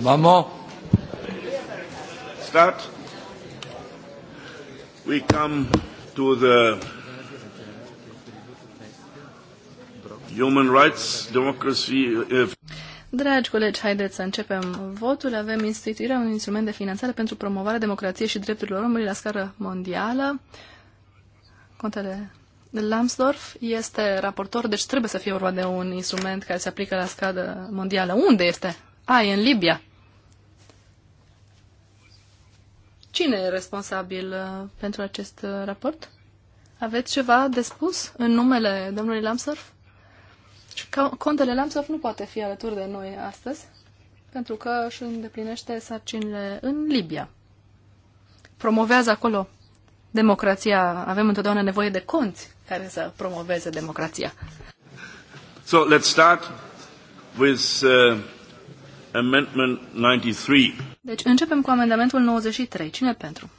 Maman. Start. We come to the human rights, democracy. Uh, Dragi colegi, haideți să începem votul. Avem instituirea unui instrument de finanțare pentru promovarea democrației și drepturilor omului la scară mondială. Contele Lambsdorff este raportor, deci trebuie să fie vorba de un instrument care se aplică la scară mondială. Unde este a, e în Libia. Cine e responsabil uh, pentru acest uh, raport? Aveți ceva de spus în numele domnului Lamsorf? Contele Lamsorf nu poate fi alături de noi astăzi, pentru că își îndeplinește sarcinile în Libia. Promovează acolo democrația. Avem întotdeauna nevoie de conți care să promoveze democrația. So, let's start with uh, Amendment 93. Deci începem cu amendamentul 93. Cine pentru?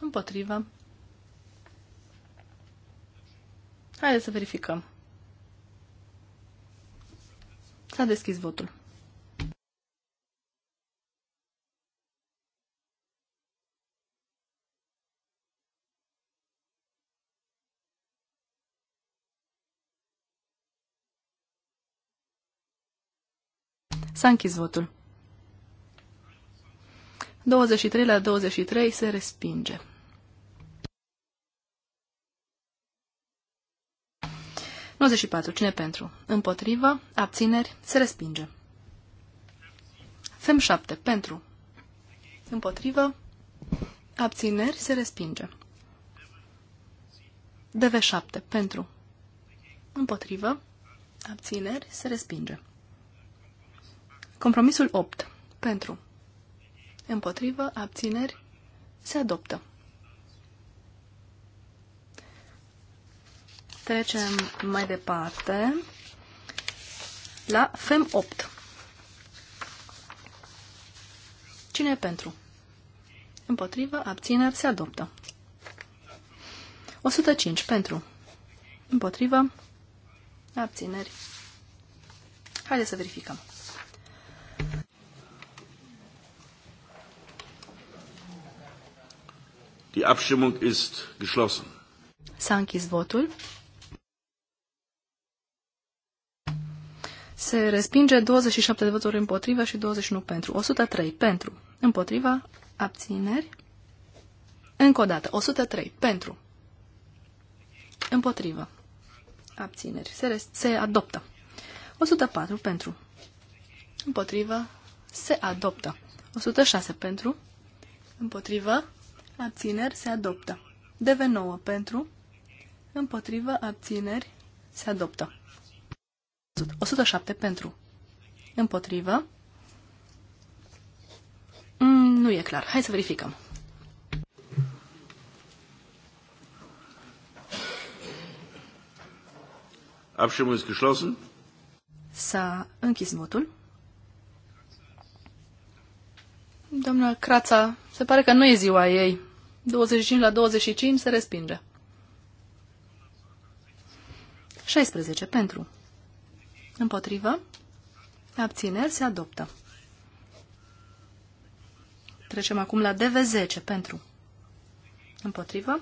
Împotrivă. Haideți să verificăm. S-a deschis votul. S-a închis votul. 23 la 23 se respinge. Cine pentru? Împotrivă. Abțineri. Se respinge. Fem 7. Pentru. Împotrivă. Abțineri. Se respinge. DV7. Pentru. Împotrivă. Abțineri. Se respinge. Compromisul 8. Pentru. Împotrivă, abțineri, se adoptă. Trecem mai departe la FEM 8. Cine e pentru? Împotrivă, abțineri, se adoptă. 105. Pentru. Împotrivă, abțineri. Haideți să verificăm. Die Abstimmung ist geschlossen. S-a închis votul. Se respinge 27 de voturi împotriva și 21 pentru. 103 pentru. Împotriva. Abțineri. Încă o dată. 103 pentru. Împotriva. Abțineri. Se, se adoptă. 104 pentru. Împotriva. Se adoptă. 106 pentru. Împotriva abțineri, se adoptă. DV9 pentru, împotrivă, abțineri, se adoptă. 107 pentru, împotrivă. Mm, nu e clar. Hai să verificăm. Abstimmung ist geschlossen. S-a închis votul. Doamna Crața, se pare că nu e ziua ei. 25 la 25 se respinge. 16 pentru. Împotrivă. Abțineri se adoptă. Trecem acum la DV10 pentru. Împotrivă.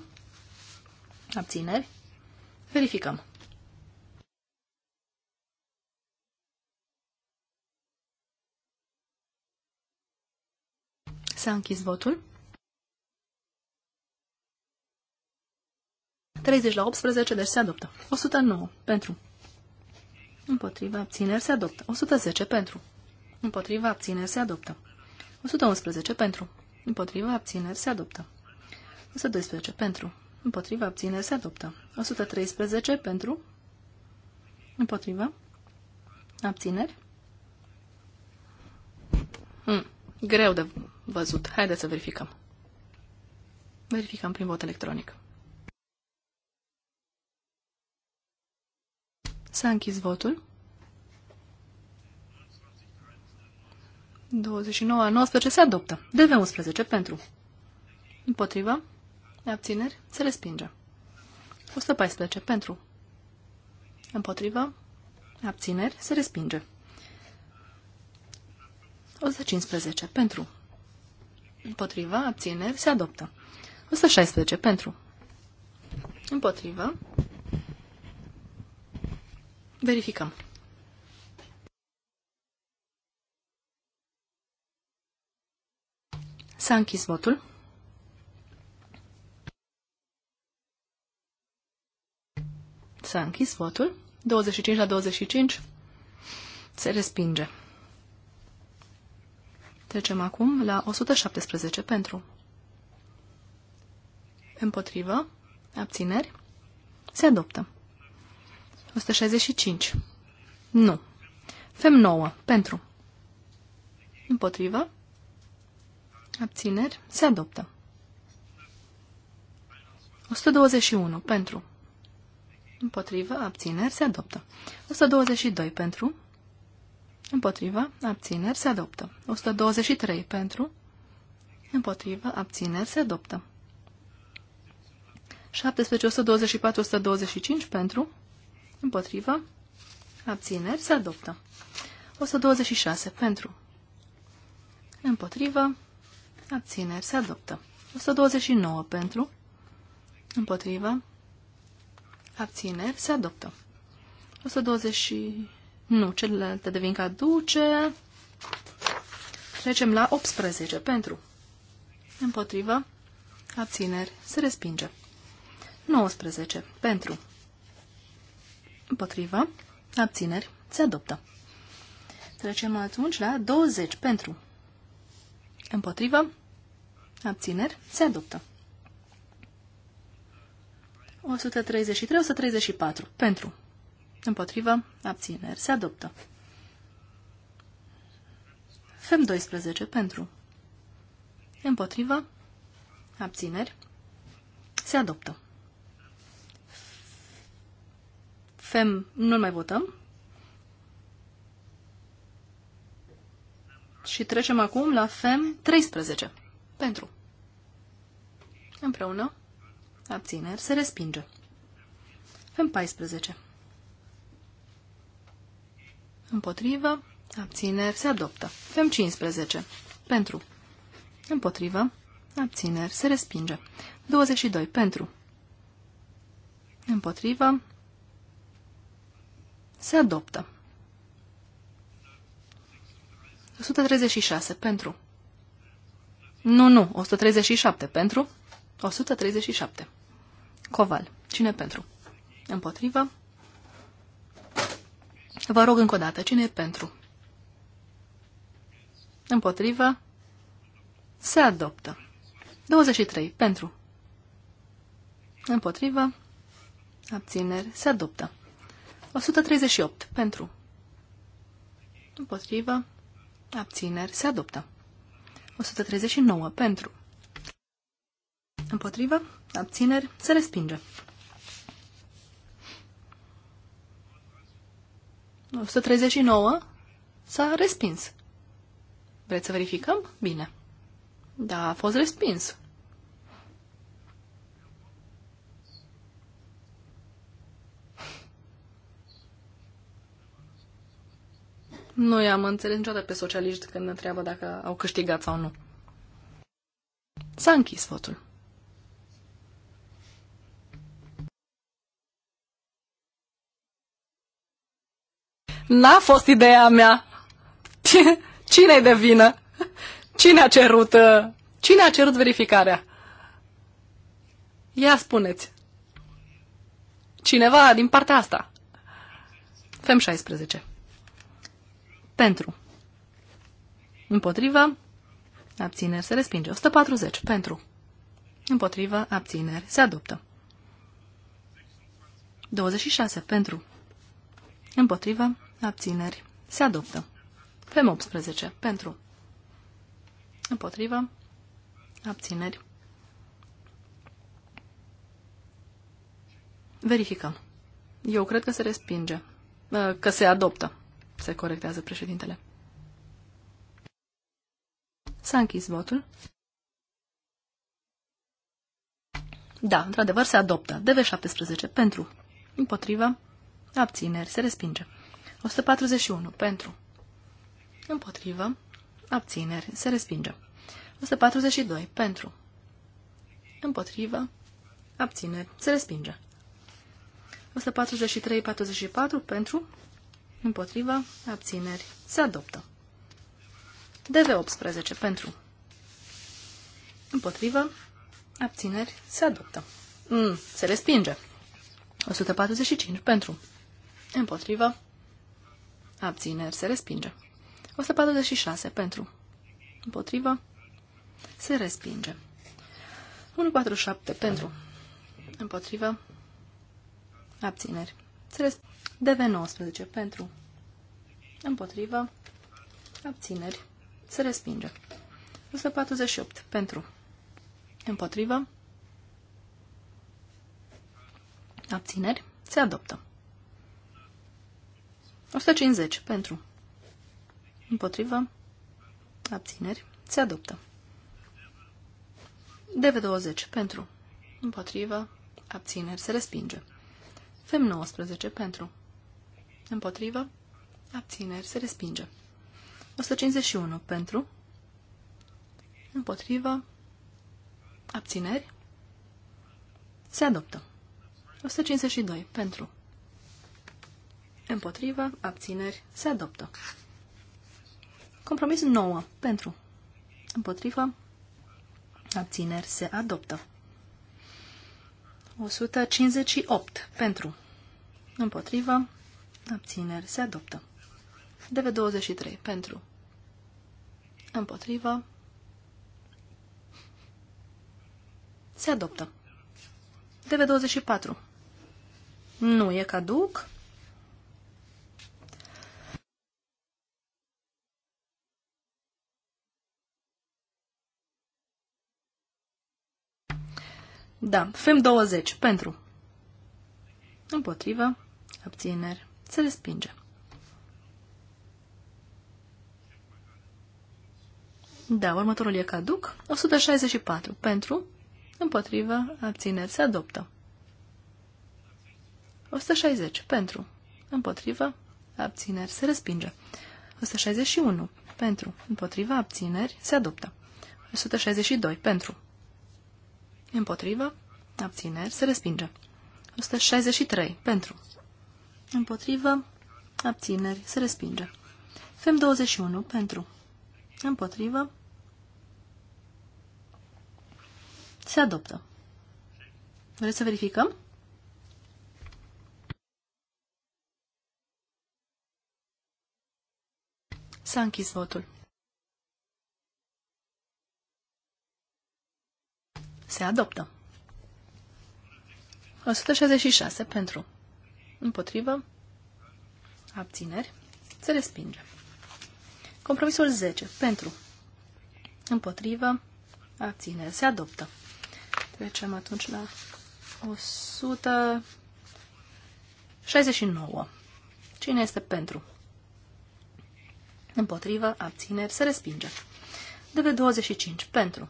Abțineri. Verificăm. S-a închis votul. 30 la 18, deci se adoptă. 109 pentru. Împotriva abțineri se adoptă. 110 pentru. Împotriva abțineri se adoptă. 111 pentru. Împotriva abțineri se adoptă. 112 pentru. Împotriva abțineri se adoptă. 113 pentru. Împotriva. Abțineri. Hmm. Greu de văzut. Haideți să verificăm. Verificăm prin vot electronic. S-a închis votul. 29 a 19 se adoptă. DV11 pentru. Împotrivă. Abțineri. Se respinge. 114 pentru. Împotrivă. Abțineri. Se respinge. 115 pentru. Împotrivă. Abțineri. Se adoptă. 116 pentru. Împotrivă. Verificăm. S-a închis votul. S-a închis votul. 25 la 25 se respinge. Trecem acum la 117 pentru. Împotrivă. Abțineri. Se adoptă. 165. Nu. Fem 9. Pentru. Împotrivă. Abțineri. Se adoptă. 121. Pentru. Împotrivă. Abțineri. Se adoptă. 122. Pentru. Împotrivă. Abțineri. Se adoptă. 123. Pentru. Împotrivă. Abțineri. Se adoptă. 17, 124, 125 pentru, Împotrivă. Abțineri. Se adoptă. 126. Pentru. Împotrivă. Abțineri. Se adoptă. 129. Pentru. Împotrivă. Abțineri. Se adoptă. 120. Nu, celelalte devin caduce. Trecem la 18. Pentru. Împotrivă. Abțineri. Se respinge. 19. Pentru. Împotrivă. Abțineri. Se adoptă. Trecem atunci la 20 pentru. Împotrivă. Abțineri. Se adoptă. 133-134. Pentru. Împotrivă. Abțineri. Se adoptă. FEM 12. Pentru. Împotrivă. Abțineri. Se adoptă. FEM nu mai votăm. Și trecem acum la FEM 13. Pentru. Împreună. Abțineri. Se respinge. FEM 14. Împotrivă. Abțineri. Se adoptă. FEM 15. Pentru. Împotrivă. Abțineri. Se respinge. 22. Pentru. Împotrivă. Se adoptă. 136 pentru. Nu, nu, 137 pentru. 137. Coval. Cine pentru? Împotrivă. Vă rog încă o dată, cine e pentru? Împotrivă. Se adoptă. 23. Pentru. Împotrivă. Abțineri. Se adoptă. 138. Pentru. Împotrivă. Abțineri. Se adoptă. 139. Pentru. Împotrivă. Abțineri. Se respinge. 139. S-a respins. Vreți să verificăm? Bine. Da, a fost respins. Nu i-am înțeles niciodată pe socialiști când ne întreabă dacă au câștigat sau nu. S-a închis votul. N-a fost ideea mea. Cine-i de vină? Cine a cerut, uh, cine a cerut verificarea? Ia spuneți. Cineva din partea asta. Fem 16. Pentru. Împotrivă. Abțineri se respinge. 140. Pentru. Împotrivă. Abțineri se adoptă. 26. Pentru. Împotrivă. Abțineri se adoptă. Fem 18. Pentru. Împotrivă. Abțineri. Verificăm. Eu cred că se respinge. Că se adoptă se corectează președintele. S-a închis votul. Da, într-adevăr se adoptă. DV17 pentru. Împotriva. Abțineri. Se respinge. 141 pentru. Împotrivă. Abțineri. Se respinge. 142 pentru. Împotrivă. Abțineri. Se respinge. 143-44 pentru. Împotriva, abțineri, se adoptă. DV18 pentru, Împotriva, abțineri, se adoptă. Mm, se respinge. 145 pentru, Împotriva, abțineri, se respinge. 146 pentru, Împotriva, se respinge. 147 pentru, Împotriva, abțineri, se respinge. DV19 pentru împotrivă abțineri se respinge. 148 pentru împotrivă abțineri se adoptă. 150 pentru împotrivă abțineri se adoptă. DV20 pentru împotrivă abțineri se respinge. FEM19 pentru Împotrivă. Abțineri. Se respinge. 151. Pentru. Împotrivă. Abțineri. Se adoptă. 152. Pentru. Împotrivă. Abțineri. Se adoptă. Compromis 9. Pentru. Împotrivă. Abțineri. Se adoptă. 158. Pentru. Împotrivă. Abțineri. Se adoptă. DV23. Pentru. Împotrivă. Se adoptă. DV24. Nu e caduc. Da, FEM 20. Pentru. Împotrivă. Abțineri. Se respinge. Da, următorul e caduc. 164. Pentru, împotrivă, abțineri, se adoptă. 160. Pentru, împotrivă, abțineri, se respinge. 161. Pentru, împotrivă, abțineri, se adoptă. 162. Pentru, împotrivă, abțineri, se respinge. 163. Pentru, împotrivă, abțineri, se respinge. Fem 21 pentru, împotrivă, se adoptă. Vreți să verificăm? S-a închis votul. Se adoptă. 166 pentru. Împotrivă. Abțineri. Se respinge. Compromisul 10. Pentru. Împotrivă. Abțineri. Se adoptă. Trecem atunci la 169. Cine este pentru? Împotrivă. Abțineri. Se respinge. DV25. Pentru.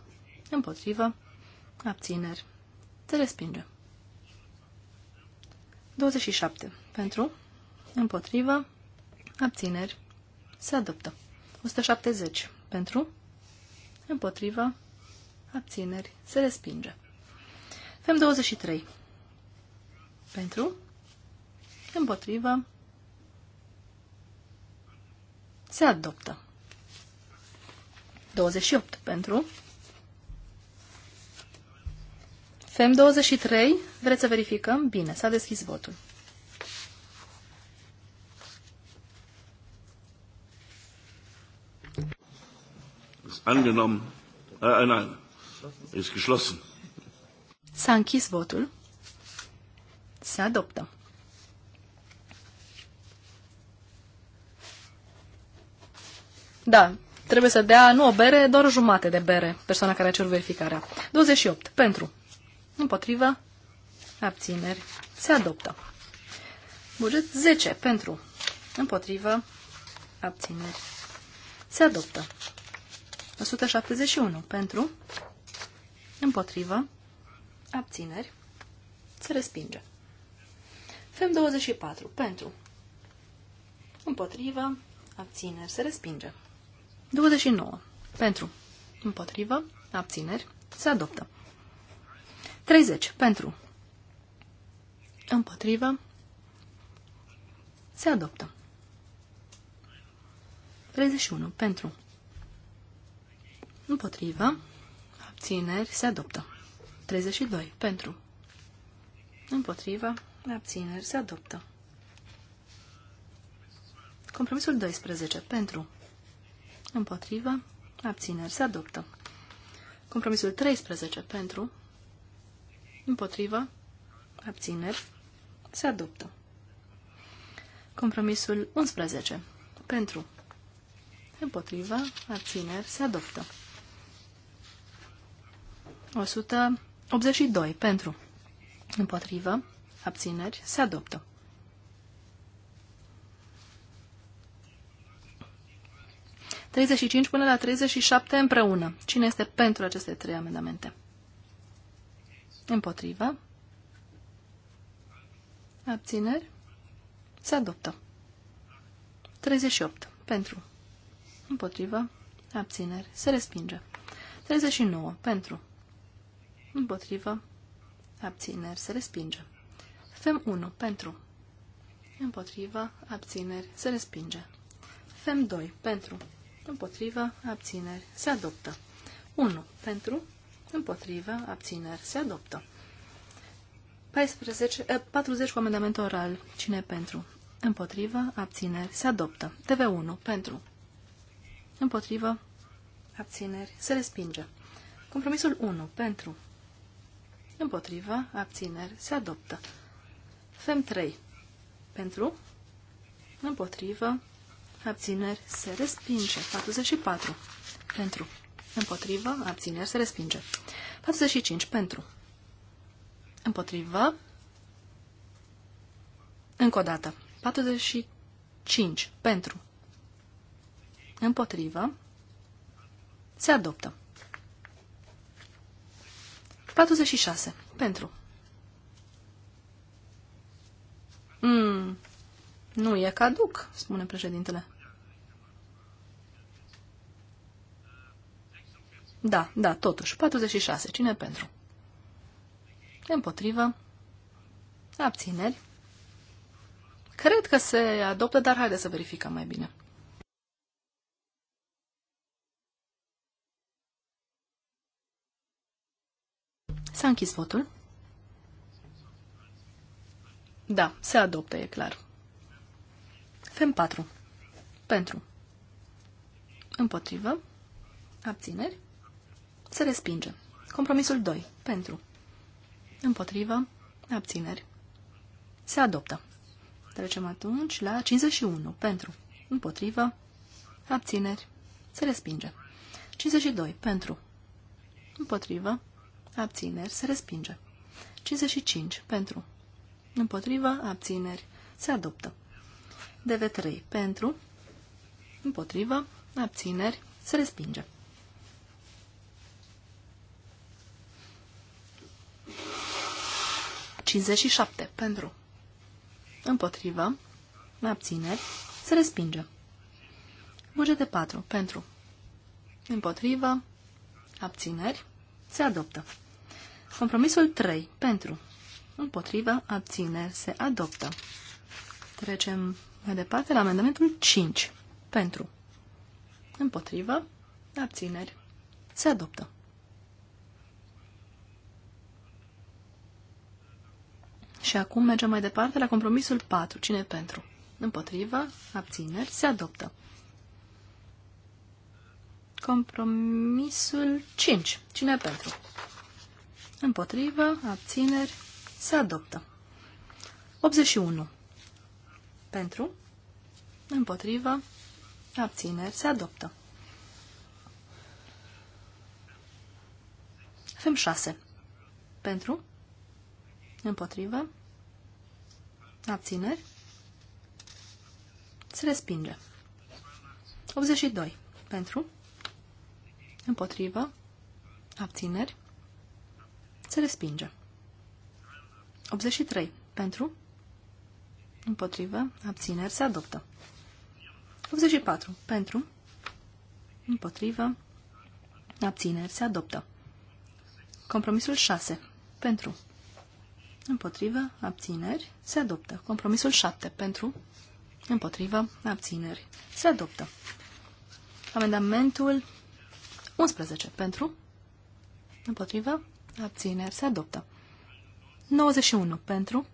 Împotrivă. Abțineri. Se respinge. 27. Pentru, împotrivă, abțineri, se adoptă. 170. Pentru, împotrivă, abțineri, se respinge. Fem 23. Pentru, împotrivă, se adoptă. 28. Pentru, FEM 23, vreți să verificăm? Bine, s-a deschis votul. Äh, äh, s-a închis votul. Se adoptă. Da, trebuie să dea nu o bere, doar o jumate de bere, persoana care a cerut verificarea. 28. Pentru. Împotrivă. Abțineri. Se adoptă. Buget 10 pentru. Împotrivă. Abțineri. Se adoptă. 171 pentru. Împotrivă. Abțineri. Se respinge. Fem 24 pentru. Împotrivă. Abțineri. Se respinge. 29 pentru. Împotrivă. Abțineri. Se adoptă. 30. Pentru. Împotrivă. Se adoptă. 31. Pentru. Împotrivă. Abțineri. Se adoptă. 32. Pentru. Împotrivă. Abțineri. Se adoptă. Compromisul 12. Pentru. Împotrivă. Abțineri. Se adoptă. Compromisul 13. Pentru. Împotrivă. Abțineri. Se adoptă. Compromisul 11. Pentru. Împotrivă. Abțineri. Se adoptă. 182. Pentru. Împotrivă. Abțineri. Se adoptă. Treizeci până la treizeci împreună. Cine este pentru aceste trei amendamente? Împotrivă. Abțineri. Se adoptă. 38. Pentru. Împotrivă. Abțineri. Se respinge. 39. Pentru. Împotrivă. Abțineri. Se respinge. Fem 1. Pentru. Împotrivă. Abțineri. Se respinge. Fem 2. Pentru. Împotrivă. Abțineri. Se adoptă. 1. Pentru. Împotrivă. Abțineri. Se adoptă. 14, 40 eh, cu amendament oral. Cine pentru? Împotrivă. Abțineri. Se adoptă. TV1. Pentru. Împotrivă. Abțineri. Se respinge. Compromisul 1. Pentru. Împotrivă. Abțineri. Se adoptă. FEM 3. Pentru. Împotrivă. Abțineri. Se respinge. 44. Pentru. Împotrivă. Abțineri. Se respinge. 45. Pentru. Împotrivă. Încă o dată. 45. Pentru. Împotrivă. Se adoptă. 46. Pentru. Mm, nu e caduc, spune președintele. Da, da, totuși. 46. Cine pentru? Împotrivă. Abțineri. Cred că se adoptă, dar haide să verificăm mai bine. S-a închis votul. Da, se adoptă, e clar. FEM 4. Pentru. Împotrivă. Abțineri. Se respinge. Compromisul 2. Pentru. Împotrivă. Abțineri. Se adoptă. Trecem atunci la 51. Pentru. Împotrivă. Abțineri. Se respinge. 52. Pentru. Împotrivă. Abțineri. Se respinge. 55. Pentru. Împotrivă. Abțineri. Se adoptă. DV3. Pentru. Împotrivă. Abțineri. Se respinge. 57 pentru. Împotrivă. Abțineri. Se respinge. Bugete 4 pentru. Împotrivă. Abțineri. Se adoptă. Compromisul 3 pentru. Împotrivă. Abțineri. Se adoptă. Trecem mai departe la amendamentul 5 pentru. Împotrivă. Abțineri. Se adoptă. Și acum mergem mai departe la compromisul 4. Cine pentru? Împotrivă, abțineri, se adoptă. Compromisul 5. Cine pentru? Împotrivă, abțineri, se adoptă. 81. Pentru, împotrivă, abțineri, se adoptă. Fem 6. Pentru, Împotrivă. Abțineri. Se respinge. 82. Pentru. Împotrivă. Abțineri. Se respinge. 83. Pentru. Împotrivă. Abțineri. Se adoptă. 84. Pentru. Împotrivă. Abțineri. Se adoptă. Compromisul 6. Pentru. Împotrivă, abțineri, se adoptă. Compromisul 7 pentru, împotrivă, abțineri, se adoptă. Amendamentul 11 pentru, împotrivă, abțineri, se adoptă. 91 pentru,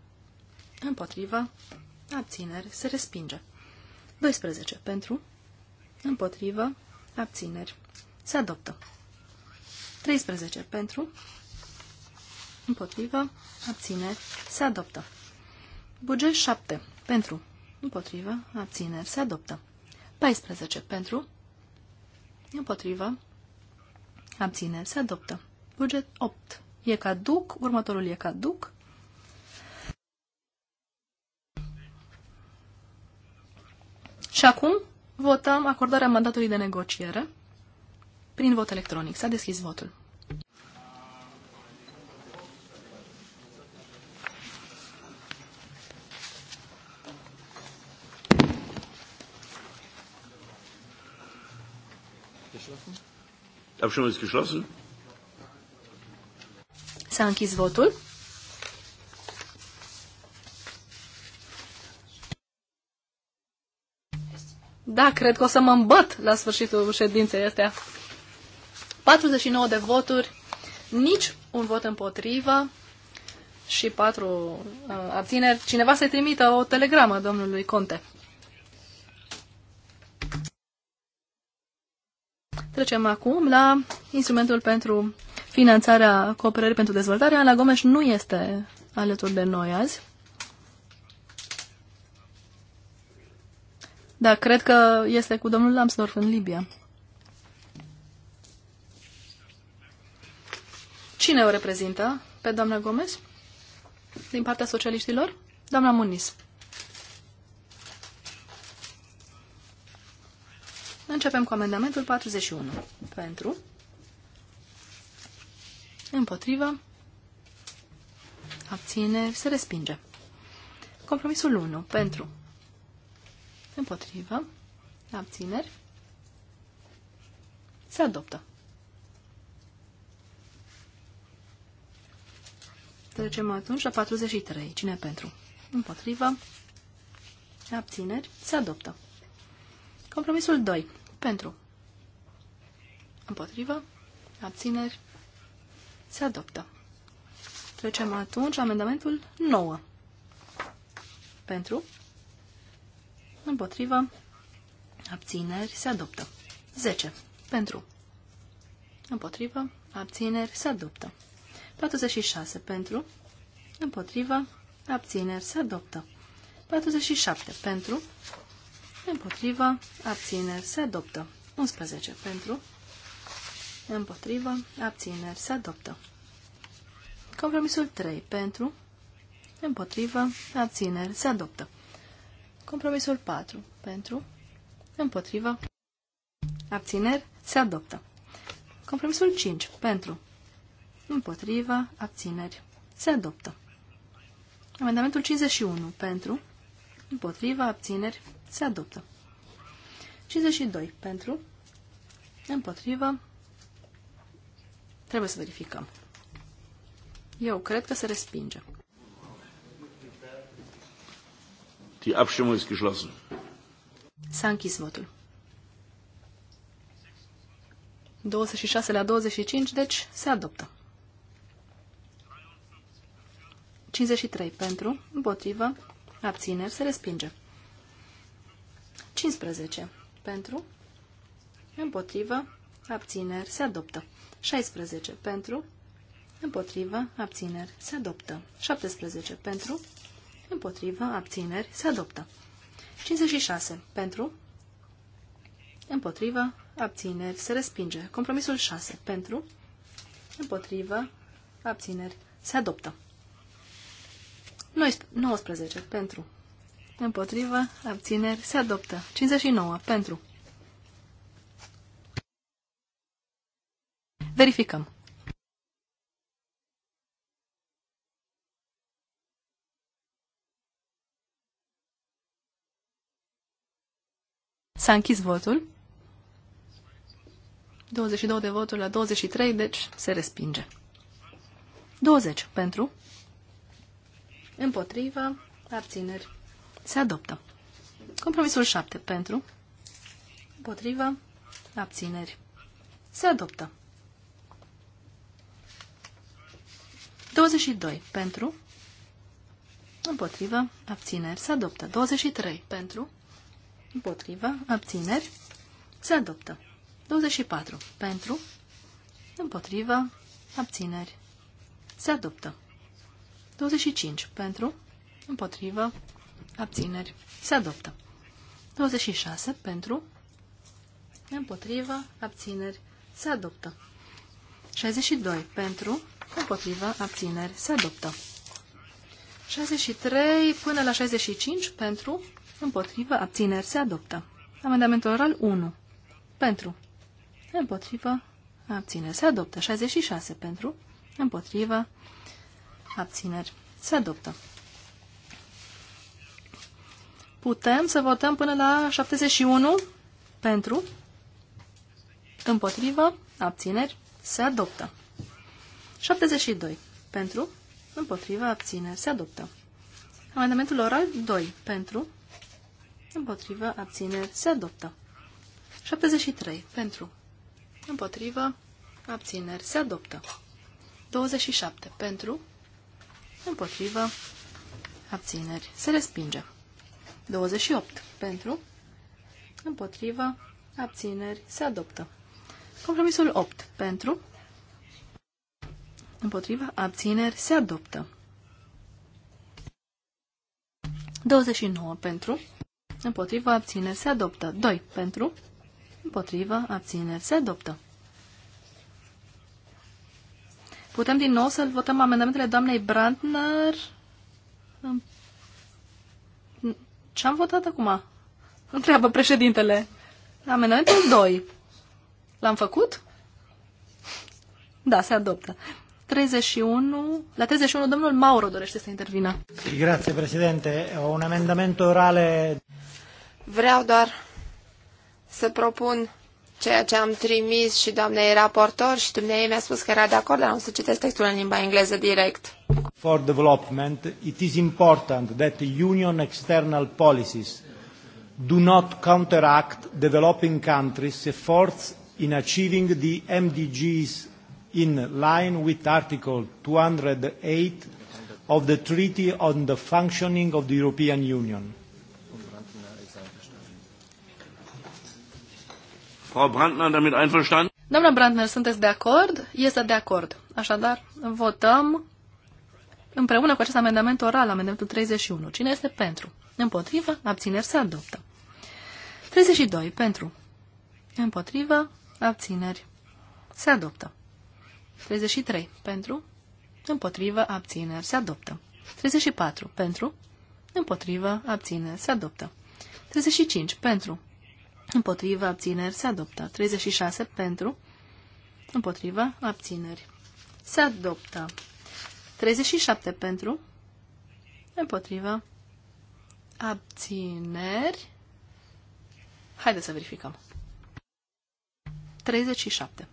împotrivă, abțineri, se respinge. 12 pentru, împotrivă, abțineri, se adoptă. 13 pentru, Împotrivă. Abțineri. Se adoptă. Buget 7. Pentru. Împotrivă. Abțineri. Se adoptă. 14. Pentru. Împotrivă. Abțineri. Se adoptă. Buget 8. E caduc. Următorul e caduc. Și acum votăm acordarea mandatului de negociere prin vot electronic. S-a deschis votul. Abstimmung ist geschlossen. S-a închis votul. Da, cred că o să mă îmbăt la sfârșitul ședinței astea. 49 de voturi, nici un vot împotrivă și 4 uh, abțineri. Cineva să-i trimită o telegramă domnului Conte. Trecem acum la instrumentul pentru finanțarea cooperării pentru dezvoltare. Ana Gomes nu este alături de noi azi. Da, cred că este cu domnul Lambsdorff în Libia. Cine o reprezintă pe doamna Gomes? Din partea socialiștilor? Doamna Muniz. Începem cu amendamentul 41. Pentru. Împotrivă. Abține. Se respinge. Compromisul 1. Pentru. Împotrivă. Abțineri. Se adoptă. Trecem atunci la 43. Cine pentru? Împotrivă. Abțineri. Se adoptă. Compromisul 2. Pentru. Împotrivă. Abțineri. Se adoptă. Trecem atunci amendamentul 9. Pentru. Împotrivă. Abțineri. Se adoptă. 10. Pentru. Împotrivă. Abțineri. Se adoptă. 46. Pentru. Împotrivă. Abțineri. Se adoptă. 47. Pentru împotrivă, abțineri, se adoptă. 11 pentru, împotrivă, abțineri, se adoptă. Compromisul 3 pentru, împotrivă, abțineri, se adoptă. Compromisul 4 pentru, împotrivă, abțineri, se adoptă. Compromisul 5 pentru, împotrivă, abțineri, se adoptă. Amendamentul 51 pentru, împotriva, abțineri, se adoptă. 52 pentru. Împotrivă. Trebuie să verificăm. Eu cred că se respinge. Die Abstimmung ist geschlossen. S-a închis votul. 26 la 25, deci se adoptă. 53 pentru, împotrivă, abțineri, se respinge. 15. Pentru. Împotrivă. Abțineri. Se adoptă. 16. Pentru. Împotrivă. Abțineri. Se adoptă. 17. Pentru. Împotrivă. Abțineri. Se adoptă. 56. Pentru. Împotrivă. Abțineri. Se respinge. Compromisul 6. Pentru. Împotrivă. Abțineri. Se adoptă. 19. Pentru. Împotrivă, abțineri, se adoptă. 59. Pentru. Verificăm. S-a închis votul. 22 de voturi la 23, deci se respinge. 20 pentru. Împotrivă, abțineri se adoptă. Compromisul 7 pentru, împotrivă, abțineri. Se adoptă. 22 pentru, împotrivă, abțineri. Se adoptă. 23 pentru, împotrivă, abțineri. Se adoptă. 24 pentru, împotrivă, abțineri. Se adoptă. 25 pentru, împotrivă, abțineri, se adoptă. 26 pentru, împotrivă, abțineri, se adoptă. 62 pentru, împotrivă, abțineri, se adoptă. 63 până la 65 pentru, împotrivă, abțineri, se adoptă. Amendamentul oral 1 pentru, împotrivă, abțineri, se adoptă. 66 pentru, împotrivă, abțineri, se adoptă. Putem să votăm până la 71 pentru, împotrivă, abțineri, se adoptă. 72 pentru, împotrivă, abțineri, se adoptă. Amendamentul oral 2 pentru, împotrivă, abțineri, se adoptă. 73 pentru, împotrivă, abțineri, se adoptă. 27 pentru, împotrivă, abțineri, se respinge. 28 pentru, împotrivă, abțineri, se adoptă. Compromisul 8 pentru, împotrivă, abțineri, se adoptă. 29 pentru, împotrivă, abțineri, se adoptă. 2 pentru, împotrivă, abțineri, se adoptă. Putem din nou să-l votăm amendamentele doamnei Brandner ce-am votat acum? Întreabă președintele. Amendamentul 2. L-am făcut? Da, se adoptă. 31, la 31, domnul Mauro dorește să intervină. Grazie, președinte. Un amendament orale. Vreau doar să propun ceea ce am trimis și doamnei raportor și dumneavoastră mi-a spus că era de acord, dar am să citesc textul în limba engleză direct. For development, it is important that union external policies do not counteract developing countries' efforts in achieving the MDGs in line with Article 208 of the Treaty on the Functioning of the European Union Frau Brandner, damit einverstanden? Doamna Brandner, sunteți de acord? Este de acord. Așadar, votăm împreună cu acest amendament oral, amendamentul 31. Cine este pentru? Împotrivă, abțineri se adoptă. 32. Pentru. Împotrivă, abțineri se adoptă. 33. Pentru. Împotrivă, abțineri se adoptă. 34. Pentru. Împotrivă, abțineri se adoptă. 35. Pentru. Împotriva abțineri, se adoptă. 36 pentru. Împotriva abțineri. Se adoptă. 37 pentru. Împotriva abțineri. Haideți să verificăm. 37.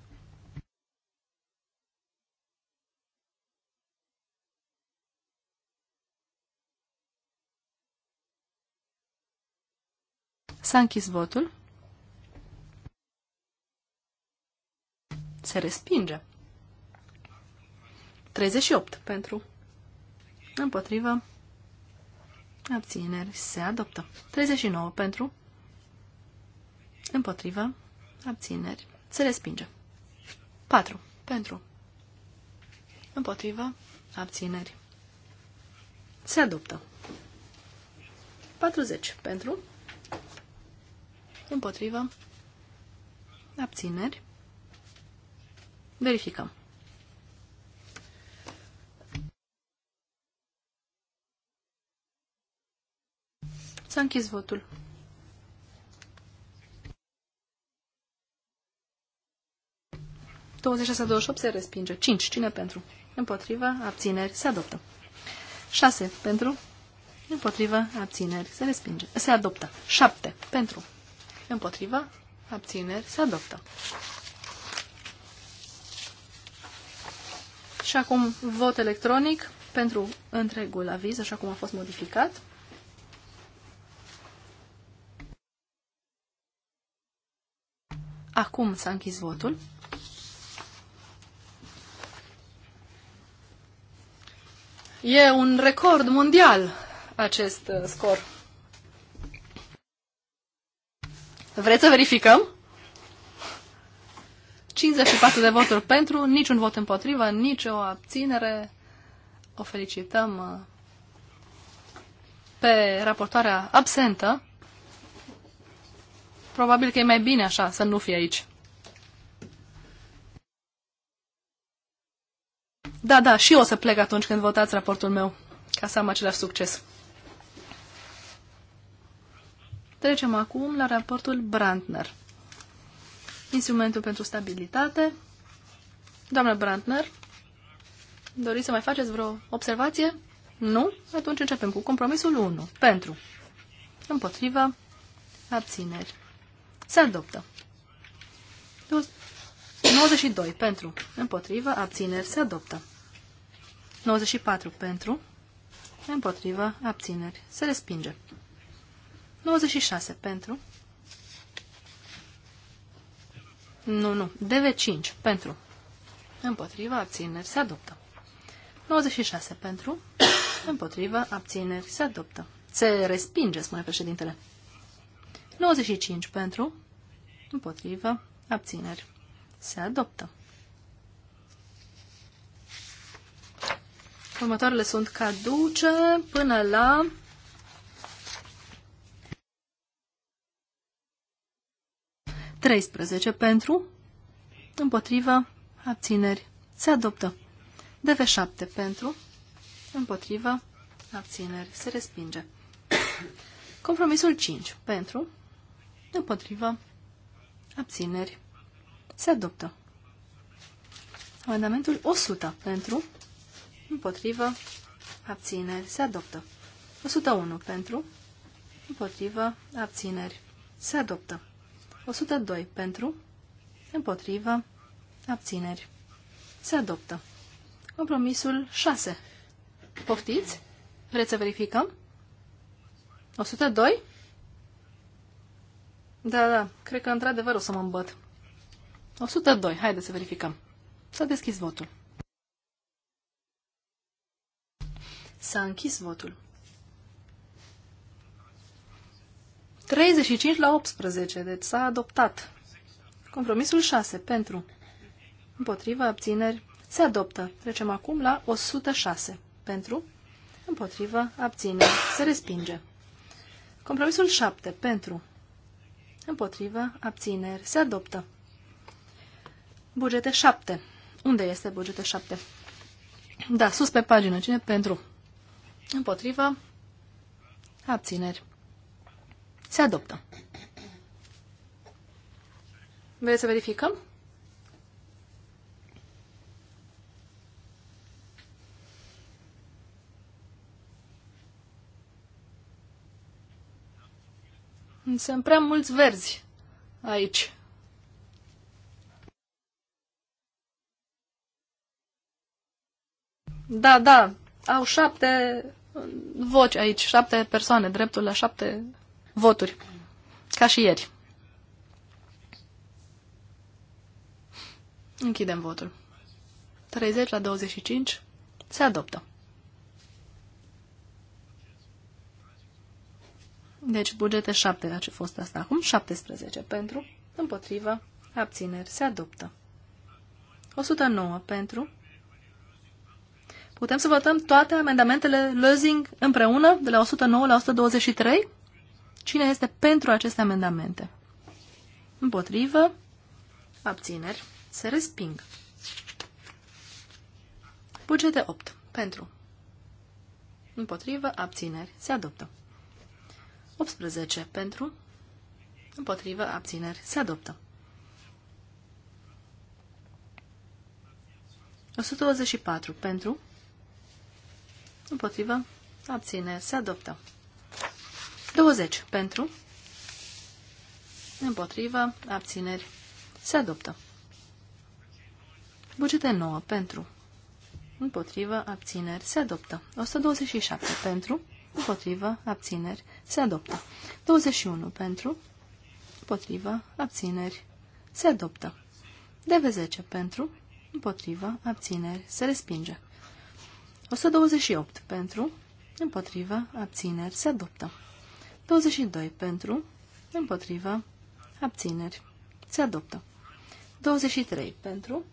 S-a închis votul. Se respinge. 38 pentru. Împotrivă. Abțineri. Se adoptă. 39 pentru. Împotrivă. Abțineri. Se respinge. 4 pentru. Împotrivă. Abțineri. Se adoptă. 40 pentru. Împotrivă. Abțineri. Verificăm. S-a închis votul. se respinge. 5. Cine pentru? Împotriva. Abțineri. Se adoptă. 6. Pentru. Împotriva. Abțineri. Se respinge. Se adoptă. 7. Pentru. Împotriva. Abțineri. Se adoptă. Și acum vot electronic pentru întregul aviz, așa cum a fost modificat. Acum s-a închis votul. E un record mondial acest uh, scor. Vreți să verificăm? 54 de voturi pentru, niciun vot împotrivă, nicio abținere. O felicităm uh, pe raportoarea absentă. Probabil că e mai bine așa să nu fie aici. Da, da, și eu o să plec atunci când votați raportul meu, ca să am același succes. Trecem acum la raportul Brandner instrumentul pentru stabilitate. Doamna Brandner, doriți să mai faceți vreo observație? Nu? Atunci începem cu compromisul 1. Pentru. Împotriva. Abțineri. Se adoptă. 92. Pentru. Împotriva. Abțineri. Se adoptă. 94. Pentru. Împotriva. Abțineri. Se respinge. 96. Pentru. Nu, nu. DV5 pentru. Împotriva abțineri se adoptă. 96 pentru. Împotriva abțineri se adoptă. Se respinge, spune președintele. 95 pentru. Împotriva abțineri se adoptă. Următoarele sunt caduce până la 13 pentru, împotrivă, abțineri, se adoptă. DV7 pentru, împotrivă, abțineri, se respinge. Compromisul 5 pentru, împotrivă, abțineri, se adoptă. Amendamentul 100 pentru, împotrivă, abțineri, se adoptă. 101 pentru, împotrivă, abțineri, se adoptă. 102 pentru, împotrivă, abțineri. Se adoptă. Compromisul 6. Poftiți? Vreți să verificăm? 102? Da, da, cred că într-adevăr o să mă îmbăt. 102, haideți să verificăm. S-a deschis votul. S-a închis votul. 35 la 18, deci s-a adoptat. Compromisul 6, pentru. împotriva abțineri, se adoptă. Trecem acum la 106, pentru. împotriva abțineri, se respinge. Compromisul 7, pentru. împotriva abțineri, se adoptă. Bugete 7. Unde este bugete 7? Da, sus pe pagină. Cine pentru? împotriva abțineri. Se adoptă. Vreți să verificăm? Sunt prea mulți verzi aici. Da, da, au șapte voci aici, șapte persoane, dreptul la șapte voturi, ca și ieri. Închidem votul. 30 la 25 se adoptă. Deci bugete 7, la ce fost asta acum? 17 pentru, împotrivă, abțineri, se adoptă. 109 pentru. Putem să votăm toate amendamentele Lözing împreună, de la 109 la 123? Cine este pentru aceste amendamente? Împotrivă. Abțineri. Se resping. Bugete 8. Pentru. Împotrivă. Abțineri. Se adoptă. 18. Pentru. Împotrivă. Abțineri. Se adoptă. 124. Pentru. Împotrivă. Abțineri. Se adoptă. 20 pentru, împotrivă, abțineri, se adoptă. Bugete 9 pentru, împotrivă, abțineri, se adoptă. 127 pentru, împotrivă, abțineri, se adoptă. 21 pentru, împotrivă, abțineri, se adoptă. DV10 pentru, împotrivă, abțineri, se respinge. 128 pentru, împotrivă, abțineri, se adoptă. 22 pentru, împotrivă, abțineri, se adoptă. 23 pentru,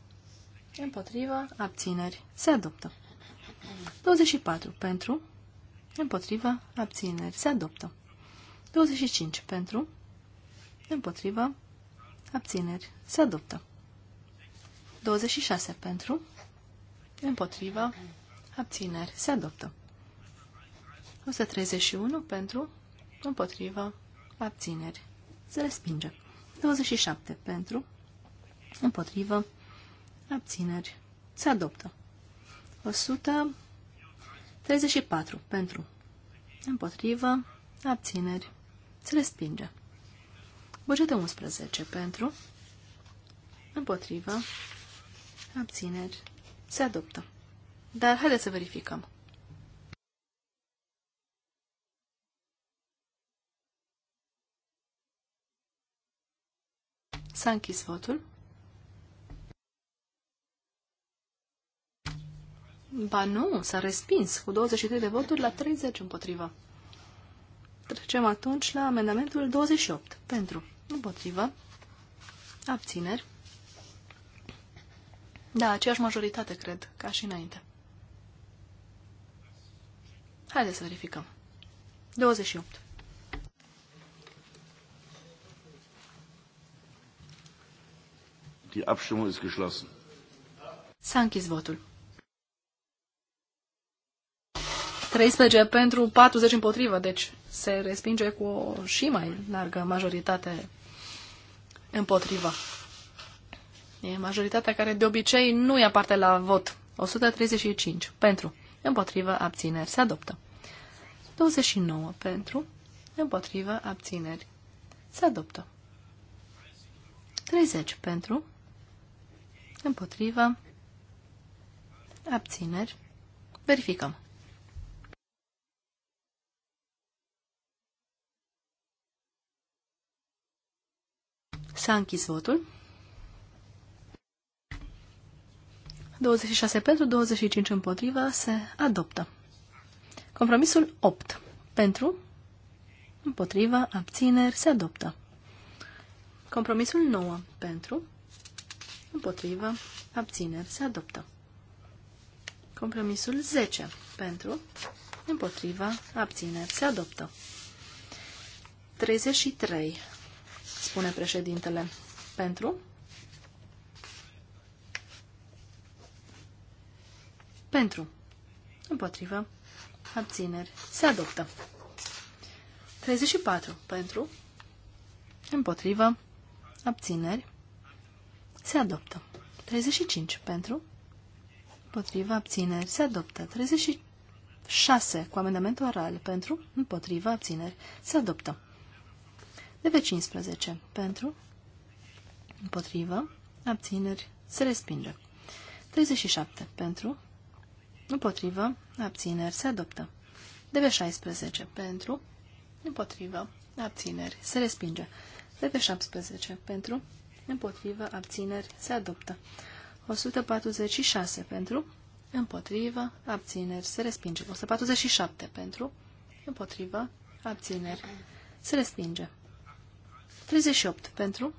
împotrivă, abțineri, se adoptă. 24 pentru, împotrivă, abțineri, se adoptă. 25 pentru, împotrivă, abțineri, se adoptă. 26 pentru, împotrivă, abțineri, se adoptă. 131 pentru, împotrivă, abțineri, se respinge. 27 pentru, împotrivă, abțineri, se adoptă. 134 pentru, împotrivă, abțineri, se respinge. Bugete 11 pentru, împotrivă, abțineri, se adoptă. Dar haideți să verificăm. S-a închis votul. Ba nu, s-a respins cu 23 de voturi la 30 împotriva. Trecem atunci la amendamentul 28. Pentru, împotrivă, abțineri. Da, aceeași majoritate, cred, ca și înainte. Haideți să verificăm. 28. Die Abstimmung ist geschlossen. S-a închis votul. 13 pentru 40 împotrivă, deci se respinge cu o și mai largă majoritate împotriva. E majoritatea care de obicei nu ia parte la vot. 135 pentru, împotrivă, abțineri, se adoptă. 29 pentru, împotrivă, abțineri, se adoptă. 30 pentru, împotrivă, abțineri, verificăm. S-a închis votul. 26 pentru, 25 împotrivă, se adoptă. Compromisul 8. Pentru, împotrivă, abțineri, se adoptă. Compromisul 9. Pentru, Împotrivă. Abțineri. Se adoptă. Compromisul 10. Pentru. Împotriva. Abțineri. Se adoptă. 33. Spune președintele. Pentru. Pentru. Împotrivă. Abțineri. Se adoptă. 34. Pentru. Împotrivă. Abțineri. Se adoptă. 35 pentru. Împotriva abțineri. Se adoptă. 36 cu amendamentul oral pentru. Împotriva abțineri. Se adoptă. DV15 pentru. Împotriva. Abțineri. Se respinge. 37 pentru. Împotriva. Abțineri. Se adoptă. DV16 pentru. Împotriva. Abțineri. Se respinge. DV17 pentru împotrivă, abțineri, se adoptă. 146 pentru, împotrivă, abțineri, se respinge. 147 pentru, împotrivă, abțineri, se respinge. 38 pentru,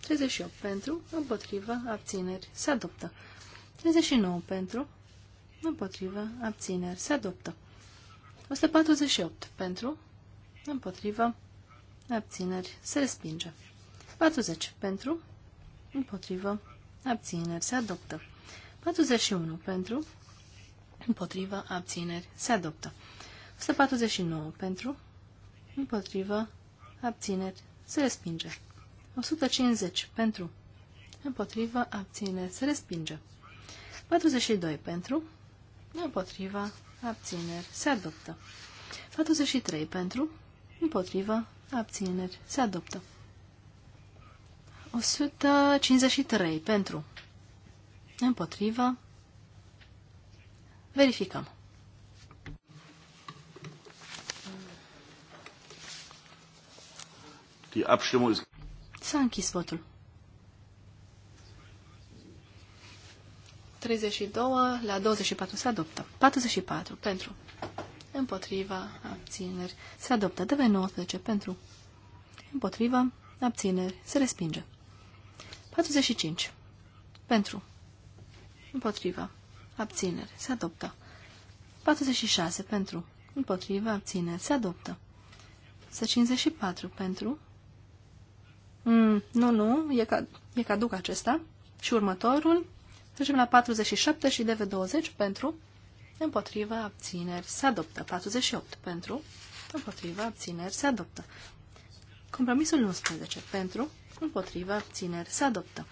38 pentru, împotrivă, abțineri, se adoptă. 39 pentru, împotrivă, abțineri, se adoptă. 148 pentru, împotrivă, abțineri, se respinge. 40 pentru, împotrivă, abțineri, se adoptă. 41 pentru, împotrivă, abțineri, se adoptă. 149 pentru, împotrivă, abțineri, se respinge. 150 pentru, împotrivă, abțineri, se respinge. 42 pentru, împotriva, abțineri, se adoptă. 43 pentru, împotriva, abțineri, se adoptă. 153 pentru. Împotrivă. Verificăm. S-a închis votul. 32 la 24 se adoptă. 44 pentru. Împotriva abțineri. Se adoptă. DV19 pentru. Împotriva abțineri. Se respinge. 45. Pentru. Împotrivă. Abținere. Se adoptă. 46. Pentru. Împotrivă. Abținere. Se adoptă. 154. Pentru. Mm, nu, nu. E, ca, e caduc acesta. Și următorul. Trecem la 47 și DV20 pentru. Împotrivă. Abțineri. Se adoptă. 48. Pentru. Împotrivă. Abțineri. Se adoptă. Compromisul 11. Pentru împotriva, abțineri, se adoptă.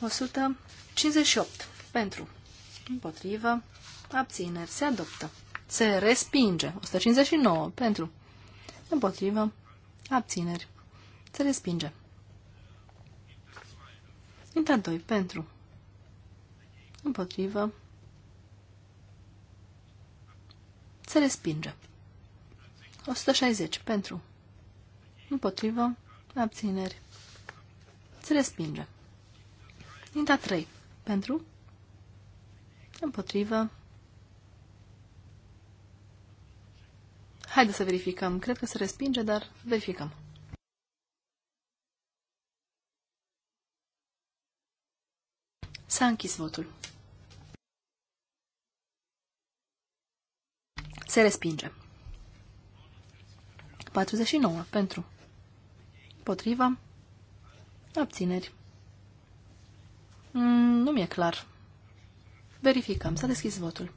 158 pentru, împotriva, abțineri, se adoptă. Se respinge. 159 pentru, împotriva, abțineri, se respinge. Intra 2 pentru, împotriva, se respinge. 160 pentru, împotriva, Abțineri. Se respinge. Inta 3. Pentru. Împotrivă. Haideți să verificăm. Cred că se respinge, dar verificăm. S-a închis votul. Se respinge. 49. Pentru. Potriva? Abțineri. Mm, nu mi-e clar. Verificăm. S-a deschis votul.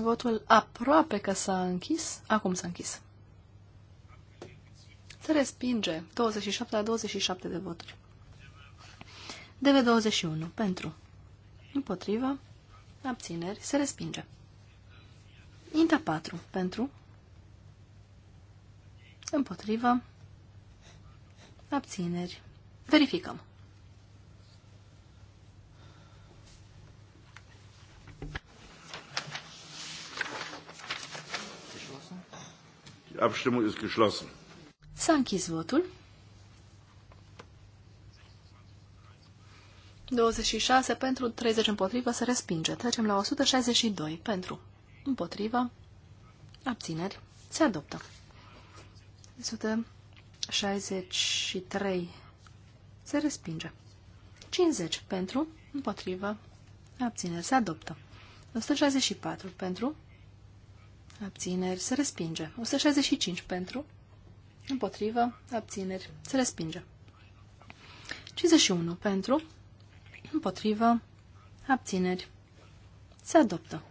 Votul aproape că s-a închis. Acum s-a închis. Se respinge 27 la 27 de voturi. DV21 pentru. Împotriva abțineri, se respinge. Inta 4. Pentru, împotrivă, abțineri. Verificăm. Abstimmung ist geschlossen. S-a închis votul. 26 pentru, 30 împotrivă, se respinge. Trecem la 162 pentru, împotrivă, abțineri, se adoptă. 163 se respinge. 50 pentru, împotrivă, abțineri, se adoptă. 164 pentru, abțineri, se respinge. 165 pentru, împotrivă, abțineri, se respinge. 51 pentru, împotrivă, abțineri, se adoptă.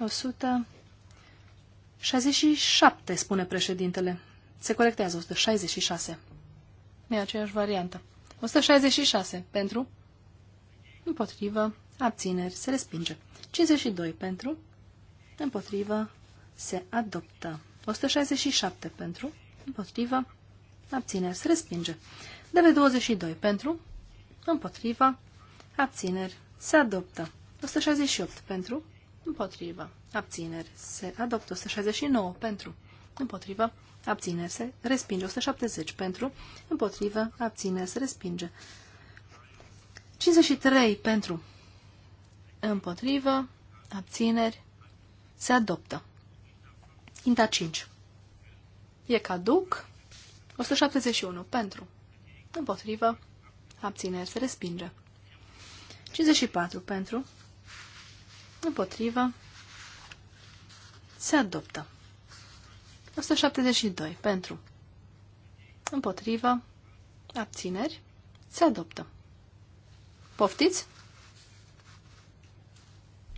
167, spune președintele. Se corectează 166. E aceeași variantă. 166 pentru, împotrivă, abțineri, se respinge. 52 pentru, împotrivă, se adoptă. 167 pentru, împotrivă, abțineri, se respinge. DV22 pentru, împotriva, abțineri, se adoptă. 168 pentru, împotriva, abțineri, se adoptă. 169 pentru, împotriva, abțineri, se respinge. 170 pentru, împotriva, abțineri, se respinge. 53 pentru, împotriva, abțineri, se adoptă. Inta 5. E caduc. 171 pentru, împotriva, abțineri, se respinge. 54 pentru, împotrivă, se adoptă. 172 pentru, împotrivă, abțineri, se adoptă. Poftiți?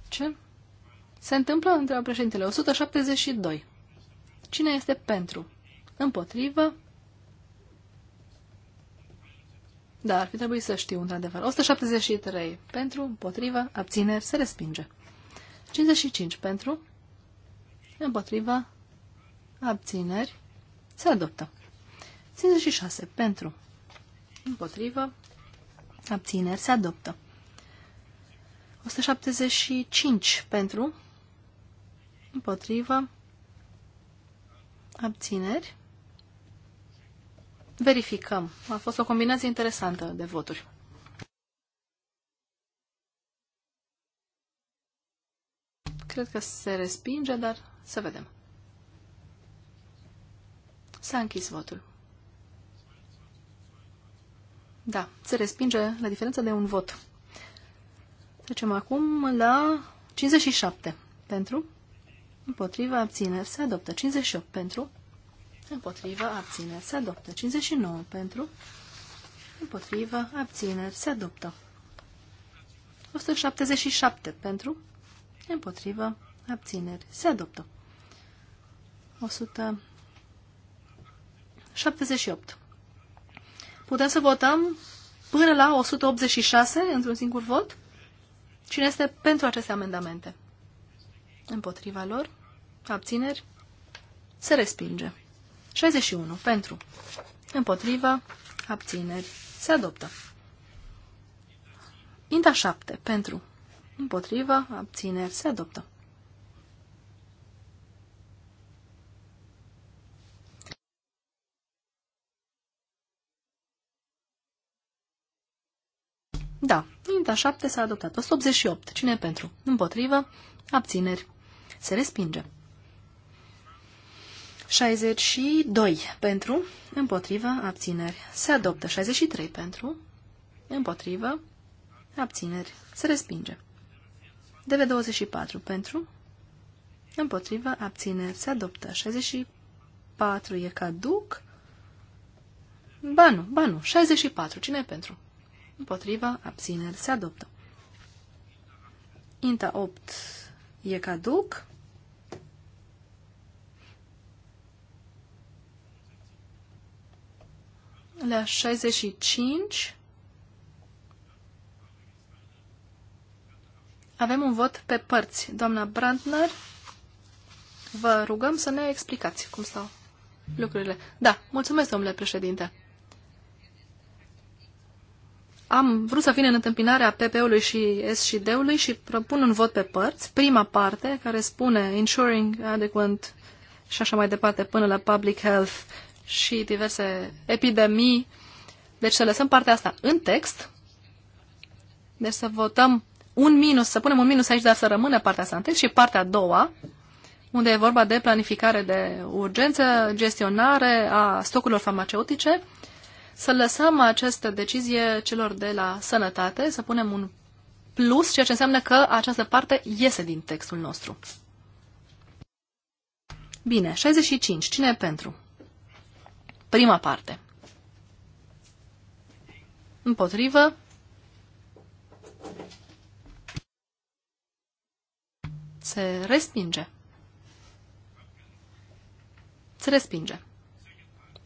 Ce? Se întâmplă, întreabă președintele, 172. Cine este pentru? Împotrivă, Da, ar fi trebuit să știu, într-adevăr. 173 pentru, împotrivă, abțineri, se respinge. 55 pentru, împotrivă, abțineri, se adoptă. 56 pentru, împotrivă, abțineri, se adoptă. 175 pentru, împotrivă, abțineri, Verificăm. A fost o combinație interesantă de voturi. Cred că se respinge, dar să vedem. S-a închis votul. Da, se respinge la diferență de un vot. Trecem acum la 57. Pentru? Împotriva, abțineri, se adoptă. 58 pentru împotrivă, abțineri, se adoptă. 59 pentru, împotrivă, abțineri, se adoptă. 177 pentru, împotrivă, abțineri, se adoptă. 178. Putem să votăm până la 186 într-un singur vot? Cine este pentru aceste amendamente? Împotriva lor? Abțineri? Se respinge. 61. Pentru. Împotrivă. Abțineri. Se adoptă. Inta 7. Pentru. Împotrivă. Abțineri. Se adoptă. Da, Inta 7 s-a adoptat. 188. Cine pentru? Împotrivă. Abțineri. Se respinge. 62 pentru, împotrivă, abțineri. Se adoptă 63 pentru, împotrivă, abțineri. Se respinge. DV24 pentru, împotrivă, abțineri. Se adoptă 64 e caduc. Ba nu, ba nu, 64. Cine pentru? Împotriva, abțineri, se adoptă. Inta 8 e caduc. la 65 avem un vot pe părți. Doamna Brandner, vă rugăm să ne explicați cum stau lucrurile. Da, mulțumesc, domnule președinte. Am vrut să vin în întâmpinarea PP-ului și S și D-ului și propun un vot pe părți. Prima parte, care spune Ensuring Adequate și așa mai departe, până la Public Health și diverse epidemii. Deci să lăsăm partea asta în text. Deci să votăm un minus, să punem un minus aici, dar să rămână partea asta în text și partea a doua, unde e vorba de planificare de urgență, gestionare a stocurilor farmaceutice, să lăsăm această decizie celor de la sănătate, să punem un plus, ceea ce înseamnă că această parte iese din textul nostru. Bine, 65. Cine e pentru? Prima parte. Împotrivă. Se respinge. Se respinge.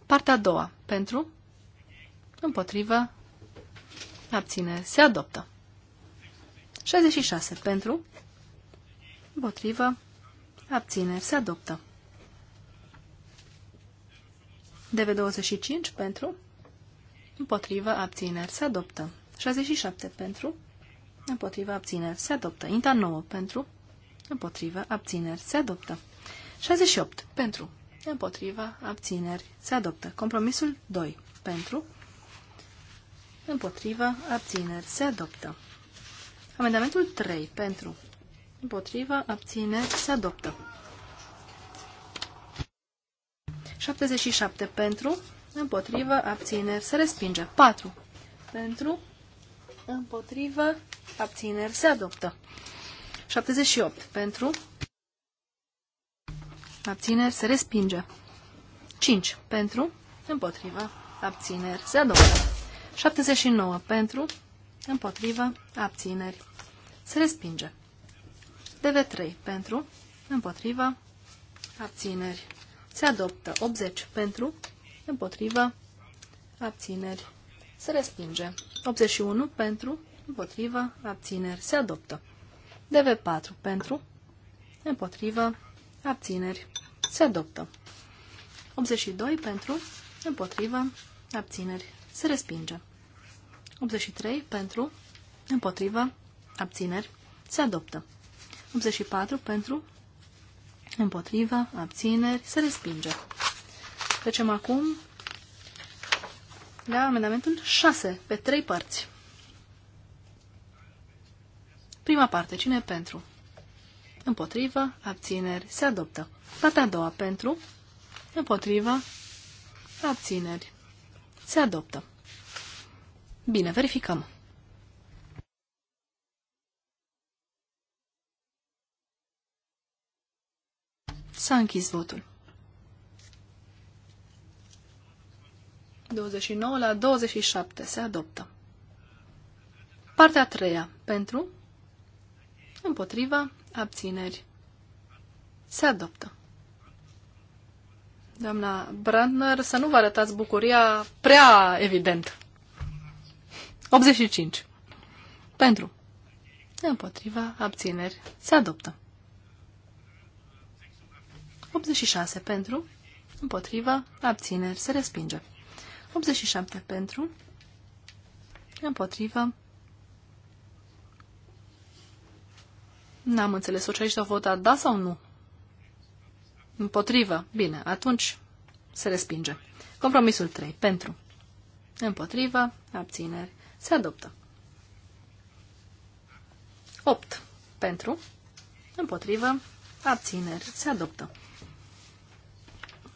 Partea a doua. Pentru. Împotrivă. Abține. Se adoptă. 66. Pentru. Împotrivă. abține Se adoptă. DV25 pentru, împotrivă, abțineri, se adoptă. 67 pentru, împotrivă, abțineri, se adoptă. Inta 9 pentru, împotrivă, abțineri, se adoptă. 68 pentru, împotriva, abțineri, se adoptă. Compromisul 2 pentru, împotriva, abțineri, se adoptă. Amendamentul 3 pentru, împotriva, abțineri, se adoptă. 77 pentru, împotrivă, abțineri, se respinge. 4 pentru, împotrivă, abțineri, se adoptă. 78 pentru, abțineri, se respinge. 5 pentru, împotrivă, abțineri, se adoptă. 79 pentru, împotrivă, abțineri, se respinge. DV3 pentru, împotrivă, abțineri, se adoptă 80 pentru, împotrivă, abțineri. Se respinge. 81 pentru, împotrivă, abțineri. Se adoptă. DV4 pentru, împotrivă, abțineri. Se adoptă. 82 pentru, împotrivă, abțineri. Se respinge. 83 pentru, împotrivă, abțineri. Se adoptă. 84 pentru, împotrivă, abțineri, se respinge. Trecem acum la amendamentul 6, pe trei părți. Prima parte, cine pentru? Împotrivă, abțineri, se adoptă. Partea a doua, pentru, împotrivă, abțineri, se adoptă. Bine, verificăm. S-a închis votul. 29 la 27 se adoptă. Partea a treia. Pentru, împotriva, abțineri. Se adoptă. Doamna Brandner, să nu vă arătați bucuria prea evident. 85. Pentru. Împotriva, abțineri. Se adoptă. 86 pentru, împotriva, abțineri, se respinge. 87 pentru, împotriva, N-am înțeles, socialiști au votat da sau nu? Împotrivă. Bine, atunci se respinge. Compromisul 3. Pentru. Împotrivă. Abțineri. Se adoptă. 8. Pentru. Împotrivă. Abțineri. Se adoptă.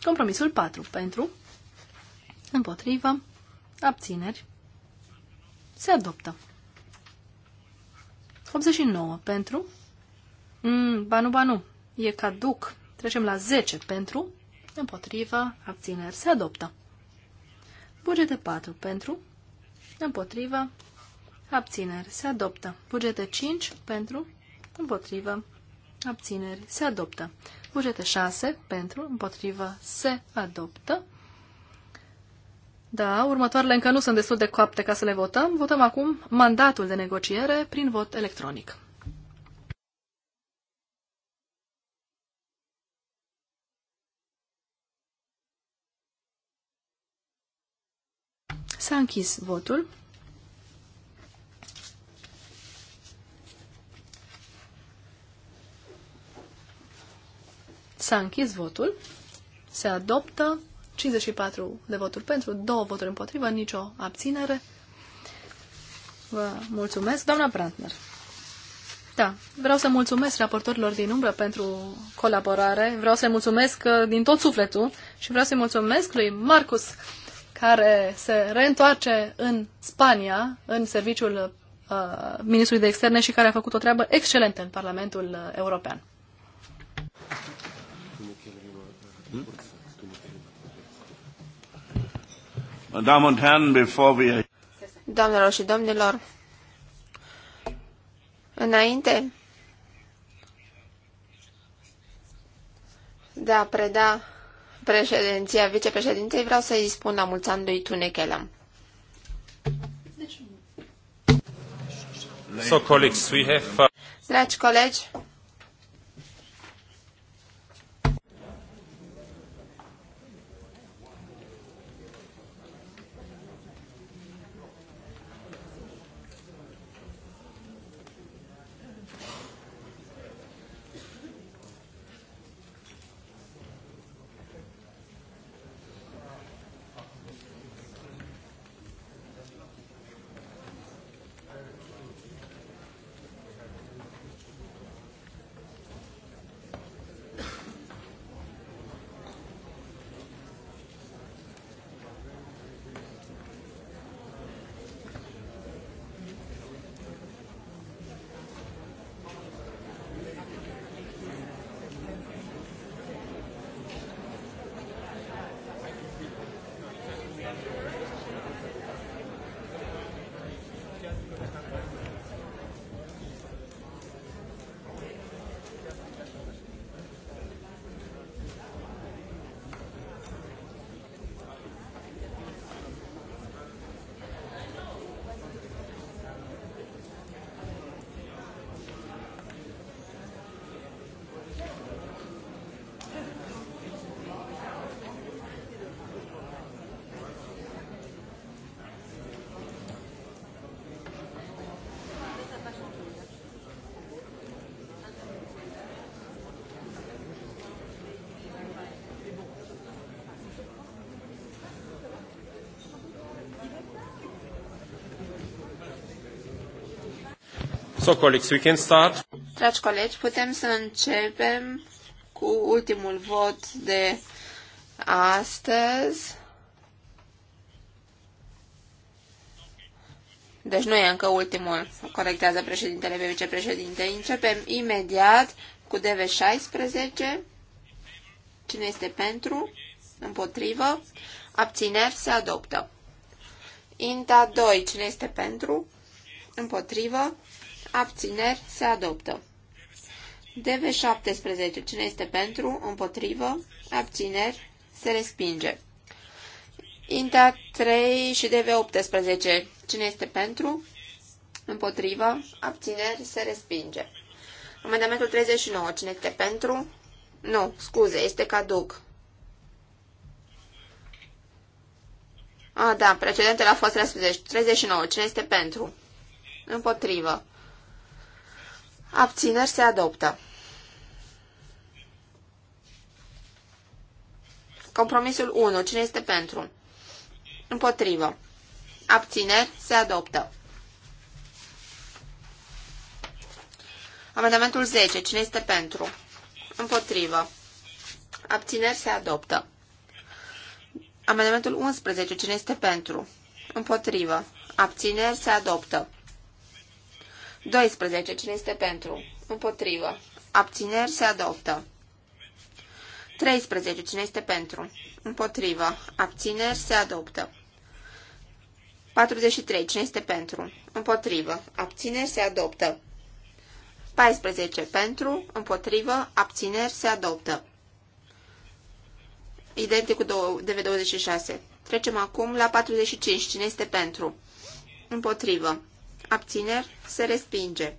Compromisul 4 pentru, împotrivă, abțineri, se adoptă. 89 pentru, mm, ba nu, ba nu, e caduc. Trecem la 10 pentru, împotrivă, abțineri, se adoptă. Bugete 4 pentru, împotrivă, abțineri, se adoptă. Bugete 5 pentru, împotrivă, abțineri, se adoptă. Bugete 6 pentru, împotrivă, se adoptă. Da, următoarele încă nu sunt destul de coapte ca să le votăm. Votăm acum mandatul de negociere prin vot electronic. S-a închis votul. S-a închis votul. Se adoptă 54 de voturi pentru, două voturi împotrivă, nicio abținere. Vă mulțumesc. Doamna Brandner. Da, vreau să mulțumesc raportorilor din umbră pentru colaborare. Vreau să-i mulțumesc uh, din tot sufletul și vreau să-i mulțumesc lui Marcus, care se reîntoarce în Spania, în serviciul uh, ministrului de externe și care a făcut o treabă excelentă în Parlamentul uh, European. Doamnelor și domnilor, înainte de a preda președinția vicepreședintei, vreau să-i spun la mulți ani lui Tunechelam. So, colleagues, we have... Uh, Dragi colegi, So, colleagues, we can start. Dragi colegi, putem să începem cu ultimul vot de astăzi. Deci nu e încă ultimul, corectează președintele pe vicepreședinte. Începem imediat cu DV16. Cine este pentru? Împotrivă? Abțineri se adoptă. INTA 2. Cine este pentru? Împotrivă? abțineri, se adoptă. DV17. Cine este pentru, împotrivă, abțineri, se respinge. Inta 3 și DV18. Cine este pentru, împotrivă, abțineri, se respinge. Amendamentul 39. Cine este pentru? Nu, scuze, este caduc. A, da, precedentele a fost 39. Deci, Cine este pentru? Împotrivă. Abțineri se adoptă. Compromisul 1. Cine este pentru? Împotrivă. Abțineri se adoptă. Amendamentul 10. Cine este pentru? Împotrivă. Abțineri se adoptă. Amendamentul 11. Cine este pentru? Împotrivă. Abțineri se adoptă. 12. Cine este pentru? Împotrivă. Abțineri se adoptă. 13. Cine este pentru? Împotrivă. Abțineri se adoptă. 43. Cine este pentru? Împotrivă. Abțineri se adoptă. 14. Pentru, împotrivă, abțineri se adoptă. Identic cu DV26. Trecem acum la 45. Cine este pentru? Împotrivă abțineri, se respinge.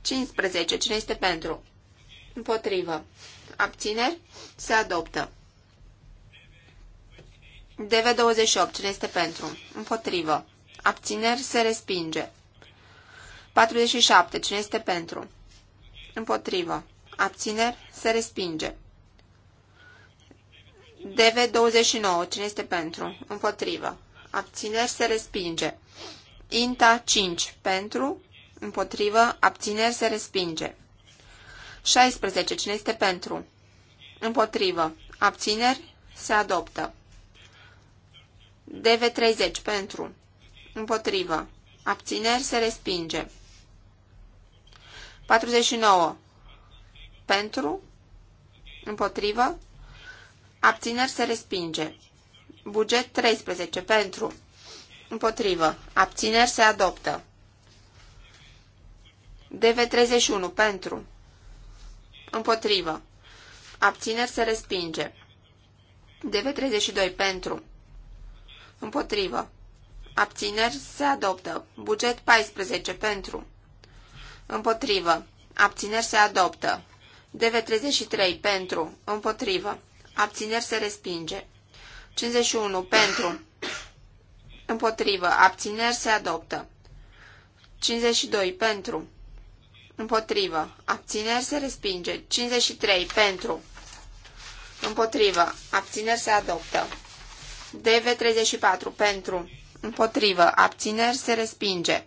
15. Cine este pentru? Împotrivă. Abțineri, se adoptă. DV28. Cine este pentru? Împotrivă. Abțineri, se respinge. 47. Cine este pentru? Împotrivă. Abțineri, se respinge. DV29. Cine este pentru? Împotrivă. Abțineri se respinge. INTA 5 pentru, împotrivă, abțineri se respinge. 16. Cine este pentru? Împotrivă. Abțineri se adoptă. DV30 pentru. Împotrivă. Abțineri se respinge. 49. Pentru. Împotrivă. Abțineri se respinge. Buget 13. Pentru. Împotrivă. Abțineri se adoptă. DV31. Pentru. Împotrivă. Abțineri se respinge. DV32. Pentru. Împotrivă. Abțineri se adoptă. Buget 14. Pentru. Împotrivă. Abțineri se adoptă. DV33. Pentru. Împotrivă. Abțineri se respinge. 51. Pentru. Împotrivă. Abțineri se adoptă. 52. Pentru. Împotrivă. Abțineri se respinge. 53. Pentru. Împotrivă. Abțineri se adoptă. DV34. Pentru. Împotrivă. Abțineri se respinge.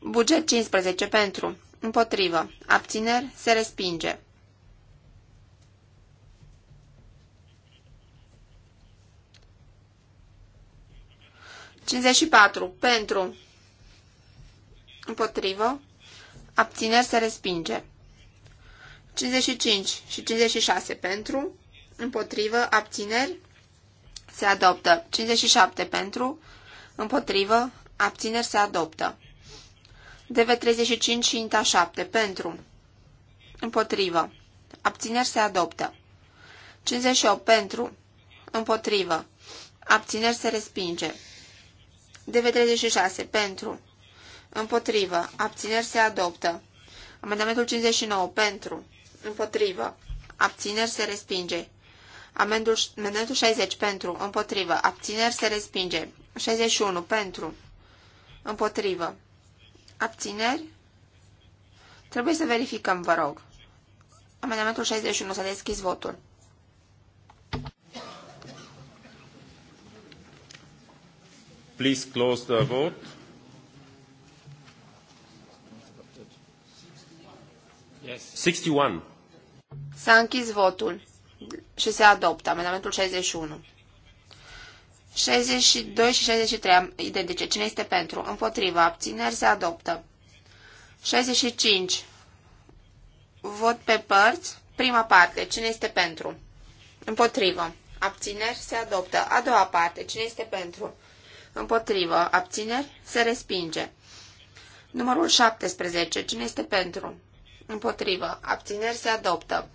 Buget 15. Pentru. Împotrivă. Abțineri se respinge. 54. Pentru. Împotrivă. Abțineri se respinge. 55 și 56 pentru. Împotrivă. Abțineri se adoptă. 57 pentru. Împotrivă. Abțineri se adoptă. DV35 și INTA 7 pentru. Împotrivă. Abțineri se adoptă. 58 pentru. Împotrivă. Abțineri se respinge. DV36 pentru. Împotrivă. Abțineri se adoptă. Amendamentul 59 pentru. Împotrivă. Abțineri se respinge. Amendul, amendamentul 60 pentru. Împotrivă. Abțineri se respinge. 61 pentru. Împotrivă. Abțineri? Trebuie să verificăm, vă rog. Amendamentul 61 s-a deschis votul. Please close the vote. Yes. 61. S-a închis votul și se adoptă amendamentul 61. 62 și 63 identice. Cine este pentru? Împotriva. Abțineri se adoptă. 65. Vot pe părți. Prima parte. Cine este pentru? Împotrivă. Abțineri se adoptă. A doua parte. Cine este pentru? Împotrivă. Abțineri. Se respinge. Numărul 17. Cine este pentru? Împotrivă. Abțineri. Se adoptă.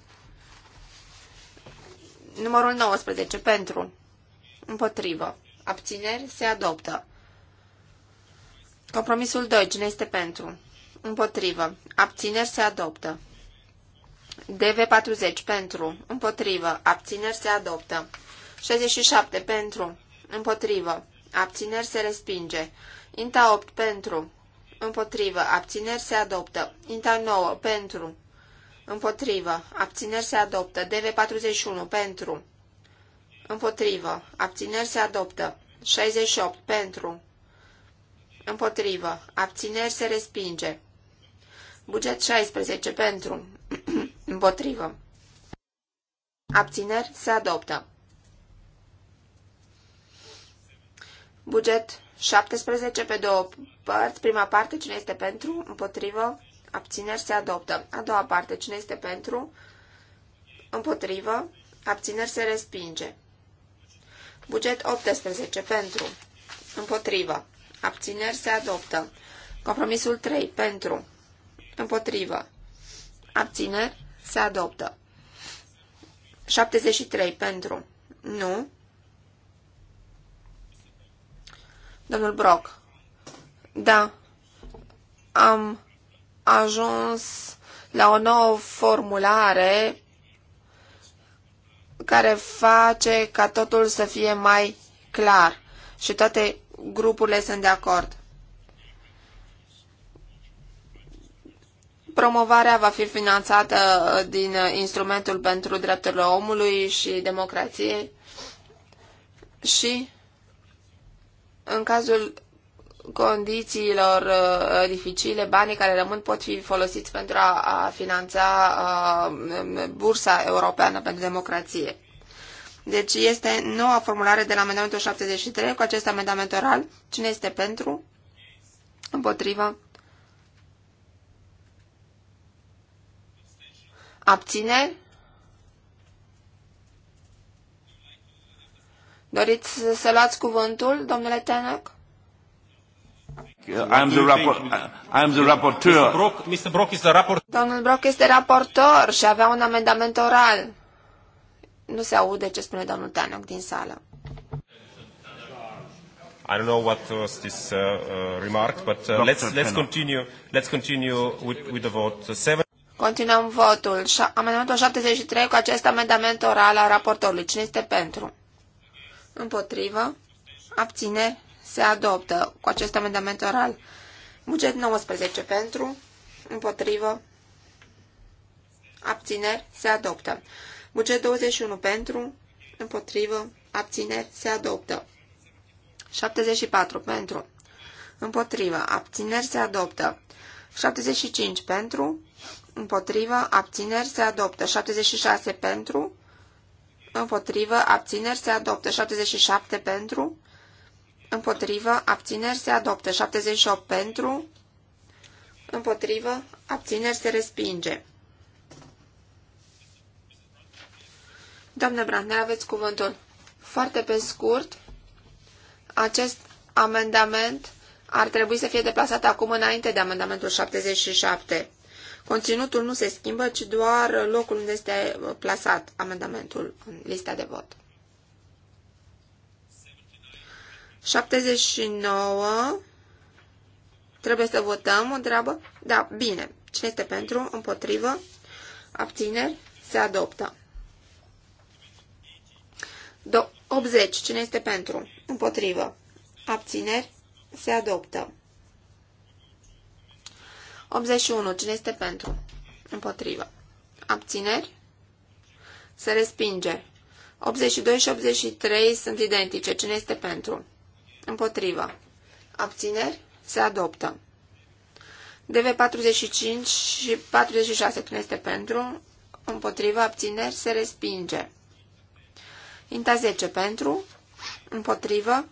Numărul 19. Pentru. Împotrivă. Abțineri. Se adoptă. Compromisul 2. Cine este pentru? Împotrivă. Abțineri. Se adoptă. DV40 pentru, împotrivă, abțineri se adoptă. 67 pentru, împotrivă, abțineri se respinge. Inta 8 pentru, împotrivă, abțineri se adoptă. Inta 9 pentru, împotrivă, abțineri se adoptă. DV 41 pentru, împotrivă, abțineri se adoptă. 68 pentru, împotrivă, abțineri se respinge. Buget 16 pentru, împotrivă. Abțineri se adoptă. Buget 17 pe două părți. Prima parte, cine este pentru, împotrivă, abțineri, se adoptă. A doua parte, cine este pentru, împotrivă, abțineri, se respinge. Buget 18 pentru, împotrivă, abțineri, se adoptă. Compromisul 3 pentru, împotrivă, abțineri, se adoptă. 73 pentru, nu, Domnul Brock. Da. Am ajuns la o nouă formulare care face ca totul să fie mai clar și toate grupurile sunt de acord. Promovarea va fi finanțată din instrumentul pentru drepturile omului și democrație și în cazul condițiilor uh, dificile, banii care rămân pot fi folosiți pentru a, a finanța uh, Bursa Europeană pentru Democrație. Deci este noua formulare de la amendamentul 73 cu acest amendament oral. Cine este pentru? Împotrivă? Abțineri? Doriți să, să luați cuvântul, domnule Tenac? I'm the, I'm the rapporteur. Mr. Brock, Mr. Brock is the Domnul Brock este raportor și avea un amendament oral. Nu se aude ce spune domnul Tanok din sală. I don't know what was this uh, uh, remark, but uh, let's let's continue let's continue with, with the vote. Seven. Continuăm votul. Amendamentul 73 cu acest amendament oral al raportorului. Cine este pentru? împotrivă, abține, se adoptă cu acest amendament oral. Buget 19 pentru, împotrivă, abține, se adoptă. Buget 21 pentru, împotrivă, abține, se adoptă. 74 pentru, împotrivă, abțineri, se adoptă. 75 pentru, împotrivă, abțineri, se adoptă. 76 pentru, împotrivă, abțineri se adoptă. 77 pentru, împotrivă, abțineri se adoptă. 78 pentru, împotrivă, abțineri se respinge. Doamnă Brandner, aveți cuvântul. Foarte pe scurt, acest amendament ar trebui să fie deplasat acum înainte de amendamentul 77. Conținutul nu se schimbă, ci doar locul unde este plasat amendamentul în lista de vot. 79. Trebuie să votăm, o treabă? Da, bine. Cine este pentru? Împotrivă? Abțineri? Se adoptă. Do 80. Cine este pentru? Împotrivă. Abțineri? Se adoptă. 81. Cine este pentru? Împotrivă. Abțineri? Se respinge. 82 și 83 sunt identice. Cine este pentru? Împotrivă. Abțineri? Se adoptă. DV45 și 46. Cine este pentru? Împotrivă. Abțineri? Se respinge. Inta 10 pentru? Împotrivă.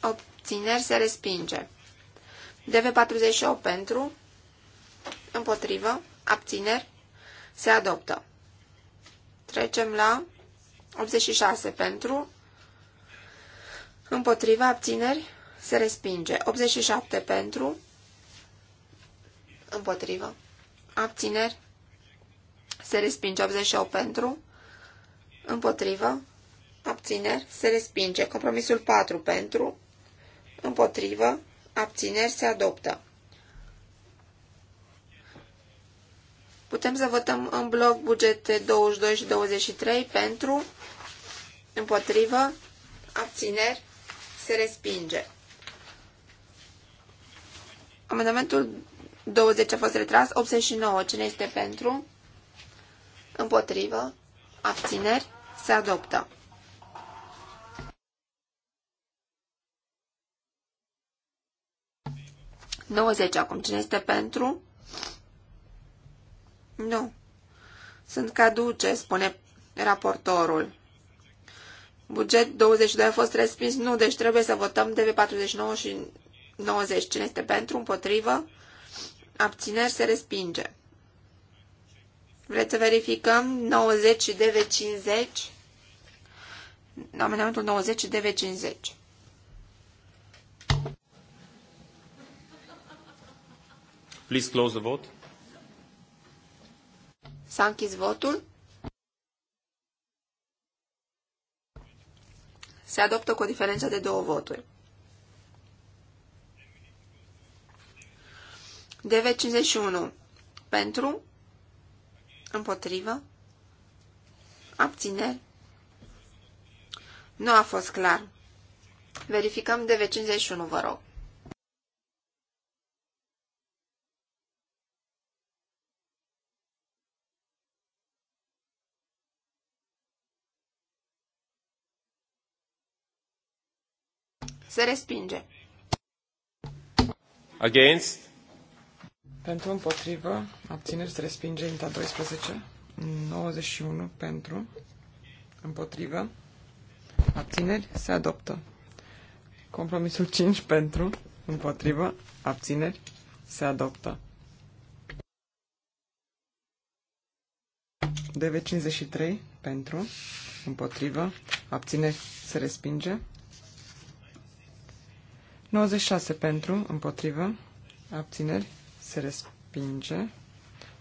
Abțineri? Se respinge. DV48 pentru? împotrivă, abțineri, se adoptă. Trecem la 86 pentru, împotrivă, abțineri, se respinge. 87 pentru, împotrivă, abțineri, se respinge. 88 pentru, împotrivă, abțineri, se respinge. Compromisul 4 pentru, împotrivă, abțineri, se adoptă. Putem să votăm în bloc bugete 22 și 23 pentru, împotrivă, abțineri, se respinge. Amendamentul 20 a fost retras, 89, cine este pentru, împotrivă, abțineri, se adoptă. Nouăzeci acum. Cine este pentru? Nu. Sunt caduce, spune raportorul. Buget 22 a fost respins. Nu, deci trebuie să votăm de pe 49 și 90. Cine este pentru, împotrivă? Abțineri se respinge. Vreți să verificăm 90 și DV50? Amendamentul 90 și DV50. Please close the vote. S-a închis votul. Se adoptă cu o diferență de două voturi. DV51 pentru, împotrivă, abțineri. Nu a fost clar. Verificăm DV51, vă rog. Se respinge. Against. Pentru împotrivă, abțineri se respinge INTA 12, 91 pentru, împotrivă, abțineri se adoptă. Compromisul 5 pentru, împotrivă, abțineri se adoptă. DV53 pentru, împotrivă, abțineri se respinge. 96 pentru, împotrivă, abțineri, se respinge.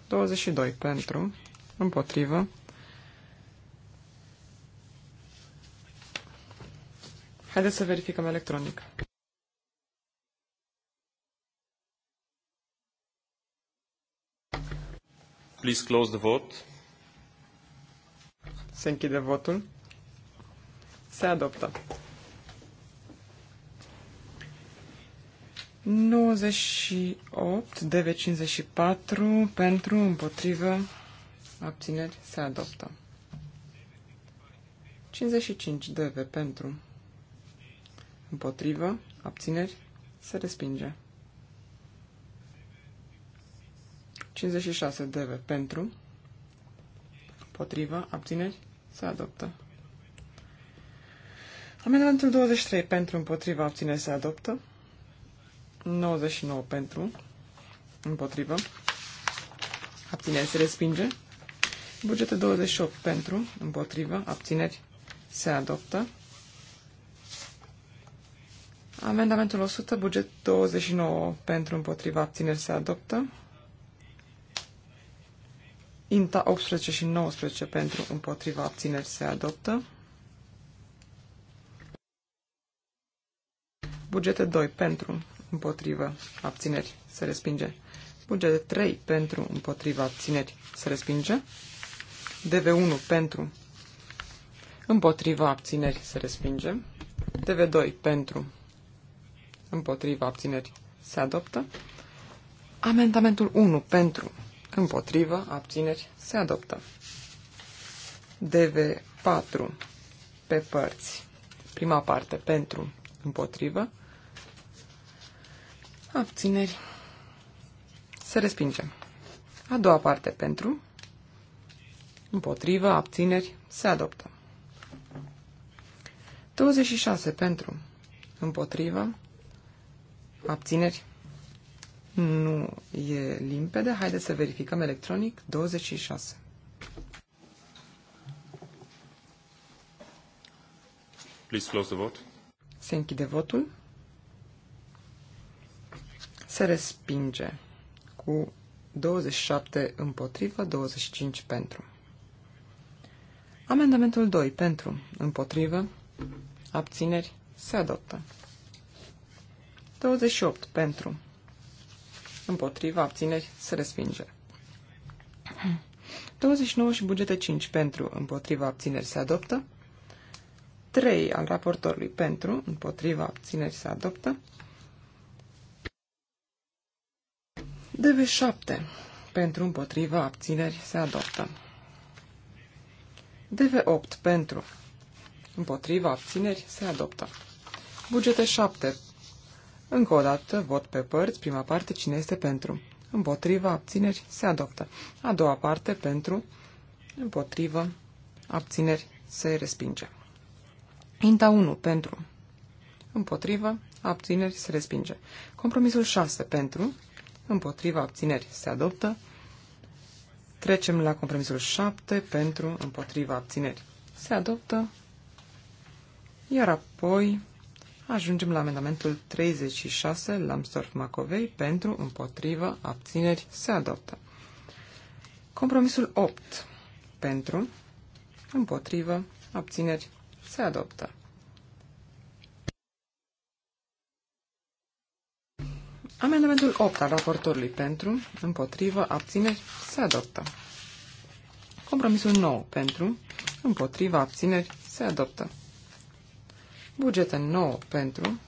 22 pentru, împotrivă. Haideți să verificăm electronic. Please close the vote. Se închide votul. Se adoptă. 98, de 54 pentru, împotrivă, abțineri, se adoptă. 55, DV pentru, împotrivă, abțineri, se respinge. 56, DV pentru, împotrivă, abțineri, se adoptă. Amendamentul 23, pentru, împotrivă, abțineri, se adoptă. 99 pentru, împotrivă, abțineri se respinge. Bugete 28 pentru, împotrivă, abțineri se adoptă. Amendamentul 100, buget 29 pentru, împotriva, abțineri se adoptă. INTA 18 și 19 pentru, împotriva, abțineri se adoptă. Bugete 2 pentru, împotrivă, abțineri, se respinge. Buget 3 pentru, împotrivă, abțineri, se respinge. DV1 pentru, împotrivă, abțineri, se respinge. DV2 pentru, împotrivă, abțineri, se adoptă. Amendamentul 1 pentru, împotrivă, abțineri, se adoptă. DV4 pe părți. Prima parte pentru, împotrivă, Abțineri. Se respinge. A doua parte pentru. Împotrivă, abțineri, se adoptă. 26 pentru. Împotrivă, abțineri. Nu e limpede. Haideți să verificăm electronic. 26. Please close the vote. Se închide votul se respinge cu 27 împotrivă, 25 pentru. Amendamentul 2 pentru, împotrivă, abțineri, se adoptă. 28 pentru, împotrivă, abțineri, se respinge. 29 și bugete 5 pentru, împotriva abțineri se adoptă. 3 al raportorului pentru, împotriva abțineri se adoptă. DV7. Pentru împotriva abțineri se adoptă. DV8. Pentru împotriva abțineri se adoptă. Bugete 7. Încă o dată, vot pe părți, prima parte, cine este pentru. Împotriva abțineri se adoptă. A doua parte, pentru împotriva abțineri se respinge. Inta 1. Pentru împotriva abțineri se respinge. Compromisul 6. Pentru împotriva, abțineri, se adoptă. Trecem la compromisul 7 pentru, împotriva, abțineri, se adoptă. Iar apoi ajungem la amendamentul 36, Lambsdorff Macovei, pentru, împotriva, abțineri, se adoptă. Compromisul 8 pentru, împotriva abțineri, se adoptă. Amendamentul 8 al raportorului pentru, împotrivă, abțineri, se adoptă. Compromisul 9 pentru, împotrivă, abțineri, se adoptă. Bugete 9 pentru,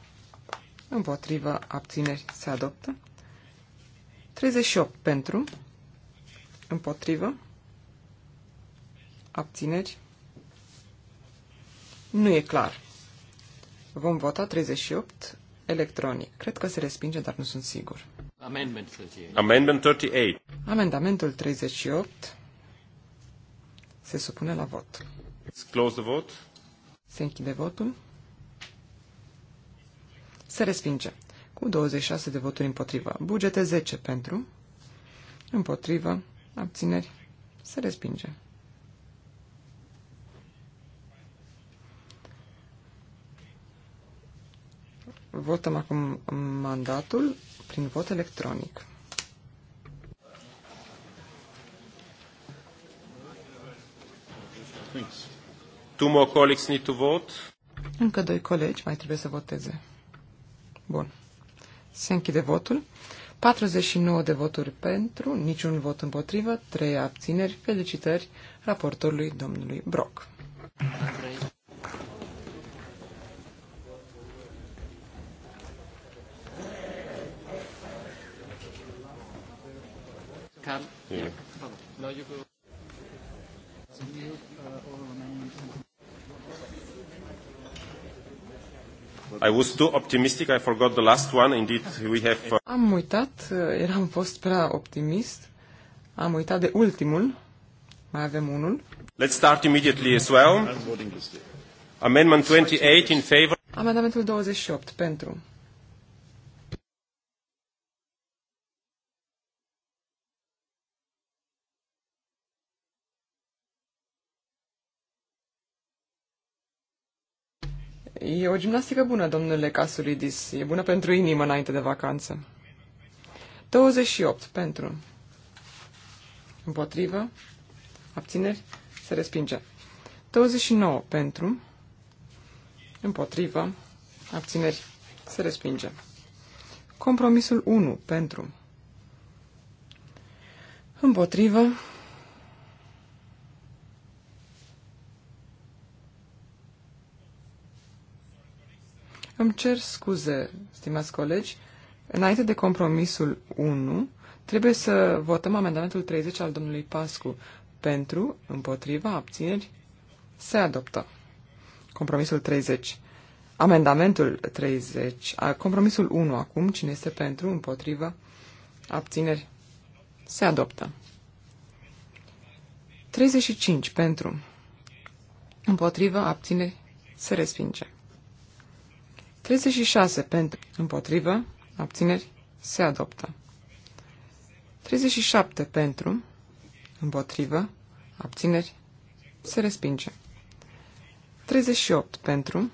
împotrivă, abțineri, se adoptă. 38 pentru, împotrivă, abțineri, nu e clar. Vom vota 38 electronic. Cred că se respinge, dar nu sunt sigur. Amendment 38. Amendment 38. Amendamentul 38 se supune la vot. Close the vote. Se închide votul. Se respinge. Cu 26 de voturi împotriva. Bugete 10 pentru. Împotrivă. Abțineri. Se respinge. Votăm acum mandatul prin vot electronic. Two more colleagues need to vote. Încă doi colegi mai trebuie să voteze. Bun. Se închide votul. 49 de voturi pentru, niciun vot împotrivă, 3 abțineri. Felicitări raportorului domnului Brock. Andrei. I was too optimistic, I forgot the last one. Indeed, we have... Uh, Am uitat, uh, eram fost prea optimist. Am uitat de ultimul. Mai avem unul. Let's start immediately as well. Amendment 28 in favor. Amendamentul 28 pentru. E o gimnastică bună, domnule Casulidis. E bună pentru inimă înainte de vacanță. 28 pentru. Împotrivă. Abțineri. Se respinge. 29 pentru. Împotrivă. Abțineri. Se respinge. Compromisul 1 pentru. Împotrivă. Îmi cer scuze, stimați colegi, înainte de compromisul 1, trebuie să votăm amendamentul 30 al domnului Pascu. Pentru, împotriva, abțineri, se adoptă. Compromisul 30. Amendamentul 30. A, compromisul 1 acum, cine este pentru, împotriva, abțineri, se adoptă. 35 pentru, împotriva, abțineri, se respinge. 36 pentru, împotrivă, abțineri, se adoptă. 37 pentru, împotrivă, abțineri, se respinge. 38 pentru,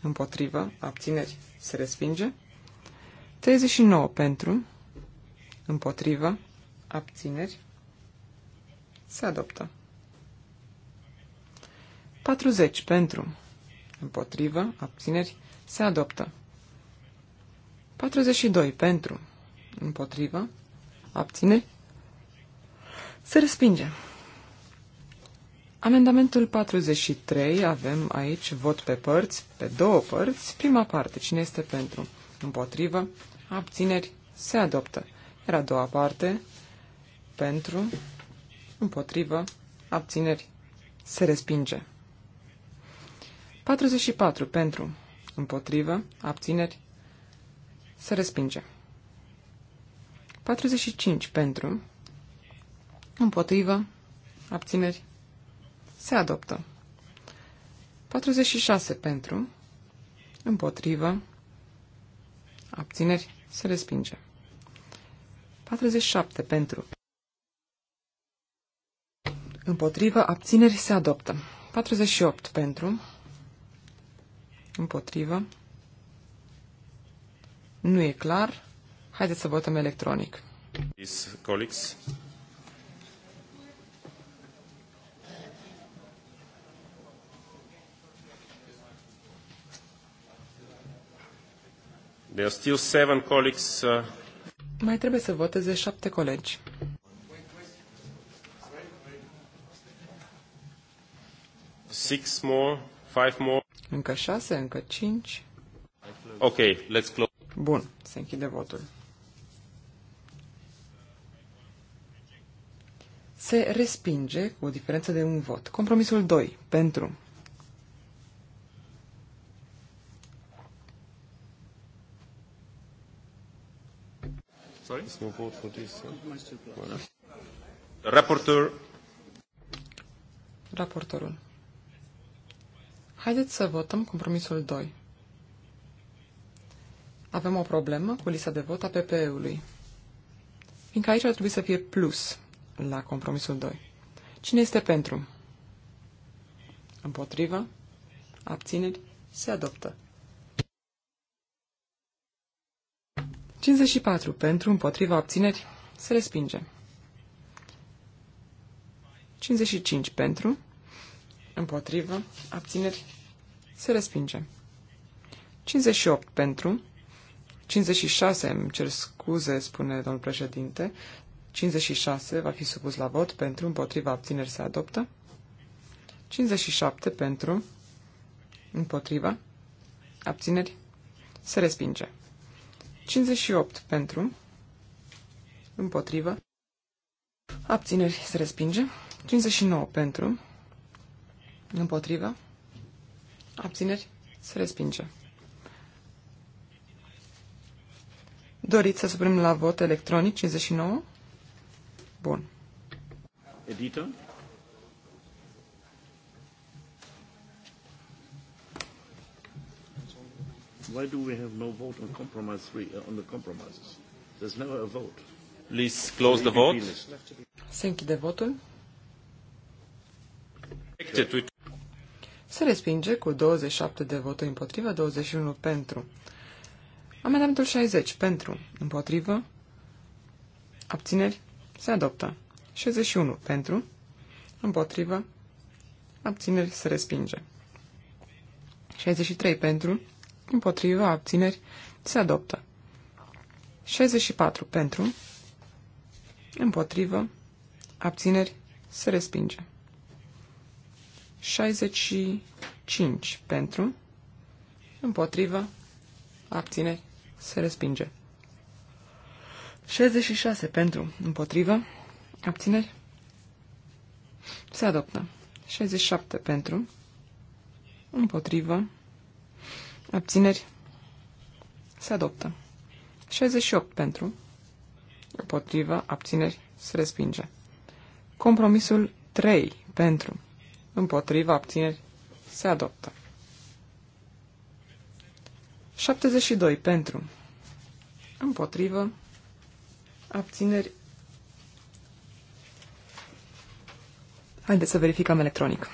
împotrivă, abțineri, se respinge. 39 pentru, împotrivă, abțineri, se adoptă. 40 pentru, împotrivă, abțineri, se adoptă. 42. Pentru. Împotrivă. abține. Se respinge. Amendamentul 43 avem aici vot pe părți, pe două părți. Prima parte, cine este pentru? Împotrivă. Abțineri. Se adoptă. Iar a doua parte, pentru, împotrivă, abțineri. Se respinge. 44. Pentru împotrivă, abțineri, se respinge. 45 pentru, împotrivă, abțineri, se adoptă. 46 pentru, împotrivă, abțineri, se respinge. 47 pentru, împotrivă, abțineri, se adoptă. 48 pentru, Împotrivă. Nu e clar. Haideți să votăm electronic. Is colleagues. There are still seven colleagues. Uh, Mai trebuie să voteze șapte colegi. Six more, five more. Încă șase, încă cinci. Ok, let's close. Bun, se închide votul. Se respinge cu o diferență de un vot. Compromisul 2, pentru. Sorry? Raportor. Raportorul. Haideți să votăm compromisul 2. Avem o problemă cu lista de vot a PPE-ului, fiindcă aici ar trebui să fie plus la compromisul 2. Cine este pentru? Împotrivă? Abțineri? Se adoptă. 54. Pentru, împotrivă, abțineri? Se respinge. 55. Pentru, Împotrivă. Abțineri. Se respinge. 58 pentru. 56, îmi cer scuze, spune domnul președinte. 56 va fi supus la vot pentru, împotriva abțineri se adoptă. 57 pentru, împotriva, abțineri, se respinge. 58 pentru, împotriva, abțineri, se respinge. 59 pentru, Împotrivă. Abțineri. Se respinge. Doriți să suprim la vot electronic 59? Bun. Edită? Why do we have no vote on compromise three, uh, on the compromises? There's never a vote. Please close the vote. Se închide votul se respinge cu 27 de voturi împotrivă, 21 pentru. Amendamentul 60 pentru, împotrivă, abțineri, se adoptă. 61 pentru, împotrivă, abțineri, se respinge. 63 pentru, împotrivă, abțineri, se adoptă. 64 pentru, împotrivă, abțineri, se respinge. 65 pentru, împotrivă, abțineri, se respinge. 66 pentru, împotrivă, abțineri, se adoptă. 67 pentru, împotrivă, abțineri, se adoptă. 68 pentru, împotrivă, abțineri, se respinge. Compromisul 3 pentru, Împotriva abțineri se adoptă. 72 pentru. Împotrivă. Abțineri. Haideți să verificăm electronic.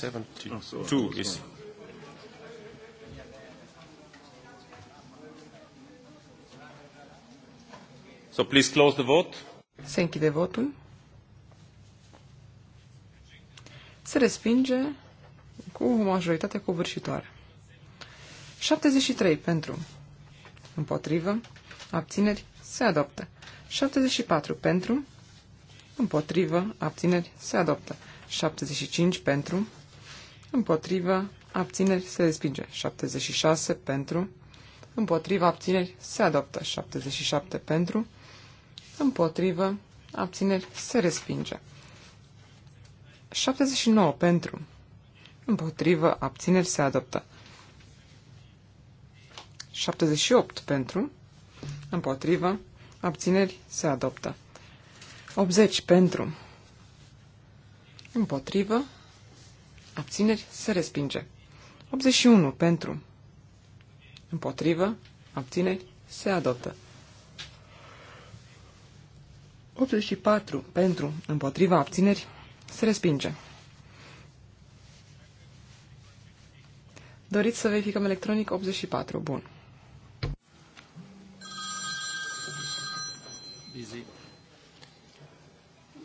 72 is So please close the vote. Se închide votul. se respinge cu o majoritate covârșitoare. 73 pentru, împotrivă, abțineri, se adoptă. 74 pentru, împotrivă, abțineri, se adoptă. 75 pentru, împotrivă, abțineri, se respinge. 76 pentru, împotrivă, abțineri, se adoptă. 77 pentru, împotrivă, abțineri, se respinge. 79 pentru. Împotrivă, abțineri se adoptă. 78 pentru. Împotrivă, abțineri se adoptă. 80 pentru. Împotrivă, abțineri se respinge. 81 pentru. Împotrivă, abțineri se adoptă. 84 pentru. Împotriva, abțineri se respinge. Doriți să verificăm electronic 84. Bun. Easy.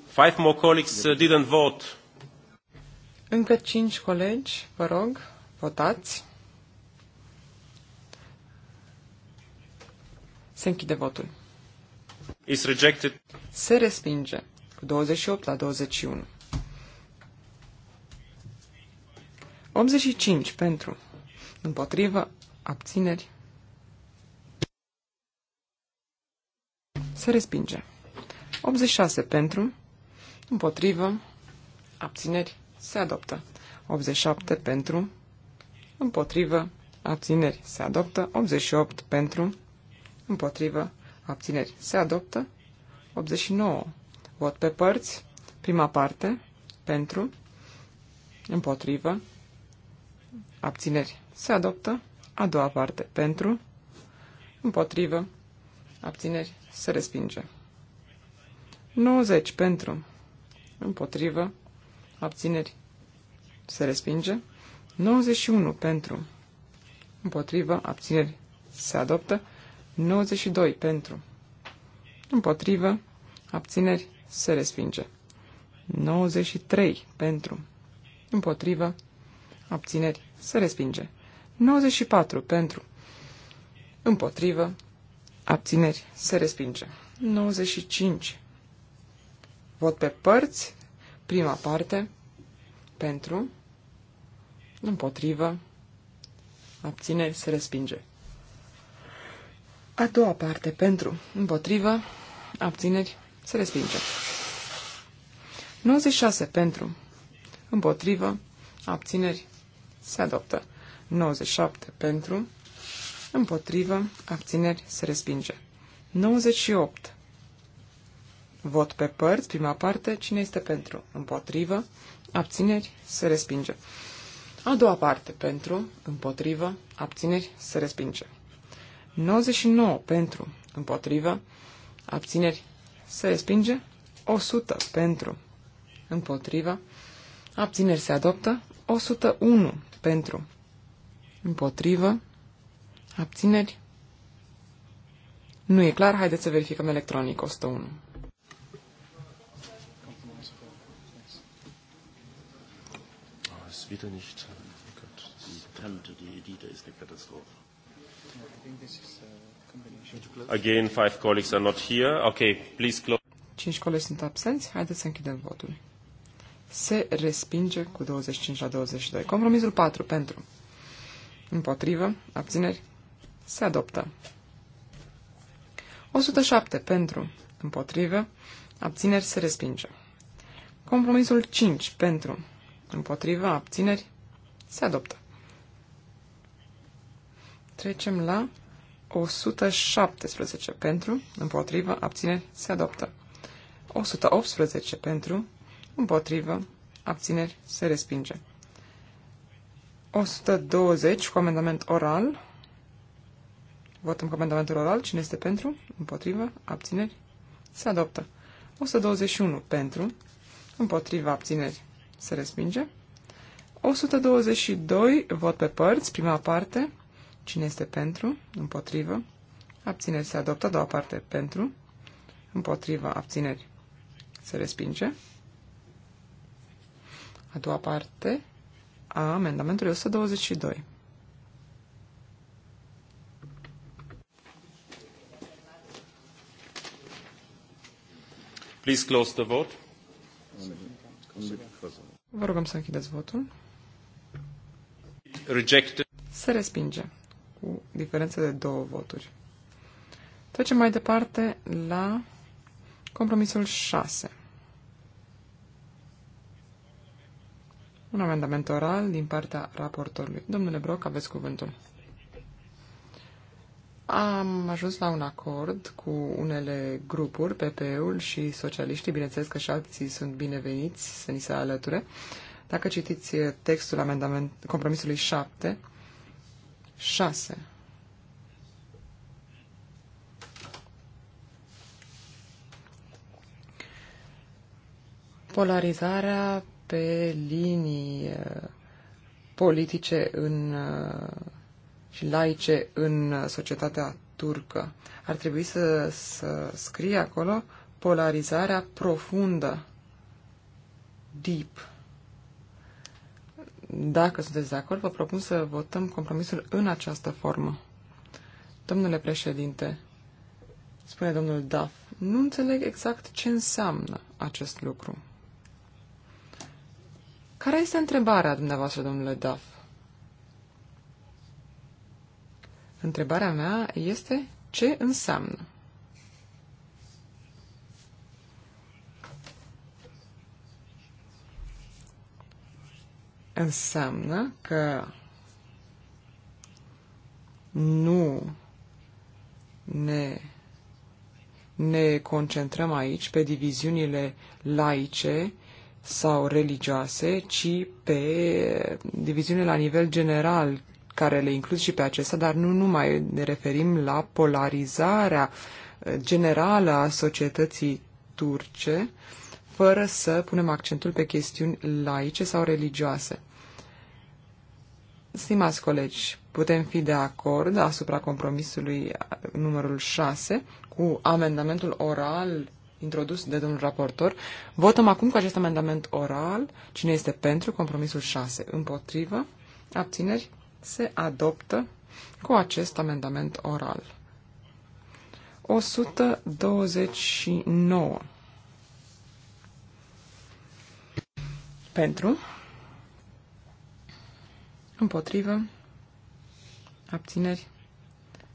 Five more colleagues uh, didn't vote. Încă cinci colegi, vă rog, votați. Se închide votul. Is rejected. Se respinge cu 28 la 21. 85 pentru, împotrivă, abțineri, se respinge. 86 pentru, împotrivă, abțineri, se adoptă. 87 pentru, împotrivă, abțineri, se adoptă. 88 pentru, împotrivă, abțineri, se adoptă. 89. Vot pe părți, prima parte, pentru, împotrivă, Abțineri. Se adoptă. A doua parte. Pentru. Împotrivă. Abțineri. Se respinge. 90. Pentru. Împotrivă. Abțineri. Se respinge. 91. Pentru. Împotrivă. Abțineri. Se adoptă. 92. Pentru. Împotrivă. Abțineri. Se respinge. 93. Pentru. Împotrivă. Abțineri se respinge. 94 pentru, împotrivă, abțineri, se respinge. 95. Vot pe părți, prima parte, pentru, împotrivă, abțineri, se respinge. A doua parte, pentru, împotrivă, abțineri, se respinge. 96 pentru, împotrivă, abțineri, se adoptă. 97 pentru, împotrivă, abțineri, se respinge. 98. Vot pe părți, prima parte, cine este pentru? Împotrivă, abțineri, se respinge. A doua parte, pentru, împotrivă, abțineri, se respinge. 99 pentru, împotrivă, abțineri, se respinge. 100 pentru, împotrivă, abțineri se adoptă. 101 pentru, împotrivă, abțineri. Nu e clar, haideți să verificăm electronic 101. Ah, wieder nicht. Oh Gott, die Tante, die Edita ist eine Katastrophe. Again, five colleagues are not here. Okay, please close. Cinci colegi sunt absenți. Haideți să închidem votul se respinge cu 25 la 22. Compromisul 4 pentru. Împotrivă, abțineri, se adoptă. 107 pentru, împotrivă, abțineri, se respinge. Compromisul 5 pentru, împotrivă, abțineri, se adoptă. Trecem la 117 pentru, împotrivă, abțineri, se adoptă. 118 pentru, Împotrivă. Abțineri. Se respinge. 120 cu amendament oral. Votăm cu amendamentul oral. Cine este pentru? Împotrivă. Abțineri. Se adoptă. 121 pentru. Împotrivă. Abțineri. Se respinge. 122 vot pe părți. Prima parte. Cine este pentru? Împotrivă. Abțineri. Se adoptă. A doua parte. Pentru. Împotrivă. Abțineri. Se respinge a doua parte a amendamentului 122. Please close the vote. Vă rugăm să închideți votul. Rejected. Se respinge cu diferență de două voturi. Trecem mai departe la compromisul 6. un amendament oral din partea raportorului. Domnule Broc, aveți cuvântul. Am ajuns la un acord cu unele grupuri, PP-ul și socialiștii, bineînțeles că și alții sunt bineveniți să ni se alăture. Dacă citiți textul amendament, compromisului 7, 6, polarizarea pe linii uh, politice în, uh, și laice în uh, societatea turcă. Ar trebui să, să scrie acolo polarizarea profundă, deep. Dacă sunteți de acord, vă propun să votăm compromisul în această formă. Domnule președinte, spune domnul Duff, nu înțeleg exact ce înseamnă acest lucru. Care este întrebarea dumneavoastră, domnule Duff? Întrebarea mea este ce înseamnă? Înseamnă că nu ne, ne concentrăm aici pe diviziunile laice sau religioase, ci pe diviziune la nivel general, care le includ și pe acestea, dar nu numai ne referim la polarizarea generală a societății turce, fără să punem accentul pe chestiuni laice sau religioase. Stimați colegi, putem fi de acord asupra compromisului numărul 6 cu amendamentul oral introdus de domnul raportor. Votăm acum cu acest amendament oral. Cine este pentru? Compromisul 6. Împotrivă? Abțineri? Se adoptă cu acest amendament oral. 129. Pentru? Împotrivă? Abțineri?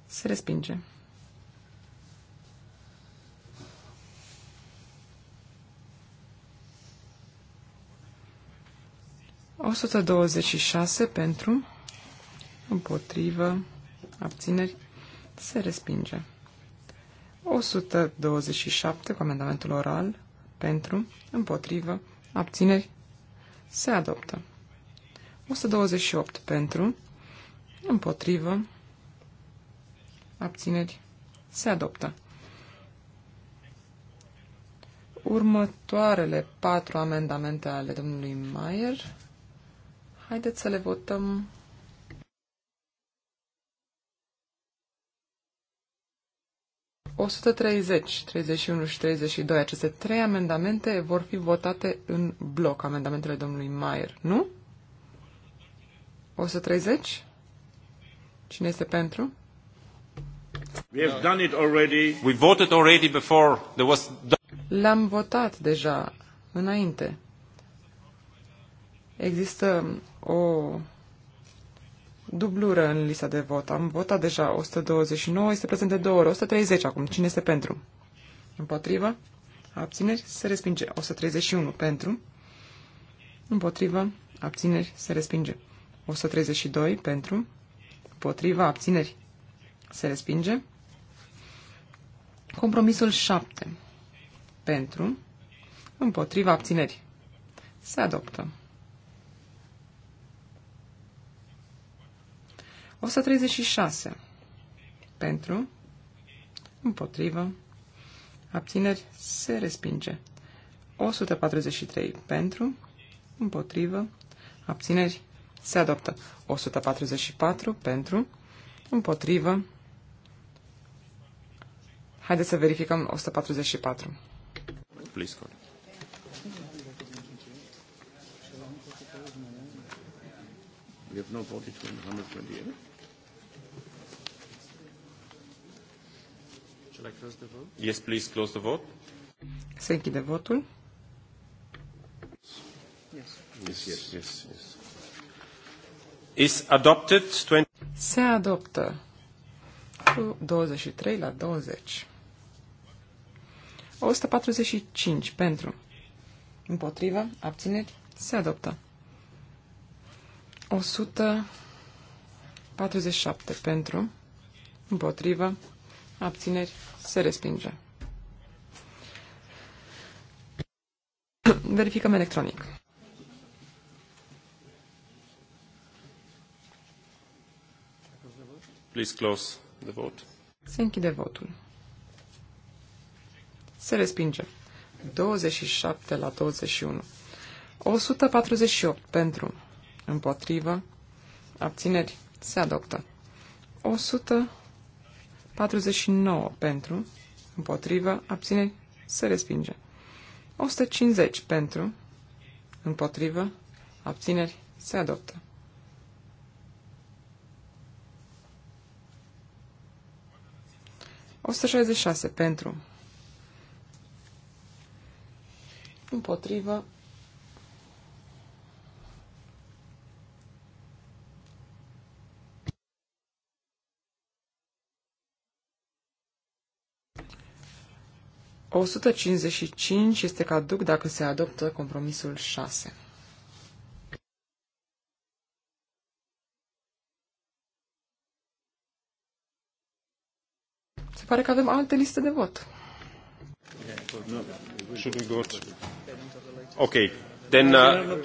Se respinge. 126 pentru, împotrivă, abțineri, se respinge. 127 cu amendamentul oral, pentru, împotrivă, abțineri, se adoptă. 128 pentru, împotrivă, abțineri, se adoptă. Următoarele patru amendamente ale domnului Maier Haideți să le votăm. O 130, 31 și 32, aceste trei amendamente vor fi votate în bloc, amendamentele domnului Maier, nu? 130? Cine este pentru? We have done it already. We voted already before there was... L-am votat deja înainte. Există o dublură în lista de vot. Am votat deja 129, este prezent de două ori, 130 acum. Cine este pentru? Împotrivă? Abțineri? Se respinge. 131 pentru. Împotrivă? Abțineri? Se respinge. 132 pentru. Împotrivă? Abțineri? Se respinge. Compromisul 7 pentru. Împotriva abțineri. Se adoptă. 136. Pentru, împotrivă, abțineri, se respinge. 143. Pentru, împotrivă, abțineri, se adoptă. 144. Pentru, împotrivă. Haideți să verificăm 144. Please call. We have no voted 128. Shall I close the vote? Yes, please close the vote. Se închide votul. Yes. Yes, yes, yes, yes. Is adopted 20... Se adoptă cu 23 la 20. 145 pentru. Împotrivă, abțineri, se adoptă. 147 pentru, împotrivă, abțineri, se respinge. Verificăm electronic. Please close the vote. Se închide votul. Se respinge. 27 la 21. 148 pentru, împotrivă, abțineri, se adoptă. 100 49 pentru, împotrivă, abțineri, se respinge. 150 pentru, împotrivă, abțineri, se adoptă. șase pentru, împotrivă, 155 este caduc dacă se adoptă compromisul 6. Se pare că avem alte liste de vot. Ok, then... Uh...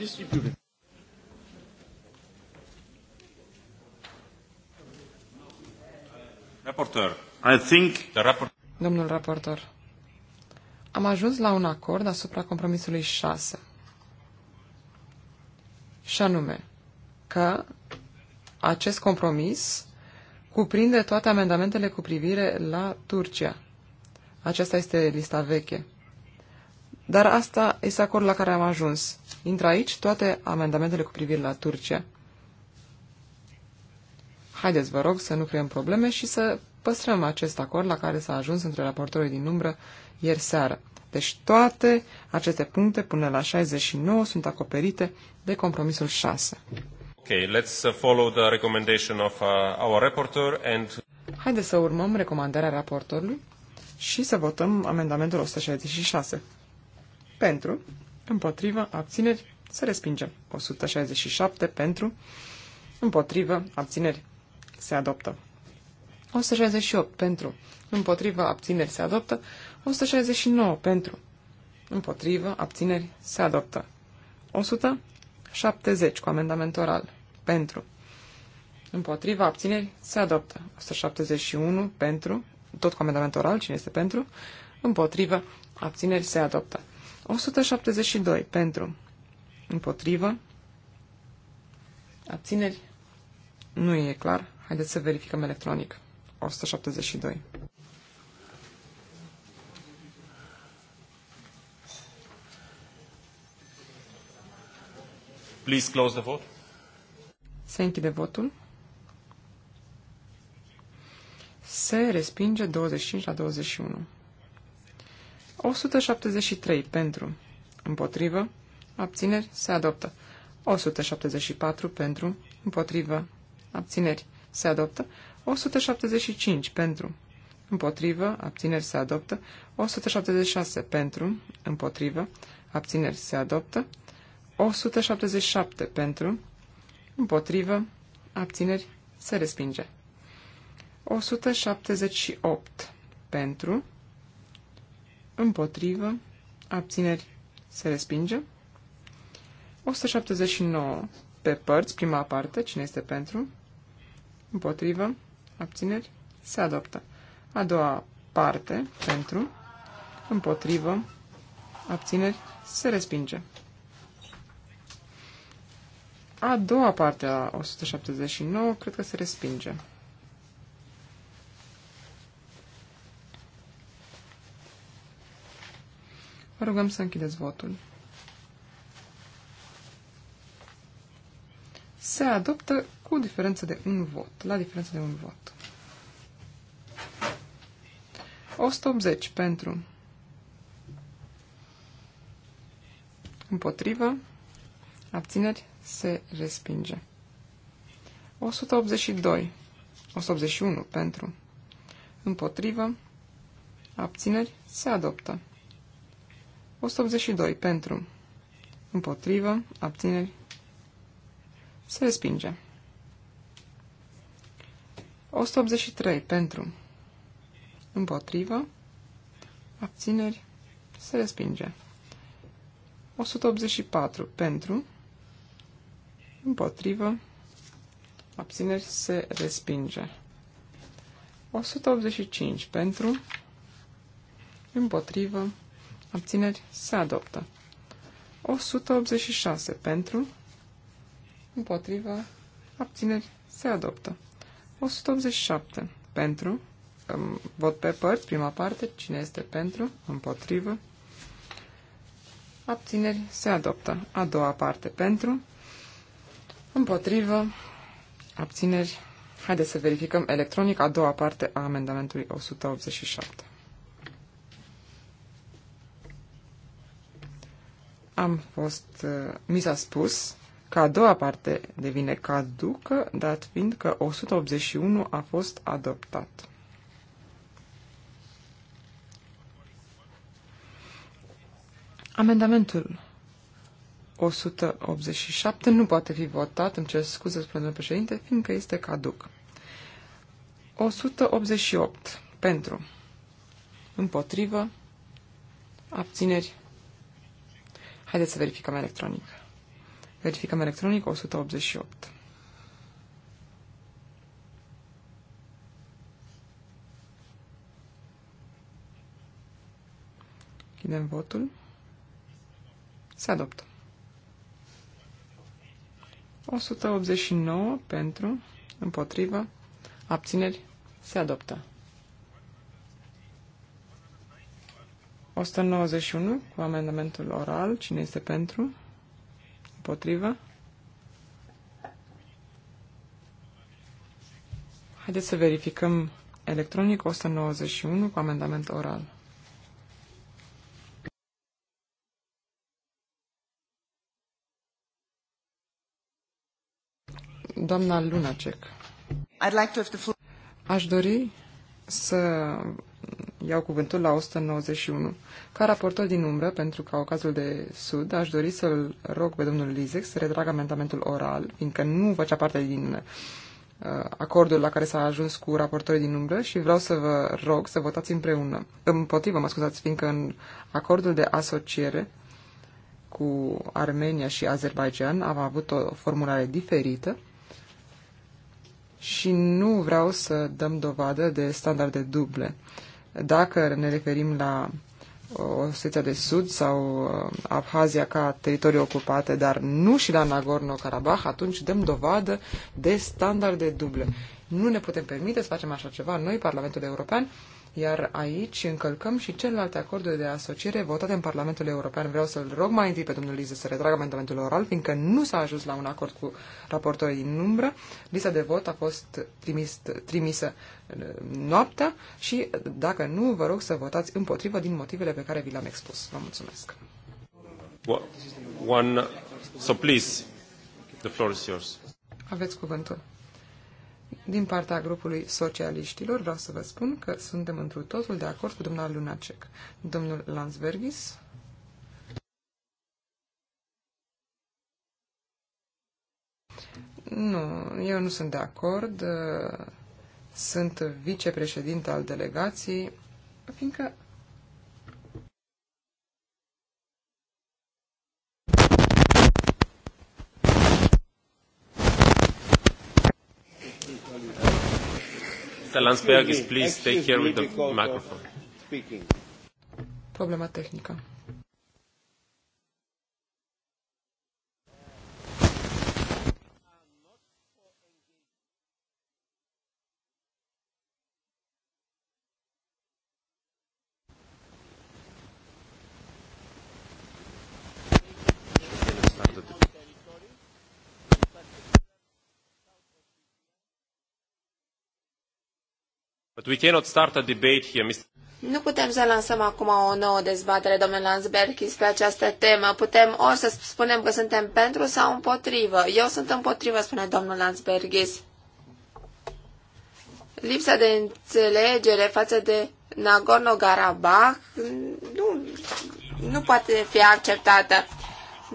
Raportor. I think the raport... Domnul raportor. Am ajuns la un acord asupra compromisului 6. Și anume că acest compromis cuprinde toate amendamentele cu privire la Turcia. Aceasta este lista veche. Dar asta este acordul la care am ajuns. Intră aici toate amendamentele cu privire la Turcia. Haideți, vă rog, să nu creăm probleme și să păstrăm acest acord la care s-a ajuns între raportorii din umbră ieri seară. Deci toate aceste puncte până la 69 sunt acoperite de compromisul 6. Okay, let's uh, follow the recommendation of uh, our reporter and Haideți să urmăm recomandarea raportorului și să votăm amendamentul 166. Pentru, împotrivă, abțineri, se respingem. 167 pentru, împotrivă, abțineri, se adoptă. 168 pentru, împotrivă, abțineri se adoptă. 169 pentru, împotrivă, abțineri se adoptă. 170 cu amendament oral pentru, împotrivă, abțineri se adoptă. 171 pentru, tot cu amendament oral, cine este pentru, împotrivă, abțineri se adoptă. 172 pentru, împotrivă, abțineri, nu e clar. Haideți să verificăm electronic. 172. Please close the vote. Se închide votul. Se respinge 25 la 21. 173 pentru, împotrivă, abțineri, se adoptă. 174 pentru, împotrivă, abțineri, se adoptă. 175 pentru, împotrivă, abțineri se adoptă. 176 pentru, împotrivă, abțineri se adoptă. 177 pentru, împotrivă, abțineri se respinge. 178 pentru, împotrivă, abțineri se respinge. 179 pe părți, prima parte, cine este pentru, împotrivă, abțineri, se adoptă. A doua parte, pentru, împotrivă, abțineri, se respinge. A doua parte a 179 cred că se respinge. Vă rugăm să închideți votul. se adoptă cu diferență de un vot, la diferență de un vot. 180 pentru împotrivă, abțineri, se respinge. 182, 181 pentru împotrivă, abțineri, se adoptă. 182 pentru împotrivă, abțineri, se respinge. 183 pentru. Împotrivă. Abțineri. Se respinge. 184 pentru. Împotrivă. Abțineri. Se respinge. 185 pentru. Împotrivă. Abțineri. Se adoptă. 186 pentru împotriva, abțineri, se adoptă. 187. Pentru, vot pe părți, prima parte, cine este pentru, împotrivă, abțineri, se adoptă. A doua parte, pentru, împotrivă, abțineri, Haideți să verificăm electronic a doua parte a amendamentului 187. Am fost... Uh, mi s-a spus că a doua parte devine caducă, dat fiind că 181 a fost adoptat. Amendamentul 187 nu poate fi votat, îmi cer scuze, spune domnul președinte, fiindcă este caduc. 188 pentru, împotrivă, abțineri. Haideți să verificăm electronic. Verificăm electronic 188. Chidem votul. Se adoptă. 189 pentru, împotrivă, abțineri, se adoptă. 191 cu amendamentul oral. Cine este pentru? Împotrivă. Haideți să verificăm electronic 191 cu amendament oral. Doamna Lunacek. Aș dori să iau cuvântul la 191. Ca raportor din umbră, pentru ca ocazul de Sud, aș dori să-l rog pe domnul Lizec să retragă amendamentul oral, fiindcă nu făcea parte din uh, acordul la care s-a ajuns cu raportorii din umbră și vreau să vă rog să votați împreună. Împotrivă, mă scuzați, fiindcă în acordul de asociere cu Armenia și Azerbaijan am avut o formulare diferită și nu vreau să dăm dovadă de standarde duble. Dacă ne referim la uh, Osetia de Sud sau uh, Abhazia ca teritorii ocupate, dar nu și la Nagorno-Karabakh, atunci dăm dovadă de standarde duble. Nu ne putem permite să facem așa ceva. Noi, Parlamentul European, iar aici încălcăm și celelalte acorduri de asociere votate în Parlamentul European. Vreau să-l rog mai întâi pe domnul Liză să retragă amendamentul oral, fiindcă nu s-a ajuns la un acord cu raportorii în umbră. Lista de vot a fost trimis, trimisă noaptea și, dacă nu, vă rog să votați împotrivă din motivele pe care vi le-am expus. Vă mulțumesc. One, so please, the floor is yours. Aveți cuvântul. Din partea grupului socialiștilor vreau să vă spun că suntem întru totul de acord cu domnul Lunacek. Domnul Landsbergis. Nu, eu nu sunt de acord. Sunt vicepreședinte al delegației, fiindcă Mr. Landsbergis, please take care with the microphone. Problema tehnică. we cannot start a debate here, Mr. Nu putem să lansăm acum o nouă dezbatere, domnule Lansbergis, pe această temă. Putem ori să spunem că suntem pentru sau împotrivă. Eu sunt împotrivă, spune domnul Lansbergis. Lipsa de înțelegere față de Nagorno-Karabakh nu, nu poate fi acceptată.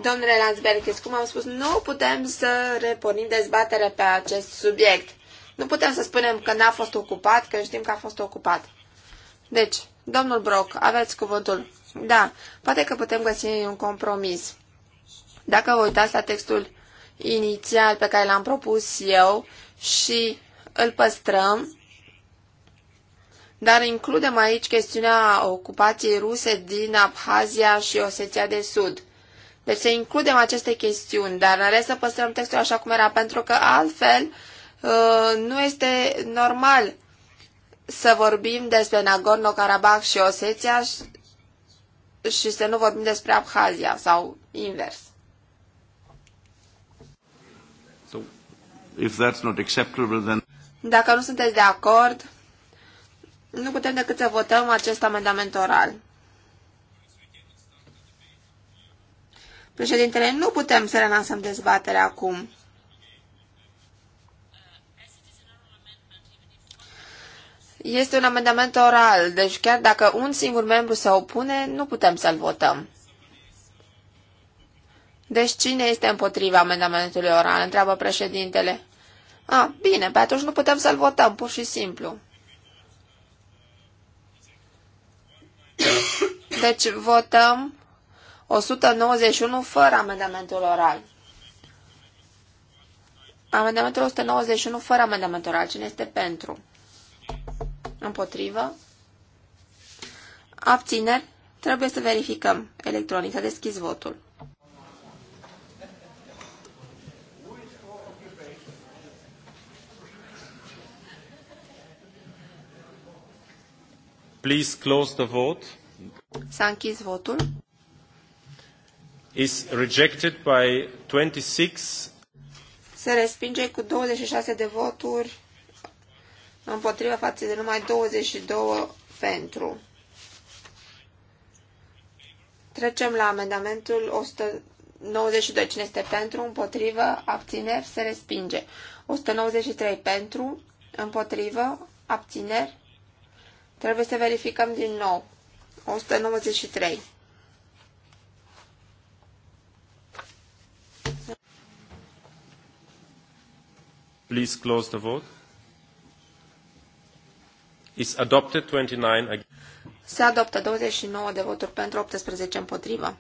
Domnule Lansbergis, cum am spus, nu putem să repornim dezbatere pe acest subiect. Nu putem să spunem că n-a fost ocupat, că știm că a fost ocupat. Deci, domnul Brock, aveți cuvântul. Da, poate că putem găsi un compromis. Dacă vă uitați la textul inițial pe care l-am propus eu și îl păstrăm, dar includem aici chestiunea ocupației ruse din Abhazia și Osetia de Sud. Deci să includem aceste chestiuni, dar în rest să păstrăm textul așa cum era, pentru că altfel Uh, nu este normal să vorbim despre Nagorno-Karabakh și Oseția și să nu vorbim despre Abhazia sau invers. So, if that's not acceptable, then... Dacă nu sunteți de acord, nu putem decât să votăm acest amendament oral. Președintele, nu putem să renansăm dezbaterea acum. Este un amendament oral, deci chiar dacă un singur membru se opune, nu putem să-l votăm. Deci cine este împotriva amendamentului oral? Întreabă președintele. A, bine, pe atunci nu putem să-l votăm, pur și simplu. Deci votăm 191 fără amendamentul oral. Amendamentul 191 fără amendamentul oral. Cine este pentru? Împotrivă. Abțineri. Trebuie să verificăm. Electronic. S-a deschis votul. Please close the vote. S-a închis votul. Is rejected by 26. Se respinge cu 26 de voturi împotriva față de numai 22 pentru. Trecem la amendamentul 192. Cine este pentru, împotrivă, abțineri, se respinge. 193 pentru, împotrivă, abțineri. Trebuie să verificăm din nou. 193. Please close the vote is adopted 29 Se adoptă 29 de voturi pentru 18 împotrivă.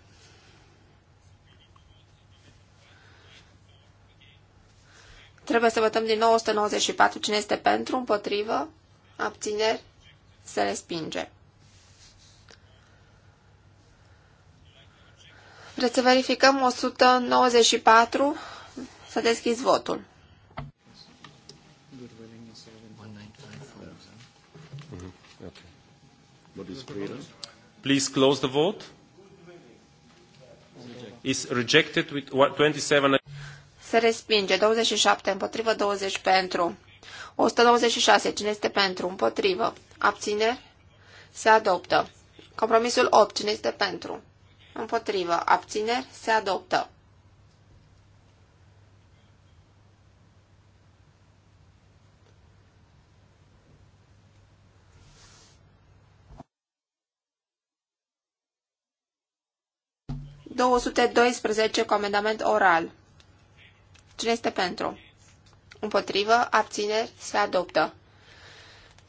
Trebuie să votăm din nou 194 cine este pentru, împotrivă, abțineri, se respinge. Vreți să verificăm 194? Să deschizi votul. What is freedom. Please close the vote. Is rejected with 27... Se respinge. 27 împotrivă, 20 pentru. 196. Cine este pentru? Împotrivă. Abține. Se adoptă. Compromisul 8. Cine este pentru? Împotrivă. Abține. Se adoptă. 212 cu amendament oral. Cine este pentru? Împotrivă, abțineri, se adoptă.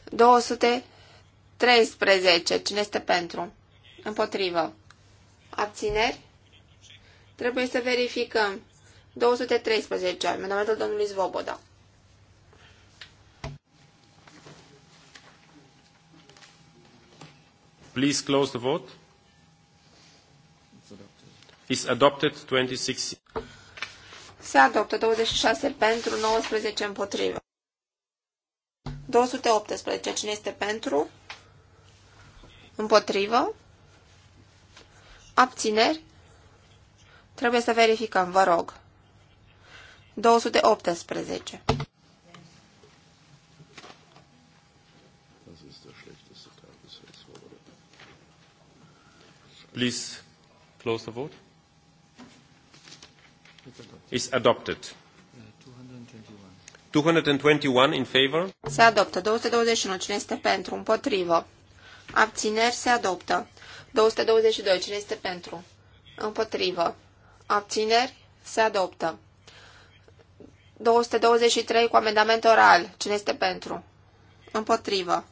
213. Cine este pentru? Împotrivă. Abțineri? Trebuie să verificăm. 213. Amendamentul domnului Zvoboda. Please close the vote is adopted 26. Se adoptă 26 pentru, 19 împotrivă. 218. Cine este pentru? Împotrivă? Abțineri? Trebuie să verificăm, vă rog. 218. Please close the vote is adopted. 221 in favor. Se adoptă. 221. Cine este pentru? Împotrivă. Abțineri se adoptă. 222. Cine este pentru? Împotrivă. Abțineri se adoptă. 223 cu amendament oral. Cine este pentru? Împotrivă.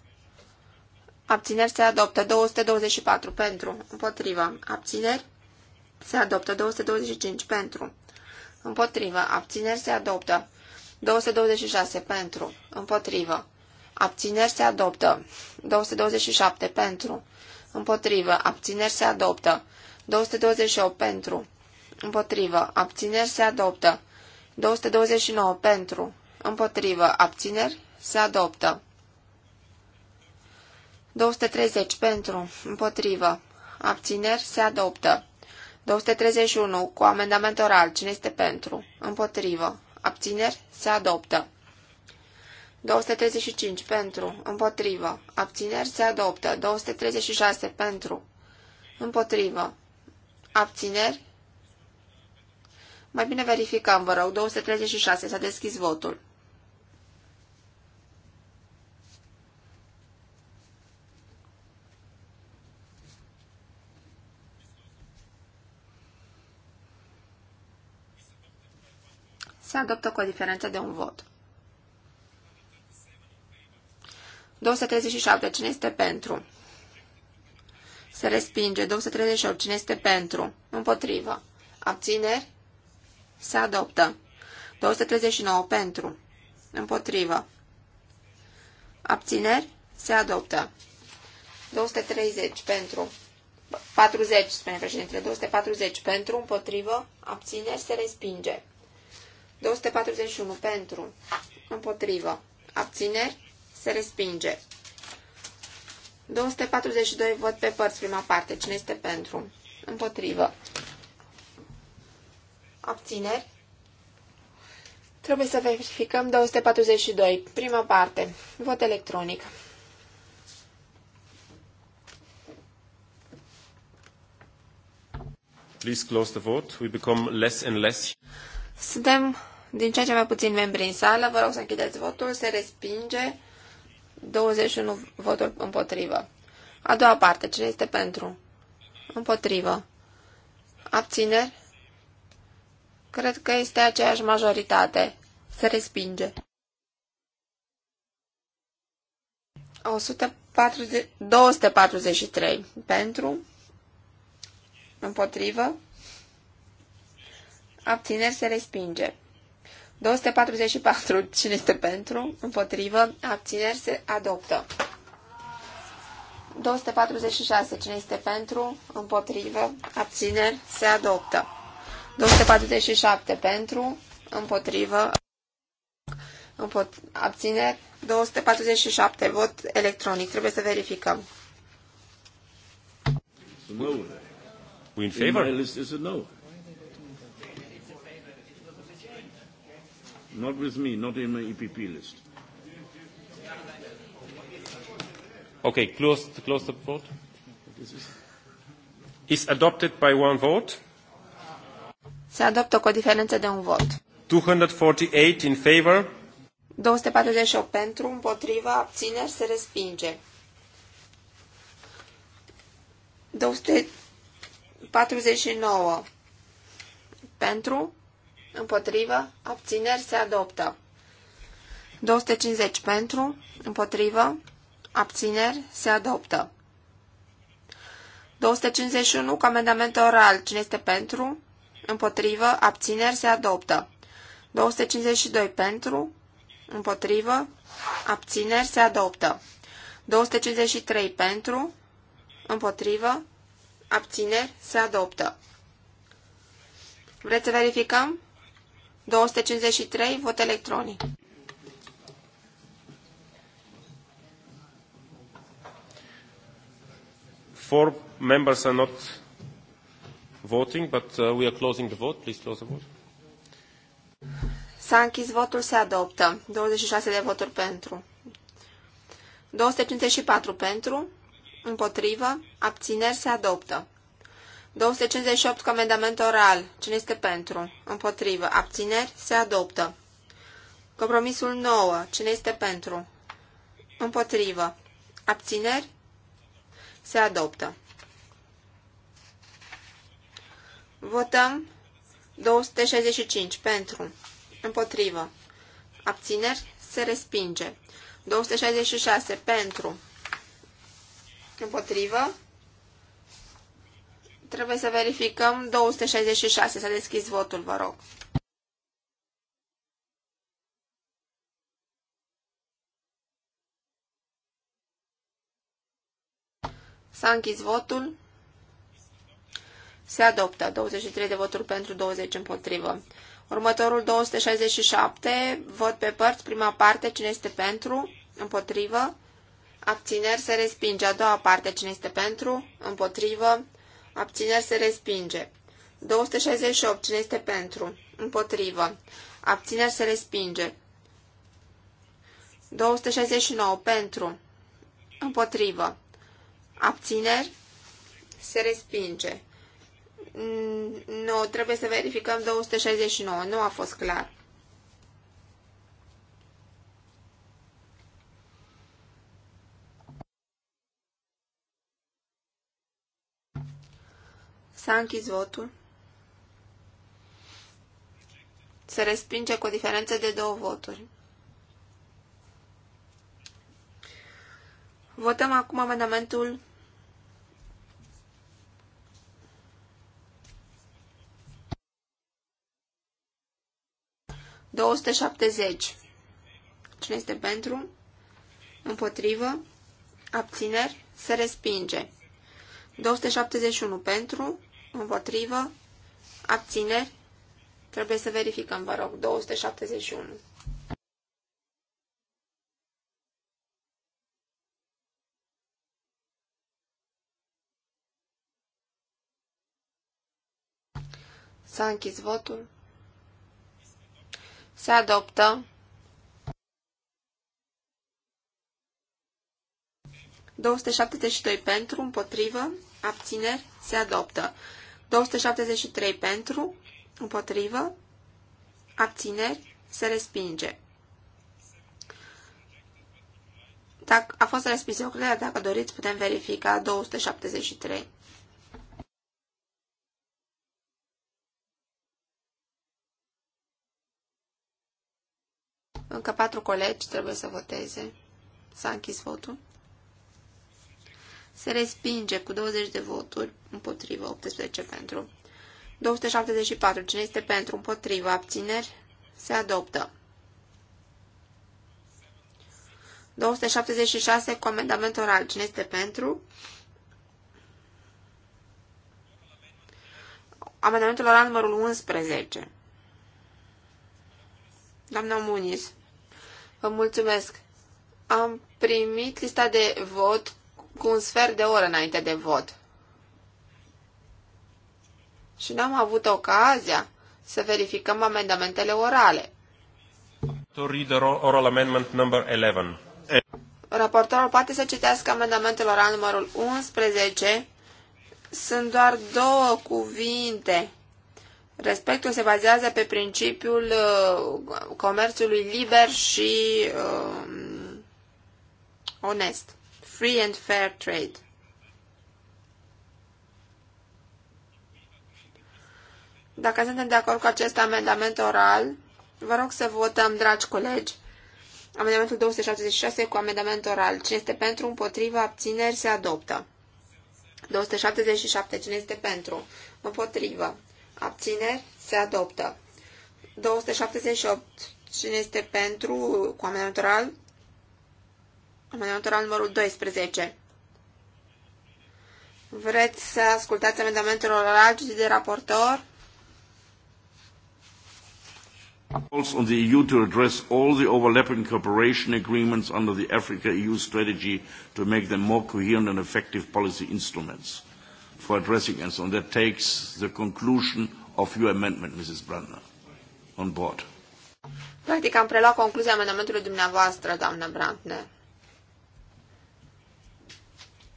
Abțineri se adoptă. 224 pentru. Împotrivă. Abțineri se adoptă. 225 pentru. Împotrivă. Abțineri se adoptă. 226 pentru. Împotrivă. Abțineri se adoptă. 227 pentru. Împotrivă. Abțineri se adoptă. 228 pentru. Împotrivă. Abțineri se adoptă. 229 pentru. Împotrivă. Abțineri se adoptă. 230 pentru. Împotrivă. Abțineri se adoptă. 231 cu amendament oral. Cine este pentru? Împotrivă. Abțineri? Se adoptă. 235 pentru, împotrivă, abțineri se adoptă, 236 pentru, împotrivă, abțineri, mai bine verificăm, vă rog, 236, s-a deschis votul. se adoptă cu o diferență de un vot. 237. Cine este pentru? Se respinge. 238. Cine este pentru? Împotrivă. Abțineri? Se adoptă. 239. Pentru. Împotrivă. Abțineri? Se adoptă. 230. Pentru. 40, spune președintele. 240. Pentru. Împotrivă. Abțineri? Se respinge. 241 pentru, împotrivă, abțineri, se respinge. 242 vot pe părți, prima parte. Cine este pentru? Împotrivă. Abțineri. Trebuie să verificăm 242. Prima parte. Vot electronic. Please close the vote. We become less and less. Suntem din cea ce mai puțin membri în sală. Vă rog să închideți votul. Se respinge 21 voturi împotrivă. A doua parte. Cine este pentru? Împotrivă. Abțineri? Cred că este aceeași majoritate. Se respinge. 140, 243 pentru, împotrivă, abțineri se respinge. 244. Cine este pentru? Împotrivă. Abțineri se adoptă. 246. Cine este pentru? Împotrivă. Abțineri se adoptă. 247. Pentru? Împotrivă. abțineri. 247. Vot electronic. Trebuie să verificăm. Nu. in favor? In my list is a no. Not with me, not in my EPP list. Okay, close, close the vote. Is adopted by one vote. Se adoptă cu o diferență de un vot. 248 in favor. 248 pentru, împotriva, abțineri, se respinge. 249 pentru, împotrivă, abțineri se adoptă. 250 pentru, împotrivă, abțineri se adoptă. 251 cu amendament oral. Cine este pentru? Împotrivă, abțineri se adoptă. 252 pentru, împotrivă, abțineri se adoptă. 253 pentru, împotrivă, abțineri se adoptă. Vreți să verificăm? 253, vot electronic. Four members are not voting, but uh, we are closing the vote. Please close the vote. S-a închis votul, se adoptă. 26 de voturi pentru. 254 pentru, împotrivă, abțineri se adoptă. 258 cu amendament oral. Cine este pentru? Împotrivă. Abțineri? Se adoptă. Compromisul 9. Cine este pentru? Împotrivă. Abțineri? Se adoptă. Votăm 265 pentru. Împotrivă. Abțineri? Se respinge. 266 pentru. Împotrivă. Trebuie să verificăm 266. S-a deschis votul, vă rog. S-a închis votul. Se adoptă 23 de voturi pentru 20 împotrivă. Următorul 267, vot pe părți, prima parte, cine este pentru, împotrivă, abțineri se respinge, a doua parte, cine este pentru, împotrivă, Abțineri se respinge. 268. Cine este pentru? Împotrivă. Abțineri se respinge. 269. Pentru. Împotrivă. Abțineri se respinge. Nu, trebuie să verificăm 269. Nu a fost clar. S-a închis votul. Se respinge cu o diferență de două voturi. Votăm acum amendamentul ...270. Cine este pentru? Împotrivă? Abțineri? Se respinge. 271 pentru? Împotrivă. Abțineri. Trebuie să verificăm, vă rog, 271. S-a închis votul. Se adoptă. 272 pentru, împotrivă, abțineri, se adoptă. 273 pentru, împotrivă, abțineri, se respinge. Dacă a fost respins o credere, dacă doriți, putem verifica 273. Încă patru colegi trebuie să voteze. S-a închis votul se respinge cu 20 de voturi împotrivă, 18 pentru. 274. Cine este pentru, împotrivă, abțineri, se adoptă. 276. amendament oral. Cine este pentru? Amendamentul oral numărul 11. Doamna Muniz, vă mulțumesc. Am primit lista de vot cu un sfert de oră înainte de vot. Și n-am avut ocazia să verificăm amendamentele orale. To read oral amendment number 11. Raportorul poate să citească amendamentul oral numărul 11. Sunt doar două cuvinte. Respectul se bazează pe principiul uh, comerțului liber și uh, onest. Free and Fair Trade. Dacă suntem de acord cu acest amendament oral, vă rog să votăm, dragi colegi, amendamentul 276 cu amendament oral. Cine este pentru, împotriva, abțineri, se adoptă. 277. Cine este pentru? împotriva, Abțineri? Se adoptă. 278. Cine este pentru? Cu amendament oral? Amendamentul oral numărul 12. Vreți să ascultați amendamentul oral de raportor? calls on the EU to address all the overlapping cooperation agreements under the Africa-EU strategy to make them more coherent and effective policy instruments for addressing and so on. That takes the conclusion of your amendment, Mrs. Brandner, on board. Practic am preluat concluzia amendamentului dumneavoastră, doamnă Brandner.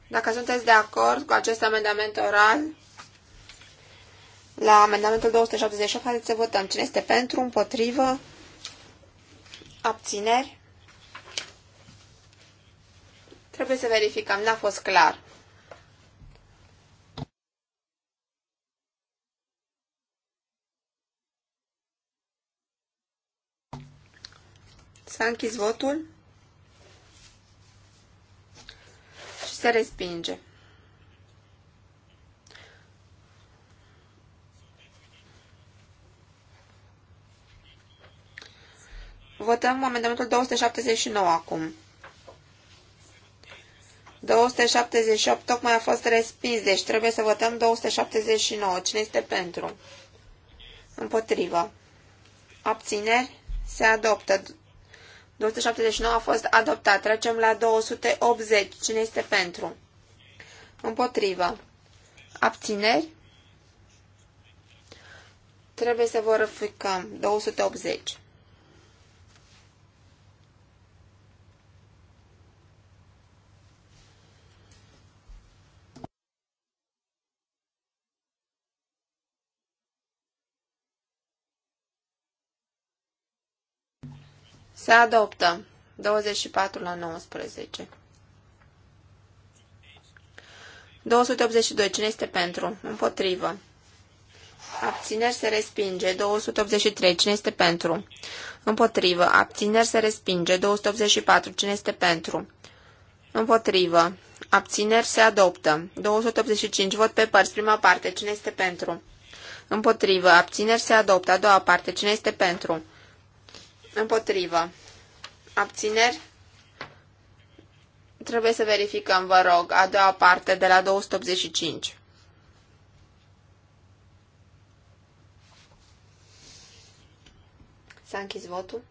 Dacă sunteți de acord cu acest amendament oral, la amendamentul 278, haideți să votăm. Cine este pentru, împotrivă, abțineri? Trebuie să verificăm, n-a fost clar. Să închis votul. Se respinge. Votăm amendamentul 279 acum. 278 tocmai a fost respins, deci trebuie să votăm 279. Cine este pentru? Împotrivă. Abțineri? Se adoptă. 279 a fost adoptat. Trecem la 280. Cine este pentru? Împotrivă. Abțineri? Trebuie să vă răficăm. 280. Se adoptă. 24 la 19. 282. Cine este pentru? Împotrivă. Abțineri se respinge. 283. Cine este pentru? Împotrivă. Abțineri se respinge. 284. Cine este pentru? Împotrivă. Abțineri se adoptă. 285. Vot pe părți. Prima parte. Cine este pentru? Împotrivă. Abțineri se adoptă. A doua parte. Cine este pentru? Împotrivă. Abțineri? Trebuie să verificăm, vă rog, a doua parte de la 285. S-a închis votul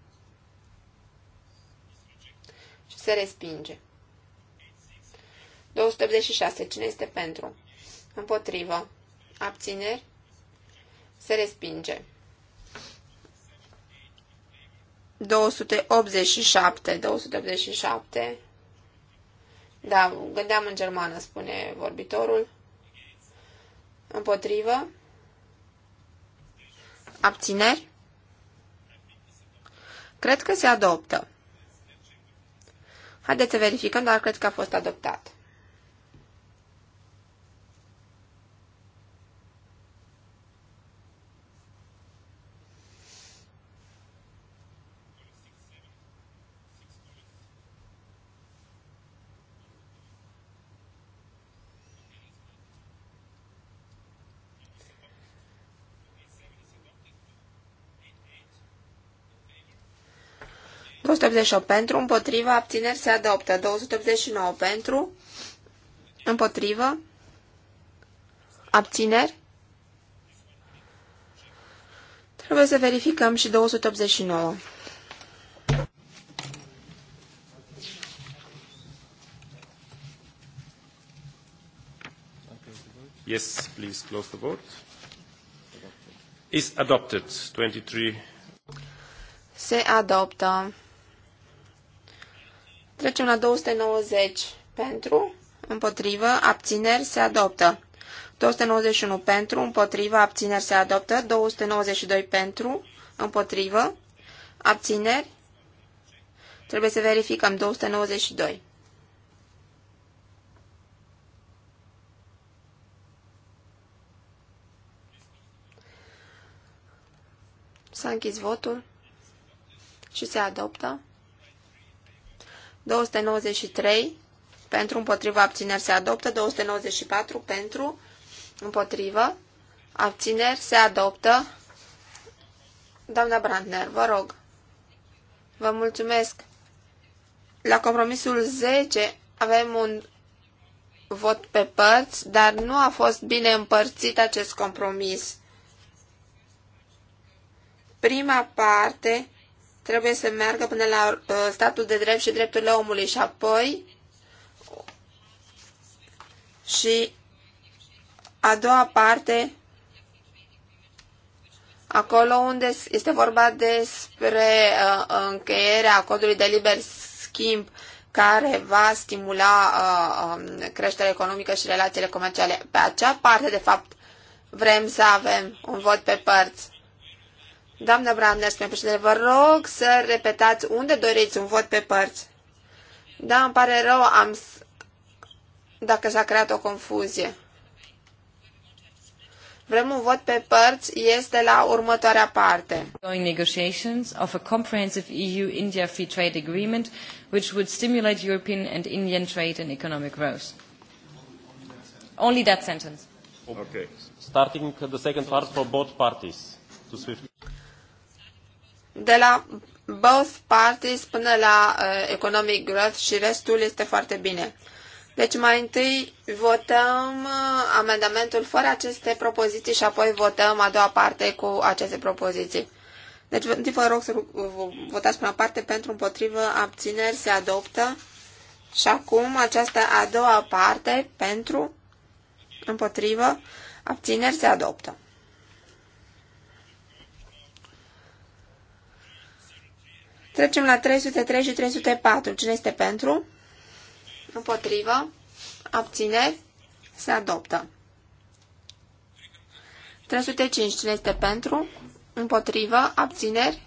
și se respinge. 286. Cine este pentru? Împotrivă. Abțineri? Se respinge. 287, 287. Da, gândeam în germană, spune vorbitorul. Împotrivă. Abțineri. Cred că se adoptă. Haideți să verificăm, dar cred că a fost adoptat. 288 pentru, împotriva, abțineri se adoptă. 289 pentru, împotrivă, abțineri. Trebuie să verificăm și 289. Yes, please close the vote. Is adopted 23 se adoptă Trecem la 290 pentru, împotrivă, abțineri, se adoptă. 291 pentru, împotrivă, abțineri, se adoptă. 292 pentru, împotrivă, abțineri. Trebuie să verificăm 292. S-a închis votul și se adoptă. 293 pentru, împotriva, abțineri se adoptă, 294 pentru, împotrivă, abțineri se adoptă. Doamna Brandner, vă rog. Vă mulțumesc. La compromisul 10 avem un vot pe părți, dar nu a fost bine împărțit acest compromis. Prima parte trebuie să meargă până la uh, statul de drept și drepturile omului și apoi și a doua parte acolo unde este vorba despre uh, încheierea codului de liber schimb care va stimula uh, um, creșterea economică și relațiile comerciale. Pe acea parte, de fapt, vrem să avem un vot pe părți. Doamna Bramner, spune președinte, vă rog să repetați unde doriți un vot pe părți. Da, îmi pare rău am dacă s-a creat o confuzie. Vrem un vot pe părți este la următoarea parte. Going negotiations of a comprehensive EU-India free trade agreement which would stimulate European and Indian trade and economic growth. Only that sentence. Okay. Starting the second part for both parties. To swift de la both parties până la uh, economic growth și restul este foarte bine. Deci mai întâi votăm uh, amendamentul fără aceste propoziții și apoi votăm a doua parte cu aceste propoziții. Deci vă rog să votați până parte pentru împotrivă abțineri se adoptă și acum această a doua parte pentru împotrivă abțineri se adoptă. Trecem la 303 și 304. Cine este pentru? Împotrivă. Abțineri. Se adoptă. 305. Cine este pentru? Împotrivă. Abțineri.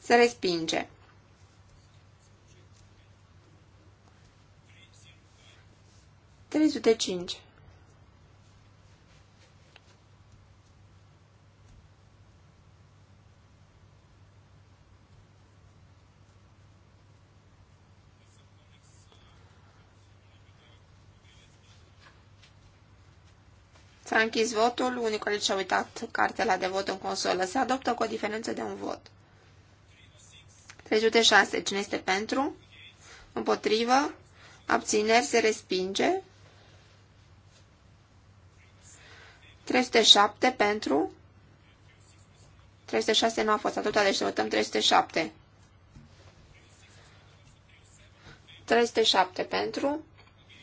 Se respinge. 305. S-a închis votul, unii colegi și-au uitat cartela de vot în consolă. Se adoptă cu o diferență de un vot. 306. Cine este pentru? Împotrivă? Abțineri se respinge. 307 pentru. 306 nu a fost atâta, deci votăm 307. 307 pentru.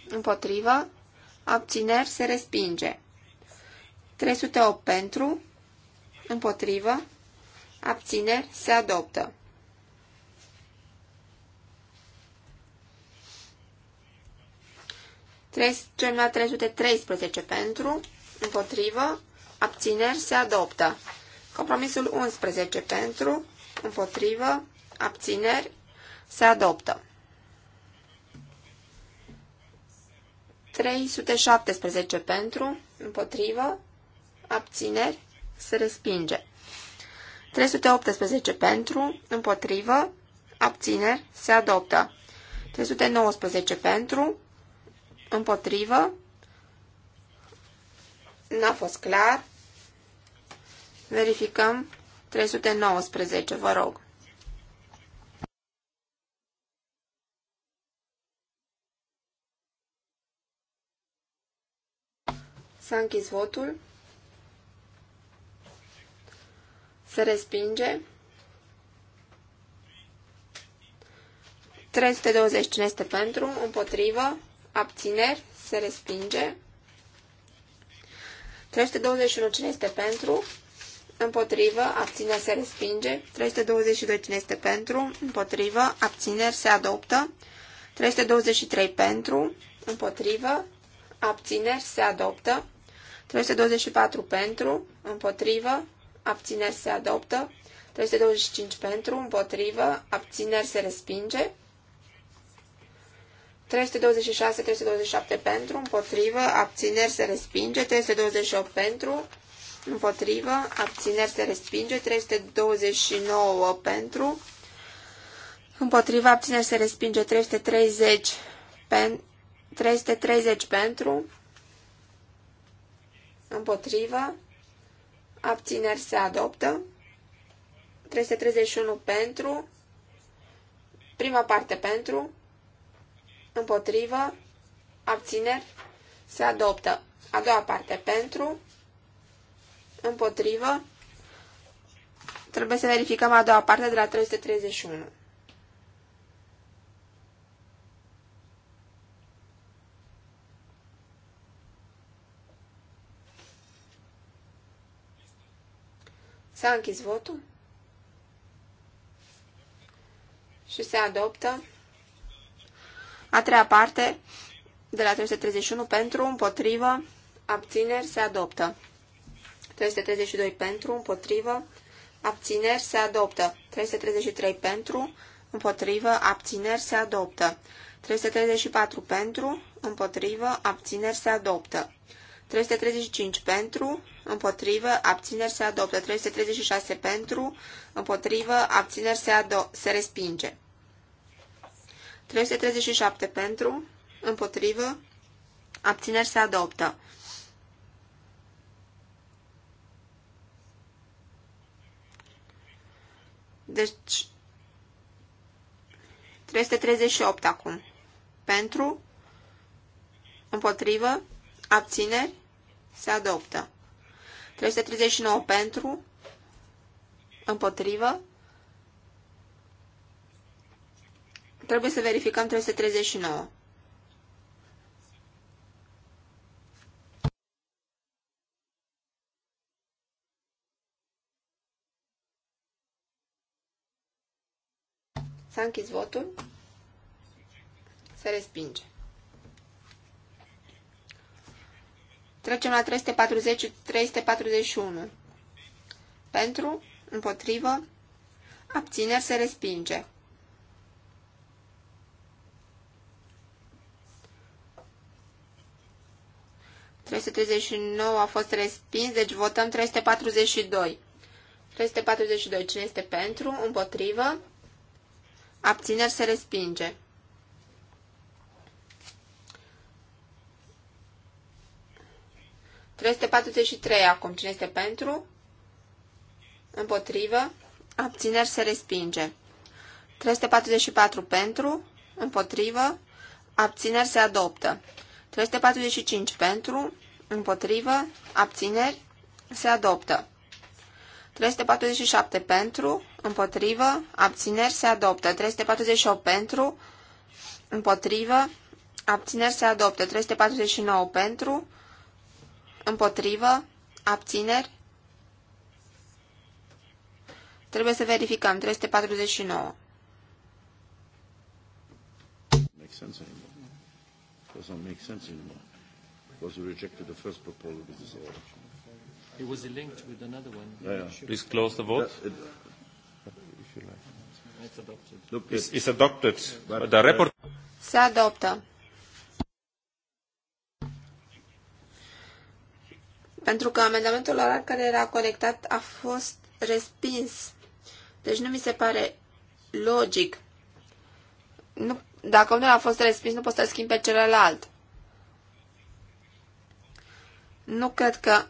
Împotrivă. Abțineri se respinge. 308 pentru, împotrivă, abțineri, se adoptă. Trecem la 313 pentru, împotrivă, abțineri, se adoptă. Compromisul 11 pentru, împotrivă, abțineri, se adoptă. 317 pentru, împotrivă, abțineri, se respinge. 318 pentru, împotrivă, abțineri, se adoptă. 319 pentru, împotrivă, n-a fost clar. Verificăm 319, vă rog. S-a închis votul. Se respinge. 320 cine este pentru, împotrivă, abțineri, se respinge. 321 cine este pentru, împotrivă, abțineri, se respinge. 322 cine este pentru, împotrivă, abțineri, se adoptă. 323 pentru, împotrivă, abțineri, se adoptă. 324 pentru, împotrivă, abțineri se adoptă, 325 pentru, împotrivă, abțineri se respinge, 326, 327 pentru, împotrivă, abțineri se respinge, 328 pentru, împotrivă, abțineri se respinge, 329 pentru, împotrivă, abțineri se respinge, 330 pentru, 330 pentru, împotrivă, abțineri se adoptă, 331 pentru, prima parte pentru, împotrivă, abțineri se adoptă, a doua parte pentru, împotrivă, trebuie să verificăm a doua parte de la 331. S-a închis votul și se adoptă a treia parte de la 331 pentru, împotrivă, abțineri, se adoptă. 332 pentru, împotrivă, abțineri, se adoptă. 333 pentru, împotrivă, abțineri, se adoptă. 334 pentru, împotrivă, abțineri, se adoptă. 335 pentru, împotrivă, abțineri se adoptă. 336 pentru, împotrivă, abțineri se, ado- se respinge. 337 pentru, împotrivă, abțineri se adoptă. Deci, 338 acum. Pentru, împotrivă, abține, Se adoptă. 339 pentru? Împotrivă? Trebuie să verificăm 339. S-a închis votul. Se respinge. Trecem la 340-341. Pentru, împotrivă, abțineri se respinge. ...339 a fost respins, deci votăm 342. 342. Cine este pentru? Împotrivă? Abțineri se respinge. 343 acum. Cine este pentru? Împotrivă. Abțineri se respinge. 344 pentru. Împotrivă. Abțineri se adoptă. 345 pentru. Împotrivă. Abțineri se adoptă. 347 pentru, împotrivă, abțineri se adoptă. 348 pentru, împotrivă, abțineri se adoptă. 349 pentru, Împotrivă? Abțineri? Trebuie să verificăm. 349. It was linked with another one. Yeah, yeah. Please close the vote. It's adopted. Look, it's, it's adopted. But, the report... Se adoptă. Pentru că amendamentul oral care era conectat a fost respins. Deci nu mi se pare logic. Nu, dacă unul a fost respins, nu poți să-l schimbi pe celălalt. Nu cred că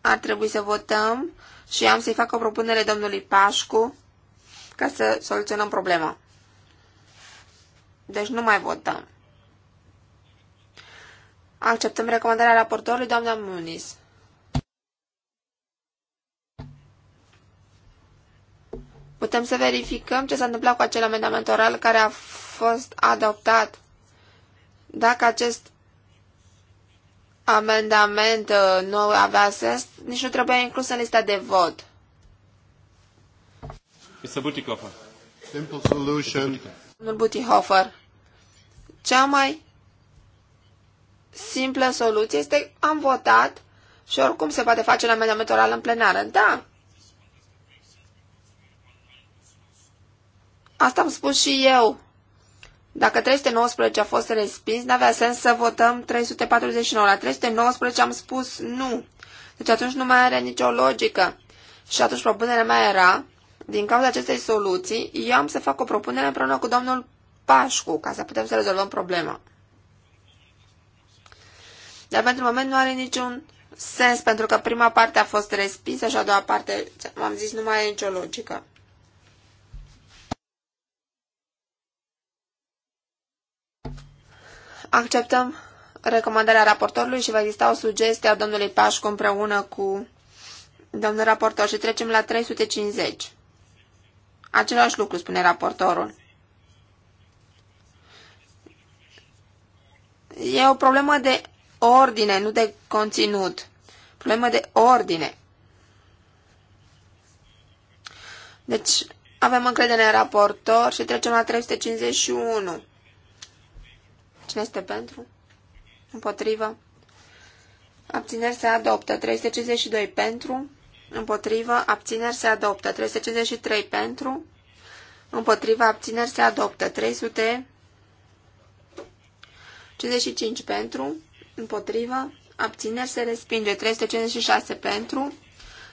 ar trebui să votăm și am să-i fac o propunere domnului Pașcu ca să soluționăm problema. Deci nu mai votăm. Acceptăm recomandarea raportorului, doamna Muniz. Putem să verificăm ce s-a întâmplat cu acel amendament oral care a fost adoptat. Dacă acest amendament uh, nu avea sens, nici nu trebuia inclus în lista de vot. Mr. Simple solution. Domnul Butihofer. Cea mai simplă soluție este am votat și oricum se poate face un amendament oral în plenară. Da. Asta am spus și eu. Dacă 319 a fost respins, n-avea sens să votăm 349. La 319 am spus nu. Deci atunci nu mai are nicio logică. Și atunci propunerea mea era, din cauza acestei soluții, eu am să fac o propunere împreună cu domnul Pașcu, ca să putem să rezolvăm problema. Dar pentru moment nu are niciun sens, pentru că prima parte a fost respinsă și a doua parte, am zis, nu mai are nicio logică. Acceptăm recomandarea raportorului și va exista o sugestie a domnului Pașcu împreună cu domnul raportor și trecem la 350. Același lucru spune raportorul. E o problemă de ordine, nu de conținut. Problemă de ordine. Deci, avem încredere în raportor și trecem la 351. Cine este pentru? Împotrivă? Abțineri se adoptă. 352 pentru. Împotrivă. Abțineri se adoptă. 353 pentru. Împotrivă. Abțineri se adoptă. 355 pentru împotrivă, abțineri se respinge 356 pentru,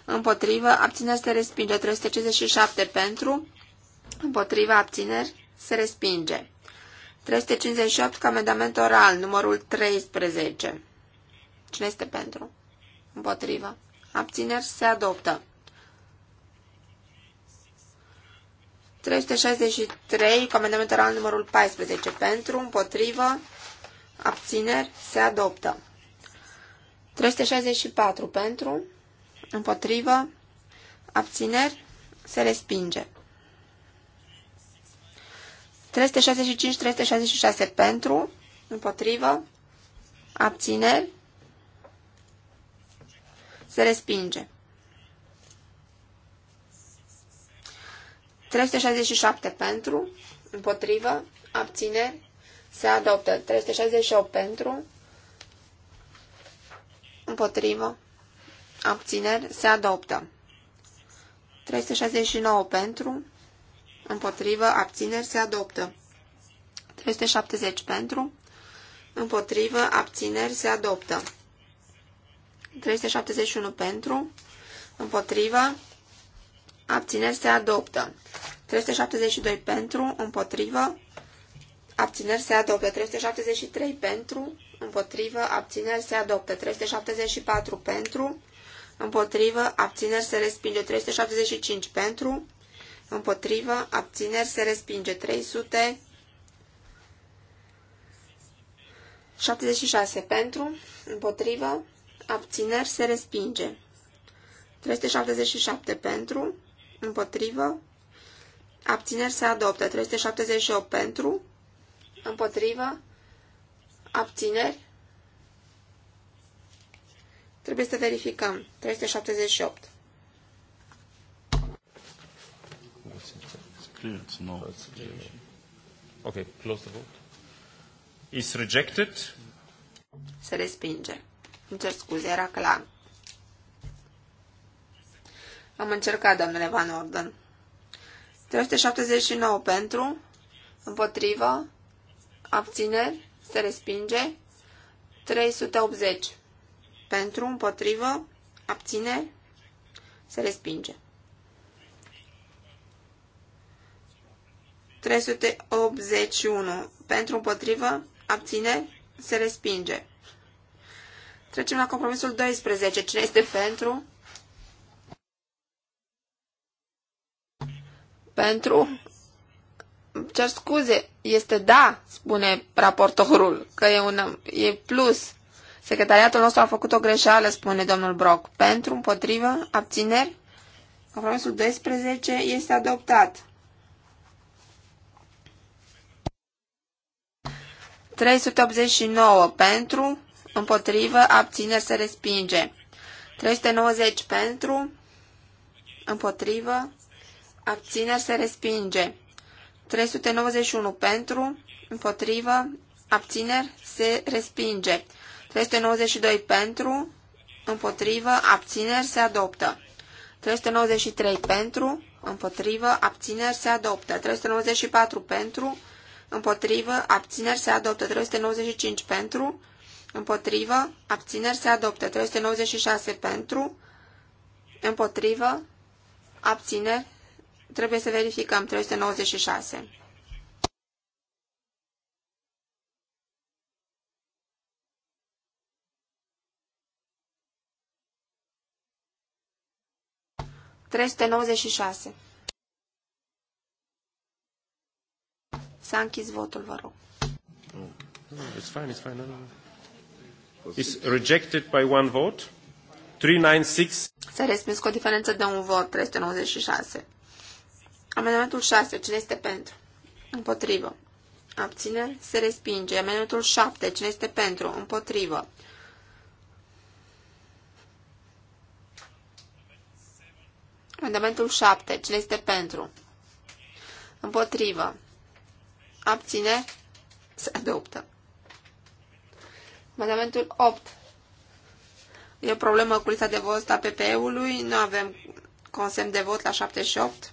împotrivă, abțineri se respinge 357 pentru, împotrivă, abțineri se respinge. 358 ca amendament oral, numărul 13. Cine este pentru? Împotrivă. Abțineri se adoptă. 363, comandament oral numărul 14, pentru, împotrivă, abțineri, se adoptă. 364 pentru, împotrivă, abțineri, se respinge. 365-366 pentru, împotrivă, abțineri, se respinge. 367 pentru, împotrivă, abțineri, se adoptă. 368 pentru, împotrivă, abțineri, se adoptă. 369 pentru, împotrivă, abțineri, se adoptă. 370 pentru, împotrivă, abțineri, se adoptă. 371 pentru, împotrivă, abțineri, se adoptă. 372 pentru, împotrivă, abțineri se adoptă 373 pentru, împotrivă, abțineri se adoptă 374 pentru, împotrivă, abțineri se respinge 375 pentru, împotrivă, abțineri se respinge 376 pentru, împotrivă, abțineri se respinge 377 pentru, împotrivă, abțineri se adoptă 378 pentru, Împotrivă? Abțineri? Trebuie să verificăm. 378. Ok, close the vote. Is rejected. Se respinge. Îmi cer scuze, era clar. Am încercat, domnule Van Orden. 379 pentru, împotrivă, abțineri, se respinge. 380 pentru, împotrivă, abțineri, se respinge. 381 pentru, împotrivă, abțineri, se respinge. Trecem la compromisul 12. Cine este pentru? Pentru, cer scuze, este da, spune raportorul, că e, un, e plus. Secretariatul nostru a făcut o greșeală, spune domnul Brock. Pentru, împotrivă, abțineri? Compromisul 12 este adoptat. 389 pentru, împotrivă, abțineri se respinge. 390 pentru, împotrivă, abțineri se respinge. 391 pentru, împotrivă, abțineri, se respinge. 392 pentru, împotrivă, abțineri, se adoptă. 393 pentru, împotrivă, abțineri, se adoptă. 394 pentru, împotrivă, abțineri, se adoptă. 395 pentru, împotrivă, abțineri, se adoptă. 396 pentru, împotrivă, abțineri, Trebuie să verificăm. 396. Treste 96. S-a închis votul, vă rog. No, it's fine, it's fine. It's rejected by one vote. 396. S-a respins cu o diferență de un vot, 396. Amendamentul 6. Cine este pentru? Împotrivă. Abțineri? Se respinge. Amendamentul 7. Cine este pentru? Împotrivă. Amendamentul 7. Cine este pentru? Împotrivă. Abține. Se adoptă. Amendamentul 8. E o problemă cu lista de vot a PPE-ului. Nu avem consem de vot la 78.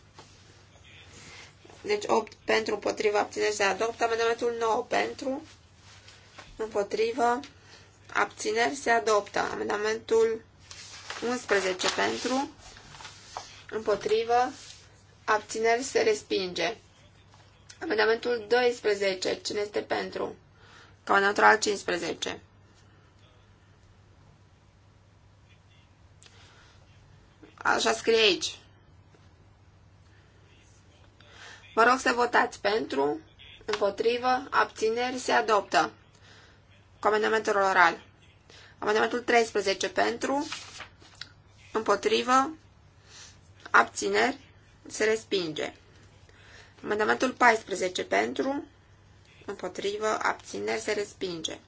Deci 8 pentru, împotriva, abțineri se adoptă. Amendamentul 9 pentru, împotriva, abțineri se adoptă. Amendamentul 11 pentru, împotrivă, abțineri se respinge. Amendamentul 12, cine este pentru? Ca natural 15. Așa scrie aici. Vă rog să votați pentru, împotrivă, abțineri, se adoptă. Cu amendamentul oral. Amendamentul 13 pentru, împotrivă, abțineri, se respinge. Amendamentul 14 pentru, împotrivă, abțineri, se respinge.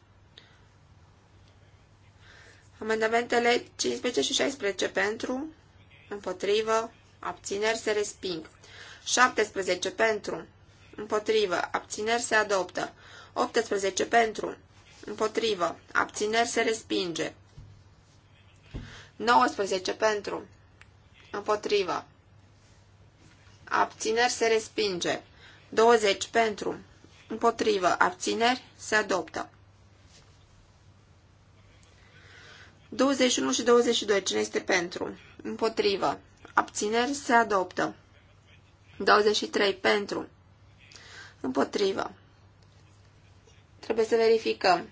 Amendamentele 15 și 16 pentru, împotrivă, abțineri, se resping. 17 pentru, împotrivă, abțineri se adoptă. 18 pentru, împotrivă, abțineri se respinge. 19 pentru, împotrivă, abțineri se respinge. 20 pentru, împotrivă, abțineri se adoptă. 21 și 22, cine este pentru? Împotrivă. Abțineri se adoptă. 23 pentru. Împotrivă. Trebuie să verificăm.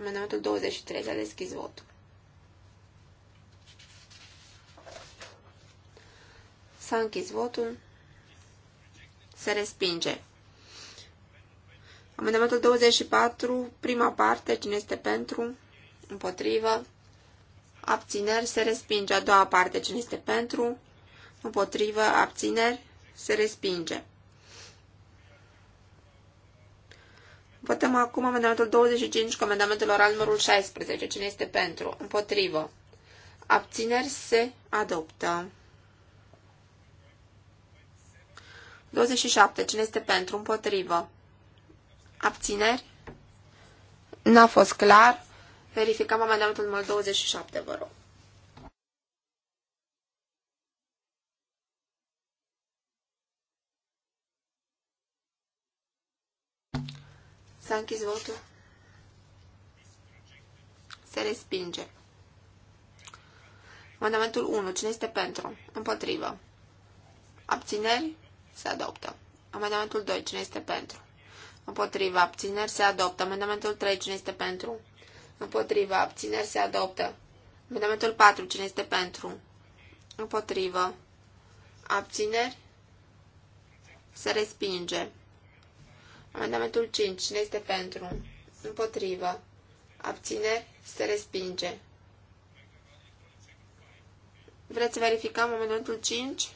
Amendamentul 23 s-a deschis votul. S-a închis votul. Se respinge. Amendamentul 24, prima parte, cine este pentru, împotrivă, abțineri, se respinge. A doua parte, cine este pentru, împotrivă, abțineri, se respinge. Votăm acum amendamentul 25 cu amendamentul oral numărul 16. Cine este pentru? Împotrivă. Abțineri se adoptă. 27. Cine este pentru? Împotrivă. Abțineri? N-a fost clar. Verificăm amendamentul numărul 27, vă rog. S-a închis votul. Se respinge. Amendamentul 1. Cine este pentru? Împotrivă. Abțineri? Se adoptă. Amendamentul 2. Cine este pentru? Împotrivă. Abțineri? Se adoptă. Amendamentul 3. Cine este pentru? Împotrivă. Abțineri? Se adoptă. Amendamentul 4. Cine este pentru? Împotrivă. Abțineri? Se respinge. Amendamentul 5. Cine este pentru? Împotrivă. Abțineri? Se respinge. Vreți să verificăm amendamentul 5?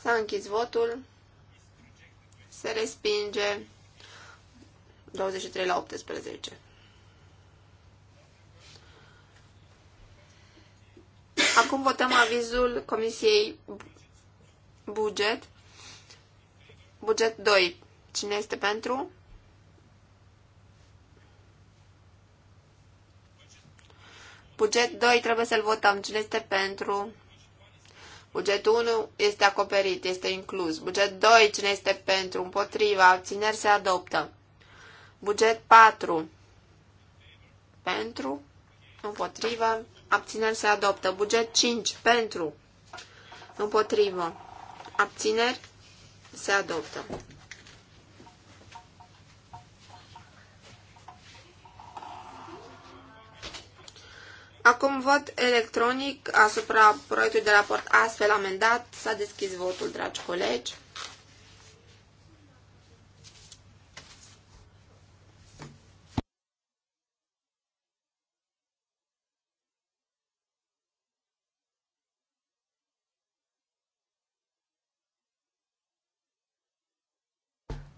S-a închis votul. Se respinge 23 la 18. Acum votăm avizul Comisiei Buget. Buget 2. Cine este pentru? Buget 2 trebuie să-l votăm. Cine este pentru? Buget 1 este acoperit, este inclus. Buget 2, cine este pentru, împotriva, abțineri se adoptă. Buget 4, pentru, împotriva, abțineri se adoptă. Buget 5 pentru, împotrivă, abțineri se adoptă. Acum vot electronic asupra proiectului de raport astfel amendat. S-a deschis votul, dragi colegi.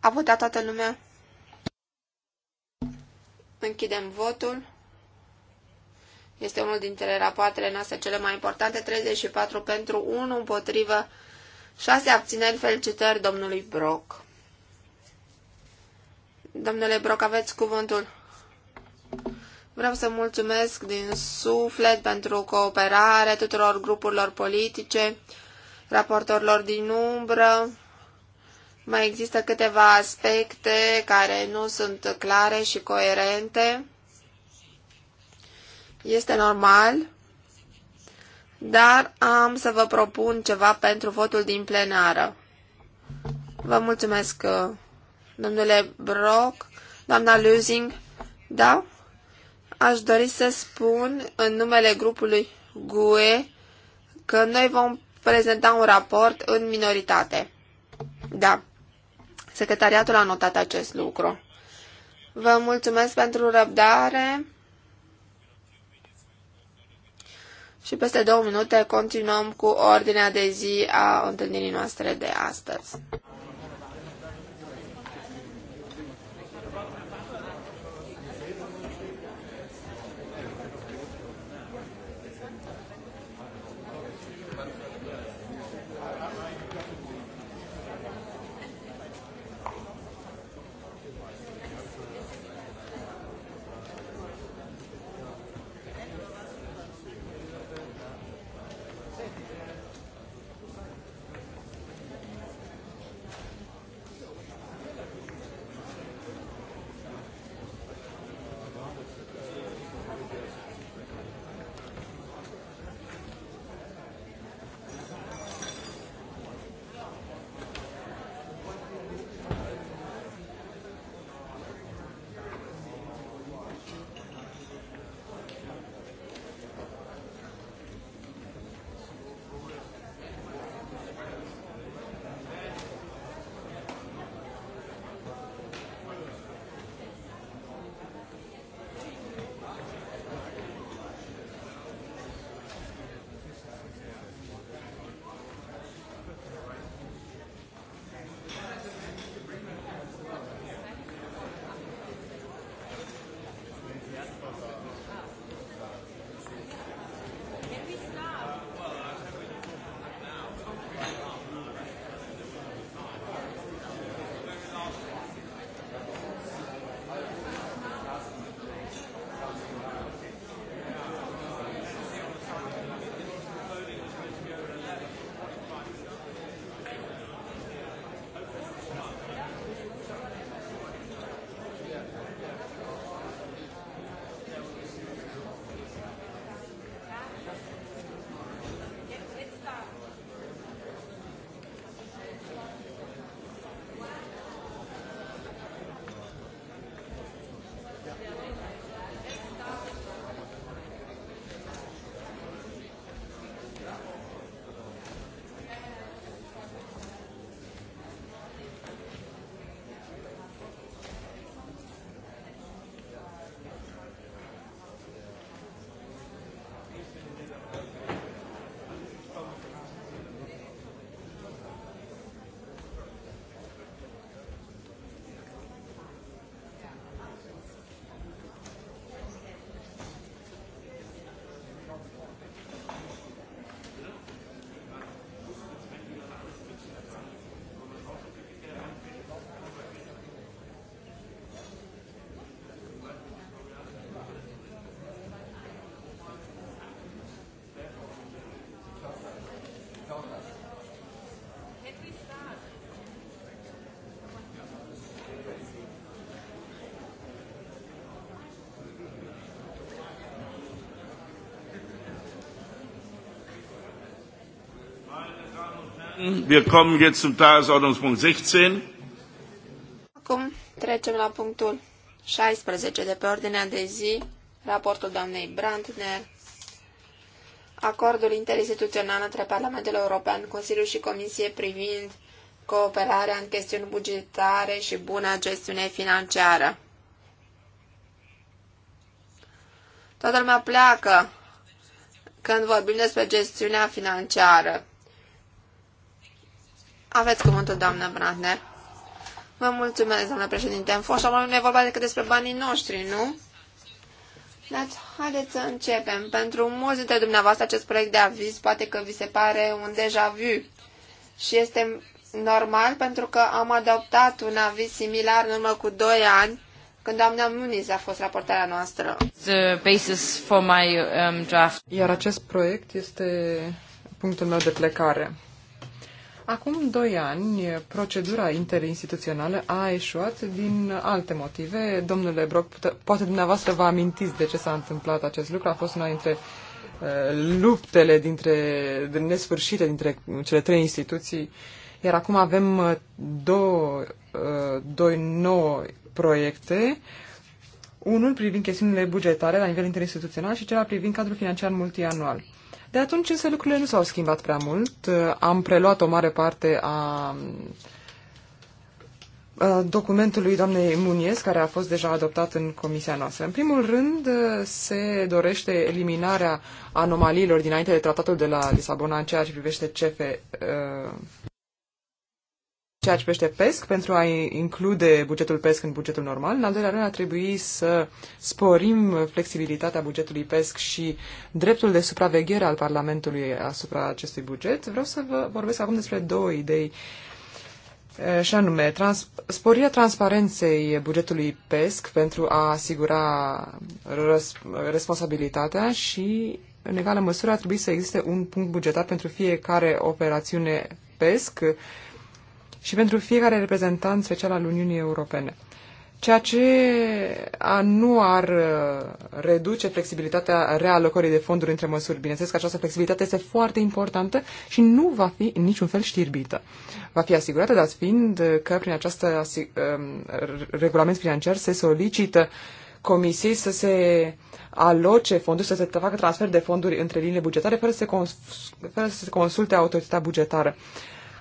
A votat toată lumea? Închidem votul. Este unul dintre rapoartele noastre cele mai importante, 34 pentru 1 împotrivă, 6 abțineri, felicitări domnului Brock. Domnule Broc, aveți cuvântul. Vreau să mulțumesc din suflet pentru cooperare tuturor grupurilor politice, raportorilor din umbră, mai există câteva aspecte care nu sunt clare și coerente. Este normal, dar am să vă propun ceva pentru votul din plenară. Vă mulțumesc, uh, domnule Brock, doamna Lusing. Da? Aș dori să spun în numele grupului GUE că noi vom prezenta un raport în minoritate. Da. Secretariatul a notat acest lucru. Vă mulțumesc pentru răbdare și peste două minute continuăm cu ordinea de zi a întâlnirii noastre de astăzi. Wir kommen jetzt zum Tagesordnungspunkt 16. Acum trecem la punctul 16 de pe ordinea de zi, raportul doamnei Brandner, acordul interinstituțional între Parlamentul European, Consiliul și Comisie privind cooperarea în chestiuni bugetare și buna gestiune financiară. Toată lumea pleacă când vorbim despre gestiunea financiară. Aveți cuvântul, doamnă Brandner. Vă mulțumesc, doamnă președinte. am fost oameni nu e vorba decât despre banii noștri, nu? Dar haideți să începem. Pentru mulți dintre dumneavoastră acest proiect de aviz poate că vi se pare un deja vu. Și este normal pentru că am adoptat un aviz similar în urmă cu 2 ani când doamna Muniz a fost raportarea noastră. The basis for my um, draft. Iar acest proiect este punctul meu de plecare. Acum doi ani, procedura interinstituțională a eșuat din alte motive. Domnule Broc, poate dumneavoastră vă amintiți de ce s-a întâmplat acest lucru. A fost una dintre uh, luptele dintre, din nesfârșite dintre cele trei instituții. Iar acum avem uh, două, uh, două nouă proiecte. Unul privind chestiunile bugetare la nivel interinstituțional și celălalt privind cadrul financiar multianual. De atunci însă lucrurile nu s-au schimbat prea mult. Am preluat o mare parte a documentului doamnei Muniez, care a fost deja adoptat în comisia noastră. În primul rând, se dorește eliminarea anomaliilor dinainte de tratatul de la Lisabona în ceea ce privește CF, uh, ceea ce pește PESC, pentru a include bugetul PESC în bugetul normal. În al doilea rând, ar trebui să sporim flexibilitatea bugetului PESC și dreptul de supraveghere al Parlamentului asupra acestui buget. Vreau să vă vorbesc acum despre două idei eh, și anume, trans- sporirea transparenței bugetului PESC pentru a asigura răs- responsabilitatea și, în egală măsură, ar trebui să existe un punct bugetar pentru fiecare operațiune PESC, și pentru fiecare reprezentant special al Uniunii Europene. Ceea ce a, nu ar uh, reduce flexibilitatea realocării de fonduri între măsuri. Bineînțeles că această flexibilitate este foarte importantă și nu va fi în niciun fel știrbită. Va fi asigurată, dar fiind că prin acest um, regulament financiar se solicită comisiei să se aloce fonduri, să se facă transfer de fonduri între linii bugetare fără să se, consulte autoritatea bugetară.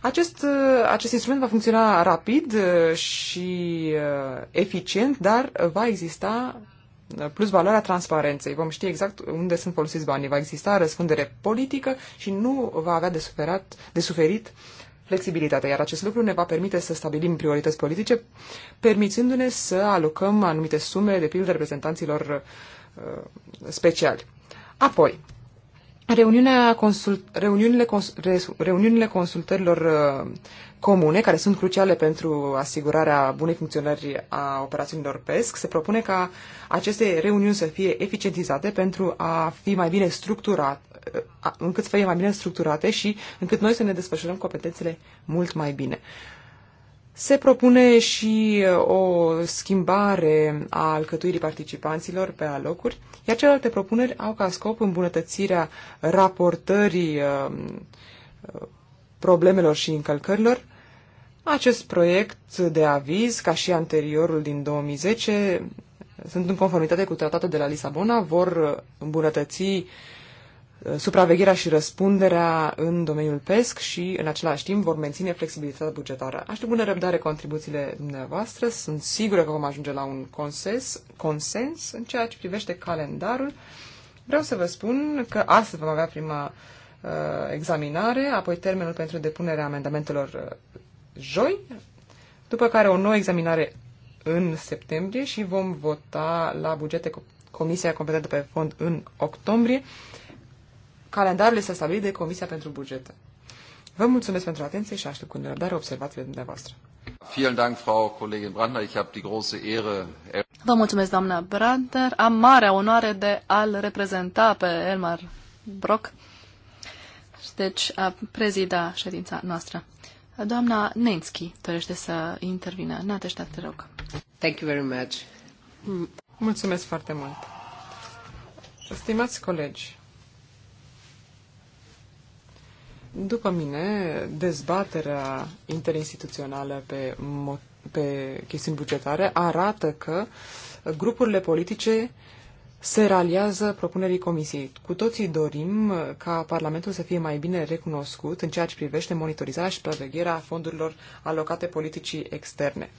Acest, uh, acest instrument va funcționa rapid uh, și uh, eficient, dar va exista plus valoarea transparenței. Vom ști exact unde sunt folosiți banii. Va exista răspundere politică și nu va avea de, suferat, de suferit flexibilitatea, iar acest lucru ne va permite să stabilim priorități politice, permițându-ne să alocăm anumite sume, de pildă reprezentanților uh, speciali. Apoi, Reuniunea consult, reuniunile, cons, reuniunile consultărilor uh, comune, care sunt cruciale pentru asigurarea bunei funcționări a operațiunilor PESC, se propune ca aceste reuniuni să fie eficientizate pentru a fi mai bine structurate, uh, încât să fie mai bine structurate și încât noi să ne desfășurăm competențele mult mai bine. Se propune și uh, o schimbare a alcătuirii participanților pe alocuri, iar celelalte propuneri au ca scop îmbunătățirea raportării uh, uh, problemelor și încălcărilor. Acest proiect de aviz, ca și anteriorul din 2010, sunt în conformitate cu tratatul de la Lisabona, vor îmbunătăți Uh, supravegherea și răspunderea în domeniul PESC și, în același timp, vor menține flexibilitatea bugetară. Aștept bună răbdare contribuțiile dumneavoastră. Sunt sigură că vom ajunge la un consens, consens în ceea ce privește calendarul. Vreau să vă spun că astăzi vom avea prima uh, examinare, apoi termenul pentru depunerea amendamentelor uh, joi, după care o nouă examinare în septembrie și vom vota la bugete Comisia Competentă pe Fond în octombrie. Uh, Calendarul este stabilit de Comisia pentru Bugete. Vă mulțumesc pentru atenție și aștept cu nerăbdare observațiile dumneavoastră. Vă mulțumesc, doamna Brander. Am marea onoare de a-l reprezenta pe Elmar Brock, deci a prezida ședința noastră. Doamna Nenski dorește să intervină. Nateștea, te rog. Thank you very much. Mulțumesc foarte mult. Stimați colegi, După mine, dezbaterea interinstituțională pe, pe chestiuni bugetare arată că grupurile politice se raliază propunerii Comisiei. Cu toții dorim ca Parlamentul să fie mai bine recunoscut în ceea ce privește monitorizarea și supravegherea fondurilor alocate politicii externe.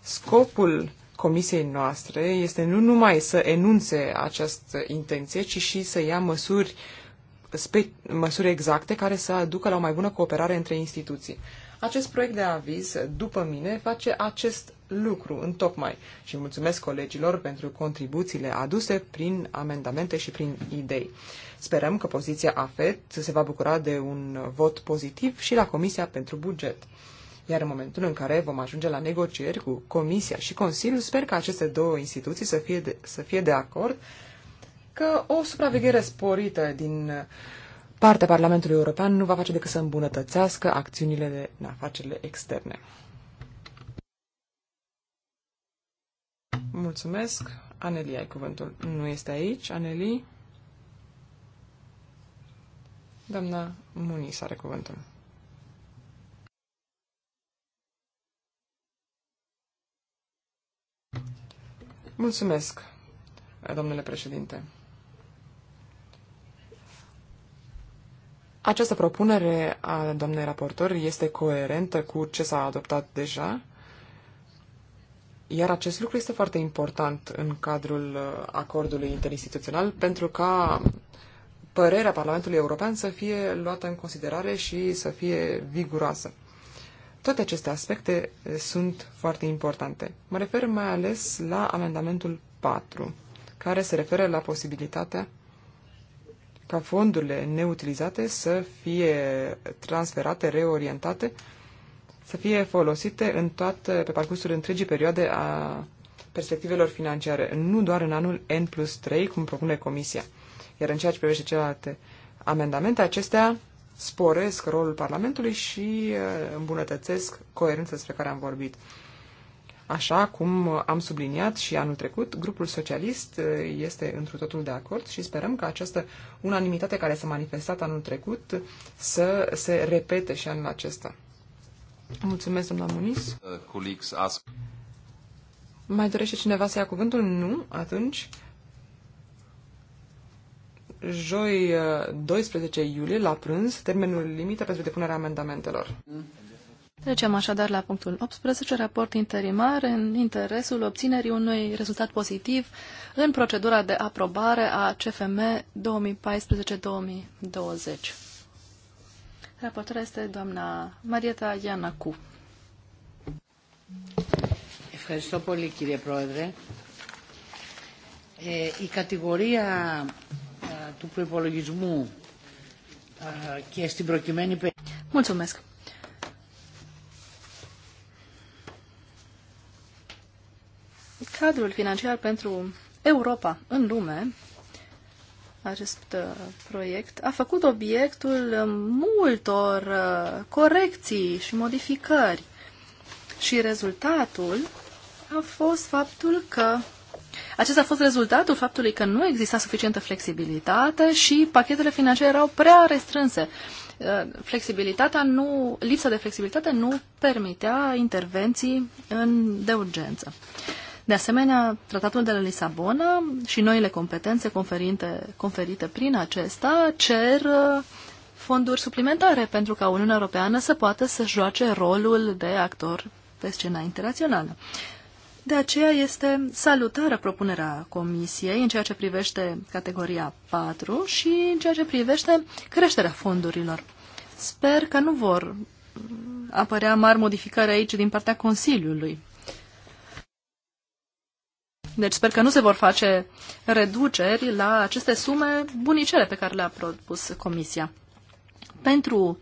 Scopul Comisiei noastre este nu numai să enunțe această intenție, ci și să ia măsuri uh, măsuri exacte care să aducă la o mai bună cooperare între instituții. Acest proiect de aviz, după mine, face acest lucru în tocmai și mulțumesc colegilor pentru contribuțiile aduse prin amendamente și prin idei. Sperăm că poziția AFET se va bucura de un vot pozitiv și la Comisia pentru Buget. Iar în momentul în care vom ajunge la negocieri cu Comisia și Consiliul, sper că aceste două instituții să fie de, să fie de acord că o supraveghere sporită din partea Parlamentului European nu va face decât să îmbunătățească acțiunile de afacerile externe. Mulțumesc. Aneli, ai cuvântul. Nu este aici. Aneli? Doamna Munis are cuvântul. Mulțumesc, domnule președinte. Această propunere a doamnei raportor este coerentă cu ce s-a adoptat deja, iar acest lucru este foarte important în cadrul uh, acordului interinstituțional pentru ca părerea Parlamentului European să fie luată în considerare și să fie viguroasă. Toate aceste aspecte uh, sunt foarte importante. Mă refer mai ales la amendamentul 4, care se referă la posibilitatea ca fondurile neutilizate să fie transferate, reorientate, să fie folosite în toată, pe parcursul întregii perioade a perspectivelor financiare, nu doar în anul N plus 3, cum propune Comisia. Iar în ceea ce privește celelalte amendamente, acestea sporesc rolul Parlamentului și uh, îmbunătățesc coerența despre care am vorbit. Așa cum am subliniat și anul trecut, grupul socialist uh, este întru totul de acord și sperăm că această unanimitate care s-a manifestat anul trecut să se repete și anul acesta. Mulțumesc, doamna Muniz. Uh, Mai dorește cineva să ia cuvântul? Nu? Atunci joi 12 uh, iulie, la prânz, termenul limită pentru depunerea amendamentelor. Mm. Trecem așadar la punctul 18, raport interimar în interesul obținerii unui rezultat pozitiv în procedura de aprobare a CFM 2014-2020. Raportarea este doamna Marieta Ianacu. Ευχαριστώ πολύ κύριε Πρόεδρε. Ε, η κατηγορία ε, του προϋπολογισμού ε, και στην προκειμένη περίπτωση... Mulțumesc. cadrul financiar pentru Europa în lume, acest uh, proiect, a făcut obiectul uh, multor uh, corecții și modificări. Și rezultatul a fost faptul că acesta a fost rezultatul faptului că nu exista suficientă flexibilitate și pachetele financiare erau prea restrânse. Flexibilitatea nu, lipsa de flexibilitate nu permitea intervenții în, de urgență. De asemenea, tratatul de la Lisabona și noile competențe conferite, conferite prin acesta cer uh, fonduri suplimentare pentru ca Uniunea Europeană să poată să joace rolul de actor pe scena internațională. De aceea este salutară propunerea Comisiei în ceea ce privește categoria 4 și în ceea ce privește creșterea fondurilor. Sper că nu vor apărea mari modificări aici din partea Consiliului. Deci sper că nu se vor face reduceri la aceste sume bunicele pe care le-a propus Comisia. Pentru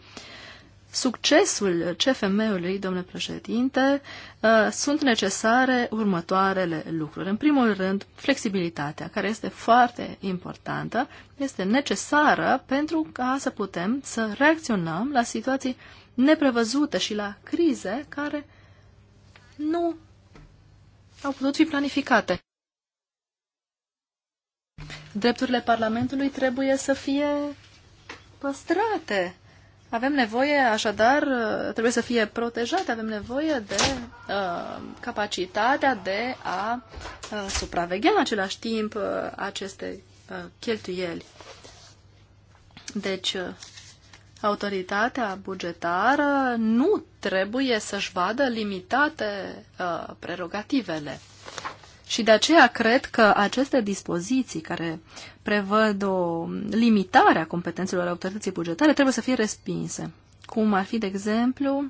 succesul CFM-ului, domnule președinte, uh, sunt necesare următoarele lucruri. În primul rând, flexibilitatea, care este foarte importantă, este necesară pentru ca să putem să reacționăm la situații neprevăzute și la crize care nu au putut fi planificate. Drepturile Parlamentului trebuie să fie păstrate. Avem nevoie, așadar, trebuie să fie protejate, avem nevoie de uh, capacitatea de a uh, supraveghea în același timp uh, aceste uh, cheltuieli. Deci, uh, autoritatea bugetară nu trebuie să-și vadă limitate uh, prerogativele. Și de aceea cred că aceste dispoziții care prevăd o limitare a competențelor autorității bugetare trebuie să fie respinse. Cum ar fi, de exemplu,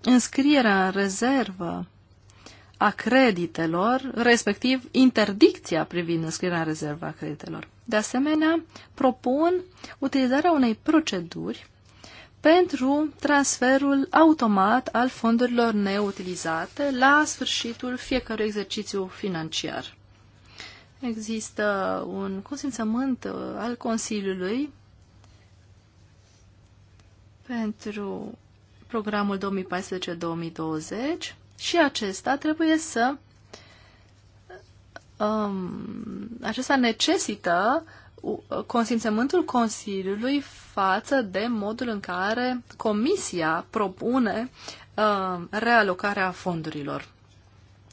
înscrierea în rezervă a creditelor, respectiv interdicția privind înscrierea în rezervă a creditelor. De asemenea, propun utilizarea unei proceduri pentru transferul automat al fondurilor neutilizate la sfârșitul fiecărui exercițiu financiar. Există un consimțământ uh, al Consiliului pentru programul 2014-2020 și acesta trebuie să um, acesta necesită consimțământul Consiliului față de modul în care Comisia propune uh, realocarea fondurilor.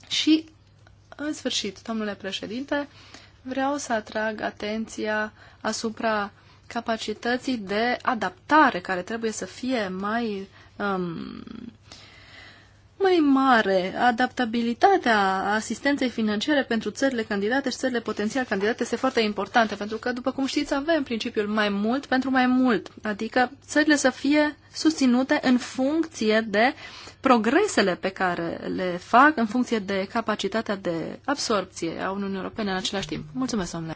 Și, în sfârșit, domnule președinte, vreau să atrag atenția asupra capacității de adaptare care trebuie să fie mai um, mai mare, adaptabilitatea asistenței financiare pentru țările candidate și țările potențial candidate este foarte importantă, pentru că, după cum știți, avem principiul mai mult pentru mai mult, adică țările să fie susținute în funcție de progresele pe care le fac, în funcție de capacitatea de absorpție a Uniunii Europene în același timp. Mulțumesc, domnule!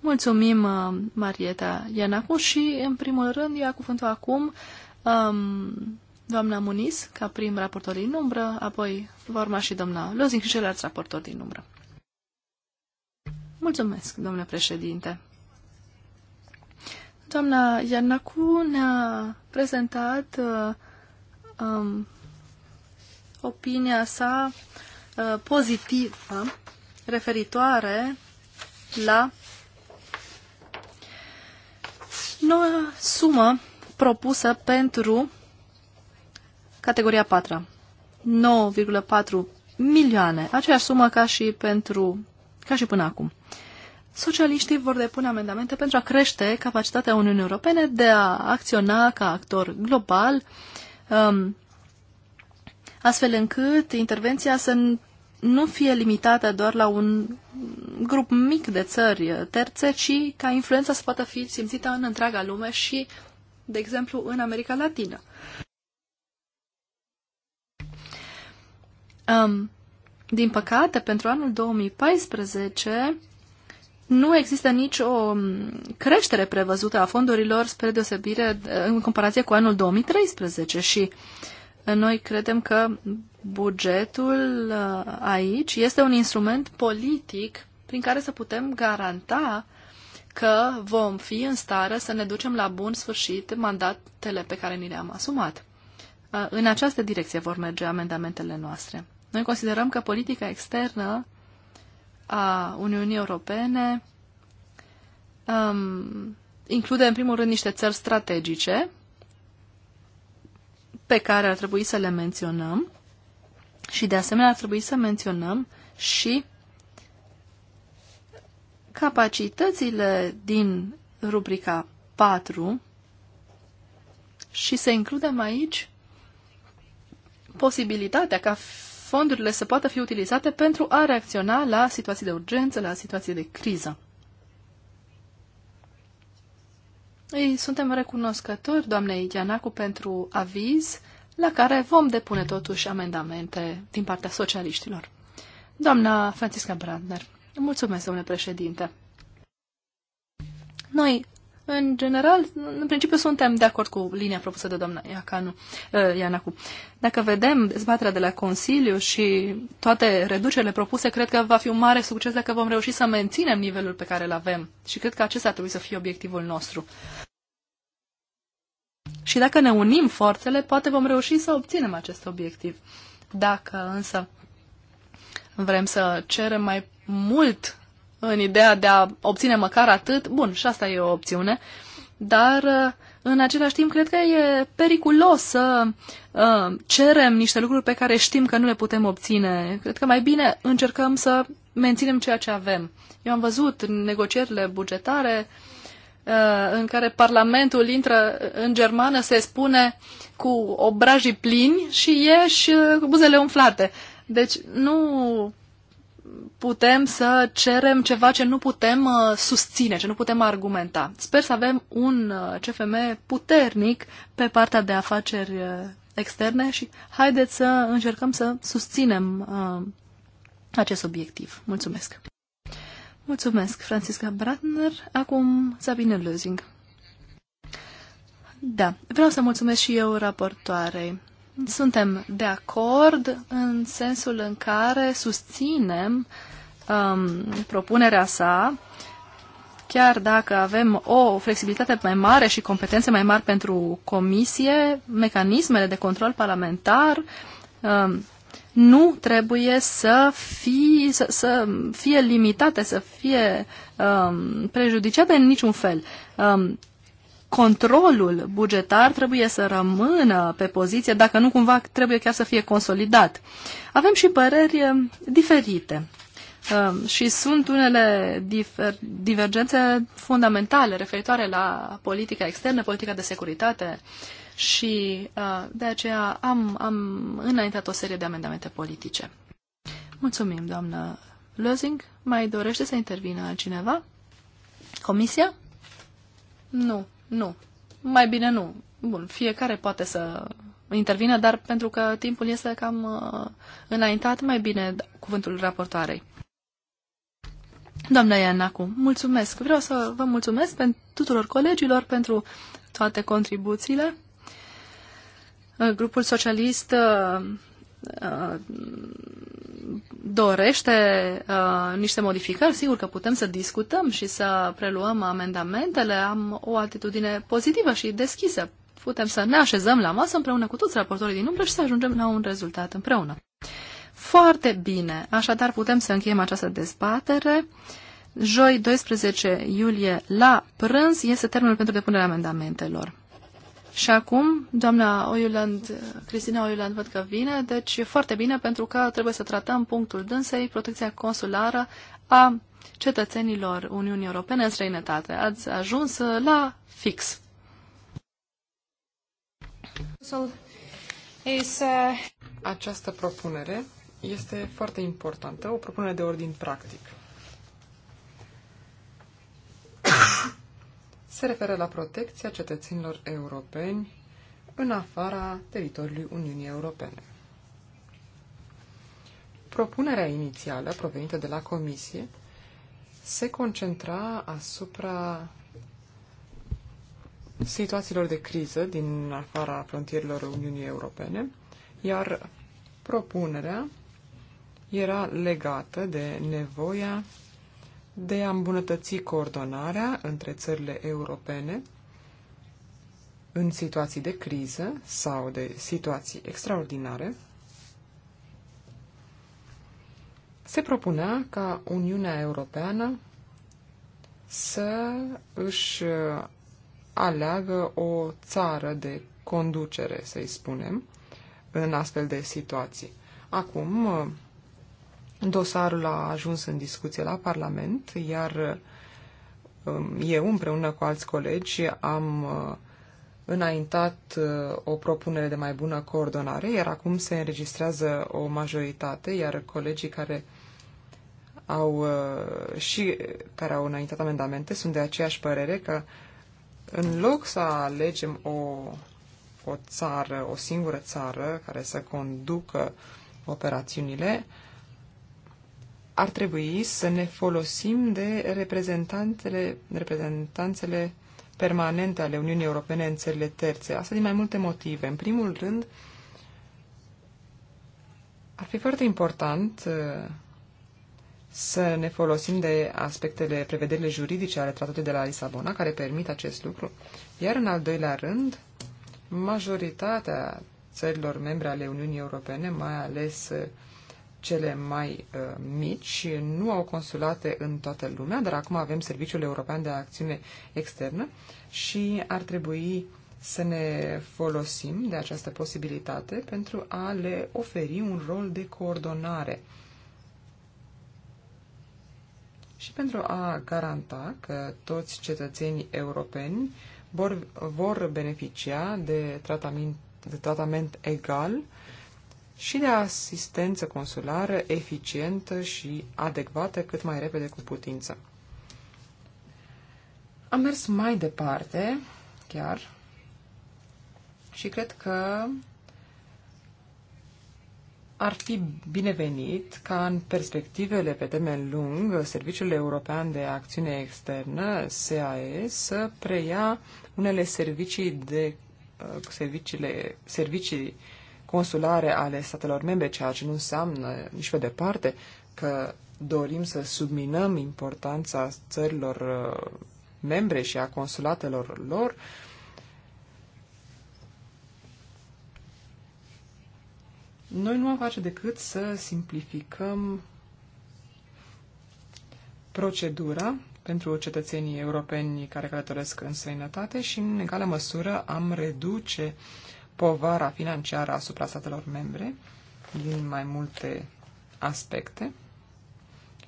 Mulțumim, uh, Marieta Ianacu, și, în primul rând, ia cuvântul acum um, doamna Muniz ca prim raportor din umbră, apoi vor urma și doamna Lozing și celălalt raportor din umbră. Mulțumesc, domnule președinte. Doamna Iannacu ne-a prezentat uh, um, opinia sa uh, pozitivă referitoare la noua sumă propusă pentru Categoria 4. 9,4 milioane. Aceeași sumă ca și pentru ca și până acum. Socialiștii vor depune amendamente pentru a crește capacitatea Uniunii Europene de a acționa ca actor global, um, astfel încât intervenția să nu fie limitată doar la un grup mic de țări terțe, ci ca influența să poată fi simțită în întreaga lume și, de exemplu, în America Latină. Um, din păcate, pentru anul 2014 nu există nicio mm, creștere prevăzută a fondurilor spre deosebire în comparație cu anul 2013 și noi credem că bugetul uh, aici este un instrument politic prin care să putem garanta că vom fi în stare să ne ducem la bun sfârșit mandatele pe care ni le-am asumat. Uh, în această direcție vor merge amendamentele noastre. Noi considerăm că politica externă a Uniunii Europene um, include, în primul rând, niște țări strategice pe care ar trebui să le menționăm și, de asemenea, ar trebui să menționăm și capacitățile din rubrica 4 și să includem aici posibilitatea ca fondurile să poată fi utilizate pentru a reacționa la situații de urgență, la situații de criză. Ei, suntem recunoscători doamnei Ianacu pentru aviz, la care vom depune totuși amendamente din partea socialiștilor. Doamna Francisca Brandner, mulțumesc, domnule președinte. Noi în general, în principiu suntem de acord cu linia propusă de doamna Iacanu, eh, Ianacu. Dacă vedem dezbaterea de la Consiliu și toate reducerile propuse, cred că va fi un mare succes dacă vom reuși să menținem nivelul pe care îl avem. Și cred că acesta trebuie să fie obiectivul nostru. Și dacă ne unim forțele, poate vom reuși să obținem acest obiectiv. Dacă însă vrem să cerem mai mult în ideea de a obține măcar atât, bun, și asta e o opțiune, dar uh, în același timp cred că e periculos să uh, cerem niște lucruri pe care știm că nu le putem obține. Cred că mai bine încercăm să menținem ceea ce avem. Eu am văzut negocierile bugetare uh, în care Parlamentul intră în germană, se spune, cu obrajii plini și ieși uh, cu buzele umflate. Deci nu putem să cerem ceva ce nu putem uh, susține, ce nu putem argumenta. Sper să avem un uh, CFM puternic pe partea de afaceri uh, externe și haideți să încercăm să susținem acest obiectiv. Mulțumesc! Mulțumesc, Francisca Bratner. Acum, Sabine Lozing. Da, vreau să mulțumesc și eu raportoarei. Suntem de acord în sensul în care susținem um, propunerea sa, chiar dacă avem o flexibilitate mai mare și competențe mai mari pentru comisie, mecanismele de control parlamentar um, nu trebuie să, fi, să, să fie limitate, să fie um, prejudiciate în niciun fel. Um, controlul bugetar trebuie să rămână pe poziție, dacă nu cumva trebuie chiar să fie consolidat. Avem și păreri eh, diferite eh, și sunt unele difer- divergențe fundamentale referitoare la politica externă, politica de securitate și eh, de aceea am, am înaintat o serie de amendamente politice. Mulțumim, doamnă Lozing. Mai dorește să intervină cineva? Comisia? Nu. Nu. Mai bine nu. Bun, fiecare poate să intervină, dar pentru că timpul este cam uh, înaintat, mai bine da cuvântul raportoarei. Doamna Ianacu, mulțumesc. Vreau să vă mulțumesc pentru tuturor colegilor pentru toate contribuțiile. Uh, grupul socialist uh, uh, dorește uh, niște modificări, sigur că putem să discutăm și să preluăm amendamentele. Am o atitudine pozitivă și deschisă. Putem să ne așezăm la masă împreună cu toți raportorii din umbră și să ajungem la un rezultat împreună. Foarte bine. Așadar, putem să încheiem această dezbatere. Joi, 12 iulie, la prânz, este termenul pentru depunerea amendamentelor. Și acum, doamna Oiuland, Cristina Oiuland, văd că vine, deci e foarte bine pentru că trebuie să tratăm punctul dânsei, protecția consulară a cetățenilor Uniunii Europene în străinătate. Ați ajuns la fix. Uh, Această propunere este foarte importantă, o propunere de ordin practic se referă la protecția cetățenilor europeni în afara teritoriului Uniunii Europene. Propunerea inițială, provenită de la Comisie, se concentra asupra situațiilor de criză din afara frontierelor Uniunii Europene, iar propunerea era legată de nevoia de a îmbunătăți coordonarea între țările europene în situații de criză sau de situații extraordinare, se propunea ca Uniunea Europeană să își uh, aleagă o țară de conducere, să-i spunem, în astfel de situații. Acum, uh, Dosarul a ajuns în discuție la Parlament, iar um, eu, împreună cu alți colegi, am uh, înaintat uh, o propunere de mai bună coordonare, iar acum se înregistrează o majoritate, iar colegii care au uh, și care au înaintat amendamente sunt de aceeași părere că în loc să alegem o, o țară, o singură țară care să conducă operațiunile, uh, ar trebui să ne folosim de reprezentantele, reprezentanțele permanente ale Uniunii Europene în țările terțe. Asta din mai multe motive. În primul rând, ar fi foarte important uh, să ne folosim de aspectele, prevederile juridice ale tratatului de la Lisabona, care permit acest lucru. Iar în al doilea rând, majoritatea țărilor membre ale Uniunii Europene, mai ales uh, cele mai uh, mici nu au consulate în toată lumea, dar acum avem Serviciul European de Acțiune Externă și ar trebui să ne folosim de această posibilitate pentru a le oferi un rol de coordonare și pentru a garanta că toți cetățenii europeni vor, vor beneficia de tratament, de tratament egal uh, și de asistență consulară eficientă și adecvată cât mai repede cu putință. Am mers mai departe, chiar, și cred că ar fi binevenit ca în perspectivele pe termen lung Serviciul European de Acțiune Externă, SAE, să preia unele servicii de uh, serviciile, servicii consulare ale statelor membre, ceea ce nu înseamnă nici pe departe că dorim să subminăm importanța țărilor uh, membre și a consulatelor lor, noi nu am face decât să simplificăm procedura pentru cetățenii europeni care călătoresc în străinătate și, în egală măsură, am reduce uh, povara financiară asupra statelor membre din mai multe aspecte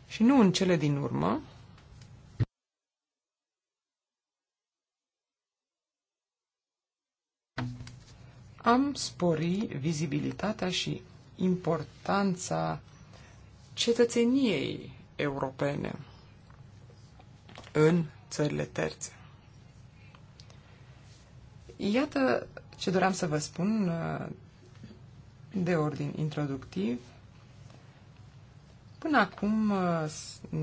și nu în cele din urmă, am spori vizibilitatea și importanța cetățeniei europene în țările terțe. Iată ce doream să vă spun uh, de ordin introductiv, până acum uh,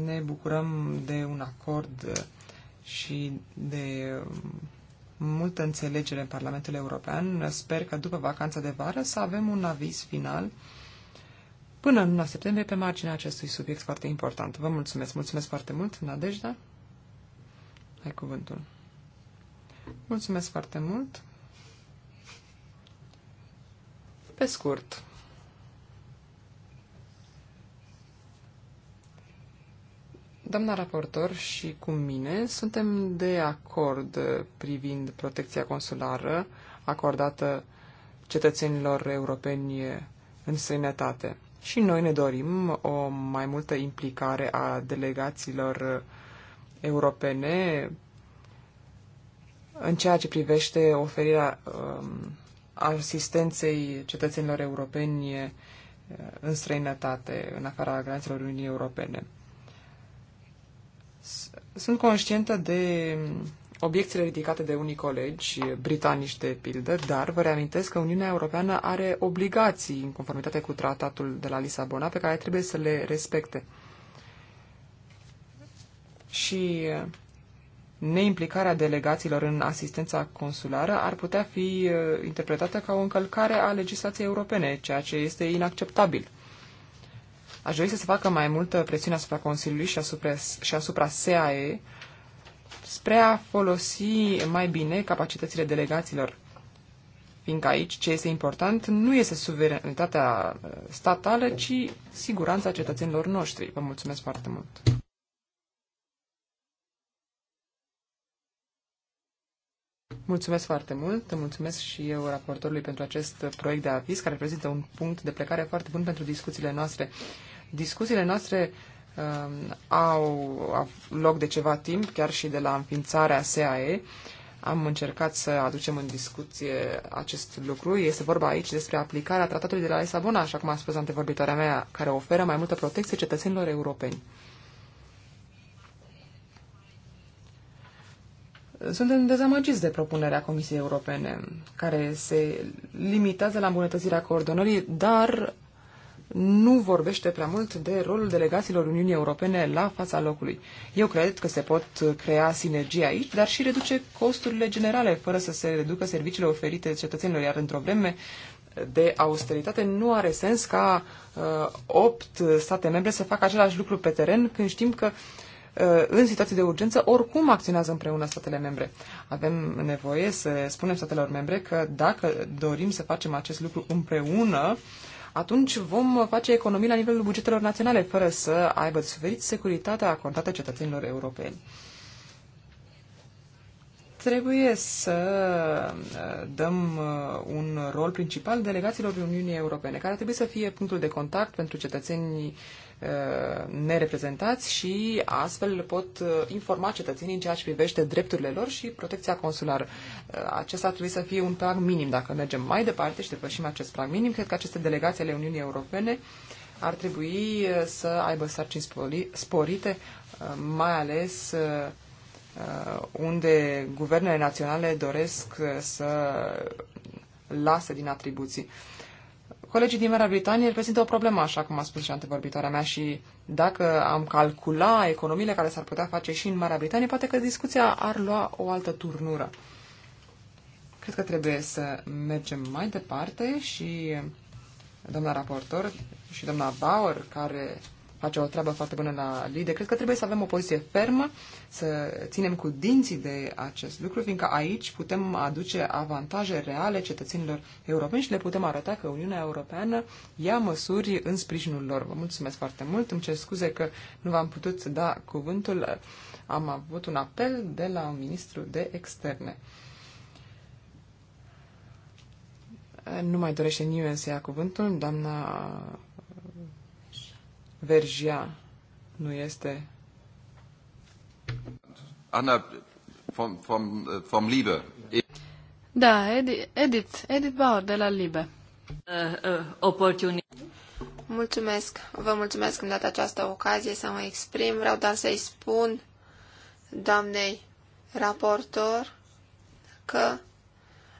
ne bucurăm de un acord uh, și de um, multă înțelegere în Parlamentul European. Sper că după vacanța de vară să avem un aviz final până în luna septembrie pe marginea acestui subiect foarte important. Vă mulțumesc, mulțumesc foarte mult, Nadejda. Ai cuvântul. Mulțumesc foarte mult. Pe scurt, Doamna raportor și cu mine suntem de acord privind protecția consulară acordată cetățenilor europeni în străinătate. Și noi ne dorim o mai multă implicare a delegațiilor europene în ceea ce privește oferirea um, asistenței cetățenilor europeni eh, în străinătate, în afara granițelor Uniunii Europene. Sunt conștientă de obiecțiile ridicate de unii colegi britanici de pildă, dar vă reamintesc că Uniunea Europeană are obligații în conformitate cu tratatul de la Lisabona pe care trebuie să le respecte. Și eh, neimplicarea delegațiilor în asistența consulară ar putea fi uh, interpretată ca o încălcare a legislației europene, ceea ce este inacceptabil. Aș dori să se facă mai multă presiune asupra Consiliului și asupra, și asupra SAE spre a folosi mai bine capacitățile delegațiilor. Fiindcă aici ce este important nu este suveranitatea uh, statală, ci siguranța cetățenilor noștri. Vă mulțumesc foarte mult! Mulțumesc foarte mult, mulțumesc și eu raportorului pentru acest proiect de aviz care reprezintă un punct de plecare foarte bun pentru discuțiile noastre. Discuțiile noastre uh, au, au loc de ceva timp, chiar și de la înființarea SAE. Am încercat să aducem în discuție acest lucru. Este vorba aici despre aplicarea tratatului de la Lisabona, așa cum a spus antevorbitoarea mea, care oferă mai multă protecție cetățenilor europeni. Suntem dezamăgiți de propunerea Comisiei Europene, care se limitează la îmbunătățirea coordonării, dar nu vorbește prea mult de rolul delegațiilor Uniunii Europene la fața locului. Eu cred că se pot crea sinergii aici, dar și reduce costurile generale, fără să se reducă serviciile oferite cetățenilor, iar într-o vreme de austeritate nu are sens ca uh, opt state membre să facă același lucru pe teren când știm că uh, Uh, în situații de urgență oricum acționează împreună statele membre. Avem nevoie să spunem statelor membre că dacă dorim să facem acest lucru împreună, atunci vom face economii la nivelul bugetelor naționale, fără să aibă de suferit securitatea acordată cetățenilor europeni. Trebuie să uh, dăm uh, un rol principal delegațiilor Uniunii Europene, care trebuie să fie punctul de contact pentru cetățenii Uh, nereprezentați și astfel pot uh, informa cetățenii în ceea ce privește drepturile lor și protecția consulară. Uh, acesta ar trebui să fie un prag minim. Dacă mergem mai departe și depășim acest prag minim, cred că aceste delegații ale Uniunii Europene ar trebui să aibă sarcini sporite, mai ales unde guvernele naționale doresc să lasă din atribuții. Colegii din Marea Britanie reprezintă o problemă, așa cum a spus și antevorbitoarea mea, și dacă am calcula economiile care s-ar putea face și în Marea Britanie, poate că discuția ar lua o altă turnură. Cred că trebuie să mergem mai departe și doamna raportor și doamna Bauer, care face o treabă foarte bună la LIDE. Cred că trebuie să avem o poziție fermă, să ținem cu dinții de acest lucru, fiindcă aici putem aduce avantaje reale cetățenilor europeni și le putem arăta că Uniunea Europeană ia măsuri în sprijinul lor. Vă mulțumesc foarte mult, îmi cer scuze că nu v-am putut da cuvântul. Am avut un apel de la un ministru de externe. Nu mai dorește nimeni să ia cuvântul. Doamna Vergia nu este... Ana, vom, vom, vom Liebe. Da, Edith, Edith, Edith Bauer de la Libe. Uh, uh, Mulțumesc, vă mulțumesc în data această ocazie să mă exprim. Vreau doar să-i spun doamnei raportor că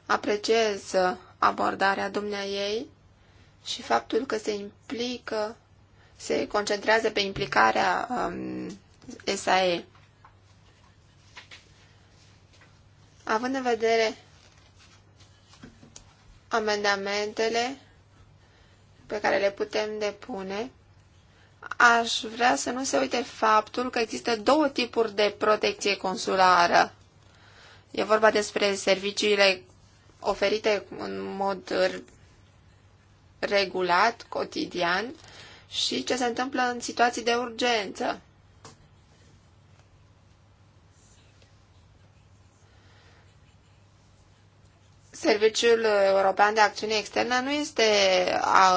apreciez abordarea dumnea ei și faptul că se implică se concentrează pe implicarea um, SAE. Având în vedere amendamentele pe care le putem depune, aș vrea să nu se uite faptul că există două tipuri de protecție consulară. E vorba despre serviciile oferite în mod regulat, cotidian, și ce se întâmplă în situații de urgență. Serviciul European de Acțiune Externă nu este a,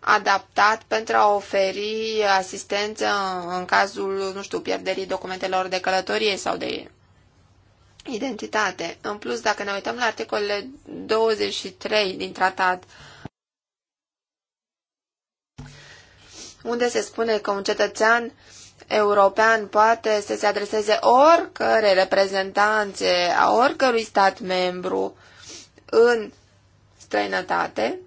adaptat pentru a oferi asistență în cazul, nu știu, pierderii documentelor de călătorie sau de identitate. În plus, dacă ne uităm la articolele 23 din tratat, unde se spune că un cetățean european poate să se adreseze oricărei reprezentanțe a oricărui stat membru în străinătate,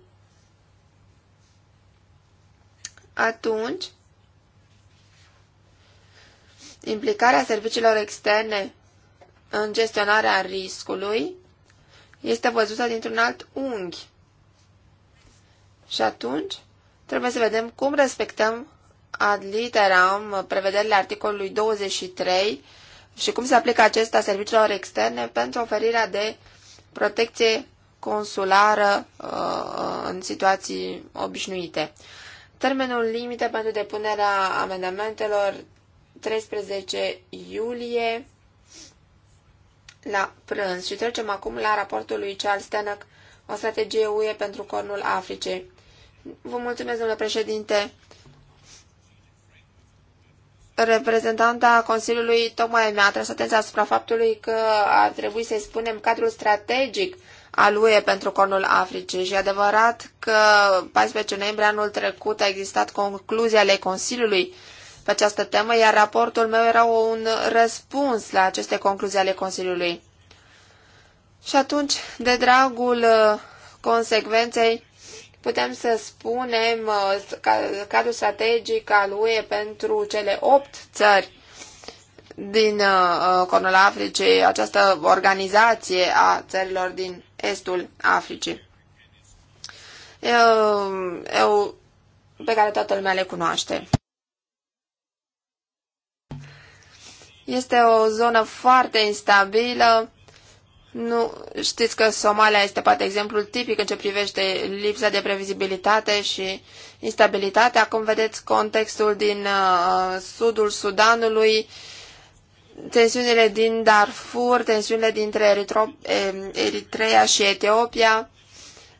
atunci implicarea serviciilor externe în gestionarea riscului este văzută dintr-un alt unghi. Și atunci Trebuie să vedem cum respectăm ad literam prevederile articolului 23 și cum se aplică acesta serviciilor externe pentru oferirea de protecție consulară uh, în situații obișnuite. Termenul limite pentru depunerea amendamentelor 13 iulie la prânz. Și trecem acum la raportul lui Charles Tenac, o strategie UE pentru cornul Africei. Vă mulțumesc, domnule președinte. Reprezentanta Consiliului tocmai mi-a atras atenția asupra faptului că ar trebui să-i spunem cadrul strategic al UE pentru Cornul Africii și adevărat că 14 noiembrie anul trecut a existat concluzia ale Consiliului pe această temă, iar raportul meu era un răspuns la aceste concluzii ale Consiliului. Și atunci, de dragul uh, consecvenței, putem să spunem uh, cadrul strategic al UE pentru cele opt țări din uh, uh, Cornul Africii, această organizație a țărilor din estul Africii, eu, eu, pe care toată lumea le cunoaște. Este o zonă foarte instabilă, nu, știți că Somalia este poate exemplul tipic în ce privește lipsa de previzibilitate și instabilitate. Acum vedeți contextul din uh, sudul Sudanului, tensiunile din Darfur, tensiunile dintre Eritro- Eritrea și Etiopia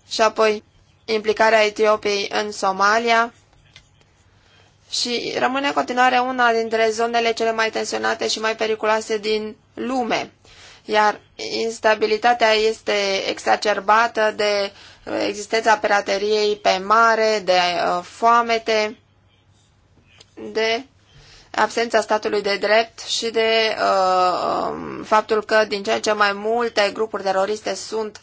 și apoi implicarea Etiopiei în Somalia. Și rămâne în continuare una dintre zonele cele mai tensionate și mai periculoase din lume iar instabilitatea este exacerbată de existența pirateriei pe mare, de uh, foamete, de absența statului de drept și de uh, um, faptul că din ce în ce mai multe grupuri teroriste sunt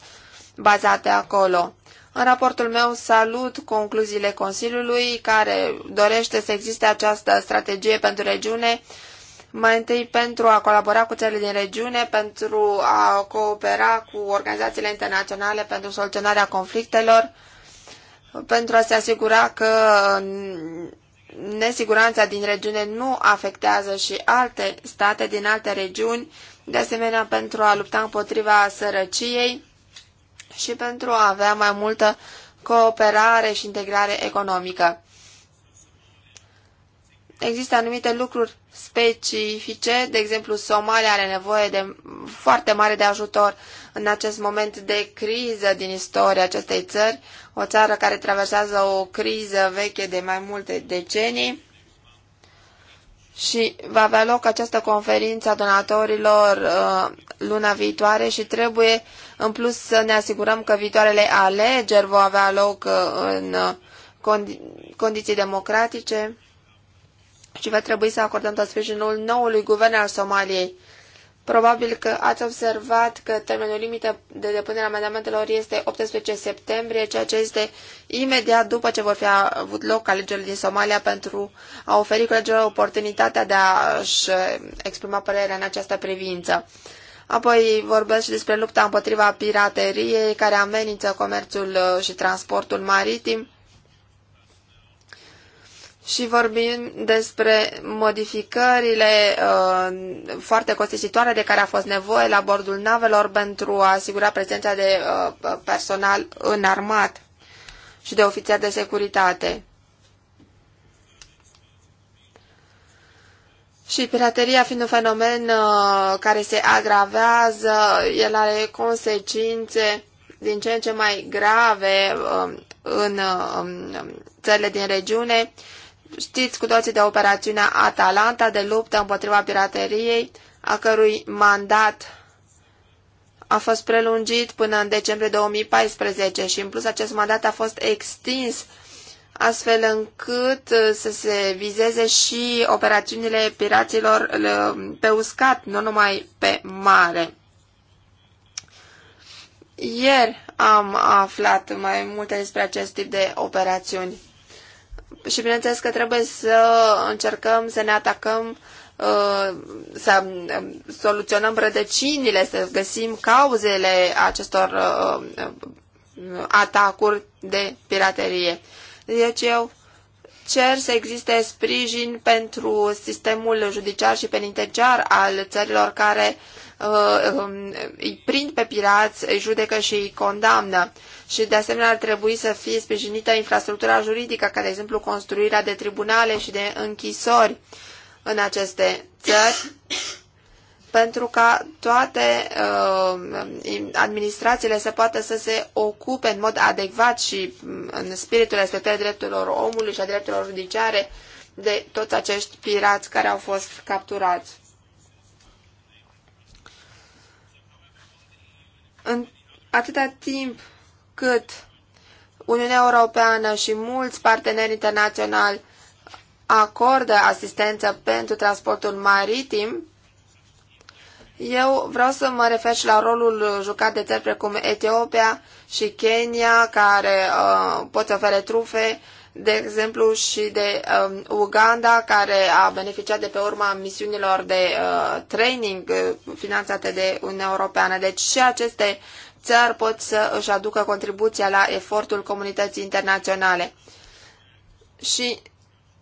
bazate acolo. În raportul meu salut concluziile Consiliului care dorește să existe această strategie pentru regiune mai întâi pentru a colabora cu țările din regiune, pentru a coopera cu organizațiile internaționale pentru soluționarea conflictelor, pentru a se asigura că nesiguranța din regiune nu afectează și alte state din alte regiuni, de asemenea pentru a lupta împotriva sărăciei și pentru a avea mai multă cooperare și integrare economică. Există anumite lucruri specifice, de exemplu Somalia are nevoie de foarte mare de ajutor în acest moment de criză din istoria acestei țări, o țară care traversează o criză veche de mai multe decenii și va avea loc această conferință a donatorilor uh, luna viitoare și trebuie în plus să ne asigurăm că viitoarele alegeri vor avea loc uh, în uh, condi condiții democratice și va trebui să acordăm tot sprijinul noului guvern al Somaliei. Probabil că ați observat că termenul limită de depunere a amendamentelor este 18 septembrie, ceea ce este imediat după ce vor fi avut loc alegerile din Somalia pentru a oferi colegilor oportunitatea de a-și exprima părerea în această privință. Apoi vorbesc și despre lupta împotriva pirateriei care amenință comerțul uh, și transportul maritim și vorbim despre modificările uh, foarte costisitoare de care a fost nevoie la bordul navelor pentru a asigura prezența de uh, personal înarmat și de ofițeri de securitate. Și pirateria fiind un fenomen uh, care se agravează, el are consecințe din ce în ce mai grave uh, în uh, țările din regiune Știți cu toții de operațiunea Atalanta de luptă împotriva pirateriei, a cărui mandat a fost prelungit până în decembrie 2014 și în plus acest mandat a fost extins astfel încât uh, să se vizeze și operațiunile piraților uh, pe uscat, nu numai pe mare. Ieri am aflat mai multe despre acest tip de operațiuni și bineînțeles că trebuie să încercăm să ne atacăm uh, să um, soluționăm rădăcinile, să găsim cauzele acestor uh, uh, atacuri de piraterie. Deci eu cer să existe sprijin pentru sistemul judiciar și penitenciar al țărilor care um, îi prind pe pirați, îi judecă și îi condamnă și de asemenea ar trebui să fie sprijinită infrastructura juridică, ca de exemplu construirea de tribunale și de închisori în aceste țări, pentru ca toate uh, administrațiile să poată să se ocupe în mod adecvat și mm, în spiritul respectării drepturilor omului și a drepturilor judiciare de toți acești pirați care au fost capturați. În atâta timp cât Uniunea Europeană și mulți parteneri internaționali acordă asistență pentru transportul maritim, eu vreau să mă refer și la rolul jucat de țări precum Etiopia și Kenya, care uh, pot oferi trufe, de exemplu, și de uh, Uganda, care a beneficiat de pe urma misiunilor de uh, training uh, finanțate de Uniunea Europeană. Deci și aceste țări pot să își aducă contribuția la efortul comunității internaționale. Și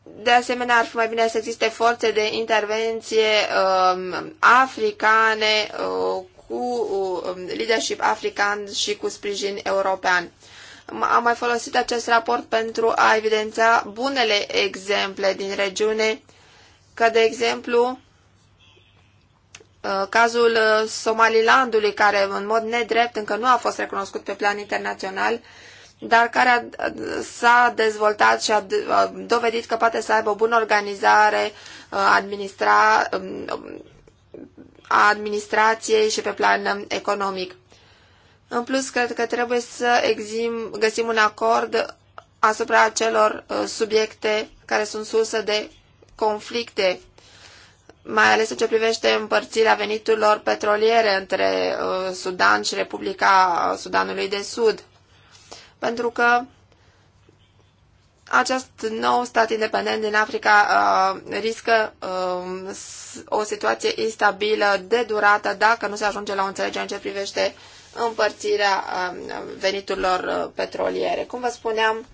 de asemenea, ar fi mai bine să existe forțe de intervenție um, africane uh, cu um, leadership african și cu sprijin european. Am mai folosit acest raport pentru a evidenția bunele exemple din regiune, că, de exemplu, Uh, cazul uh, Somalilandului, care în mod nedrept încă nu a fost recunoscut pe plan internațional, dar care s-a dezvoltat și a dovedit că poate să aibă o bună organizare uh, administra, um, a administrației și pe plan um, economic. În plus, cred că trebuie să exim, găsim un acord asupra celor subiecte care sunt sursă de conflicte mai ales în ce privește împărțirea veniturilor petroliere între uh, Sudan și Republica Sudanului de Sud. Pentru că acest nou stat independent din Africa uh, riscă uh, o situație instabilă de durată dacă nu se ajunge la o înțelegere în ce privește împărțirea uh, veniturilor uh, petroliere. Cum vă spuneam,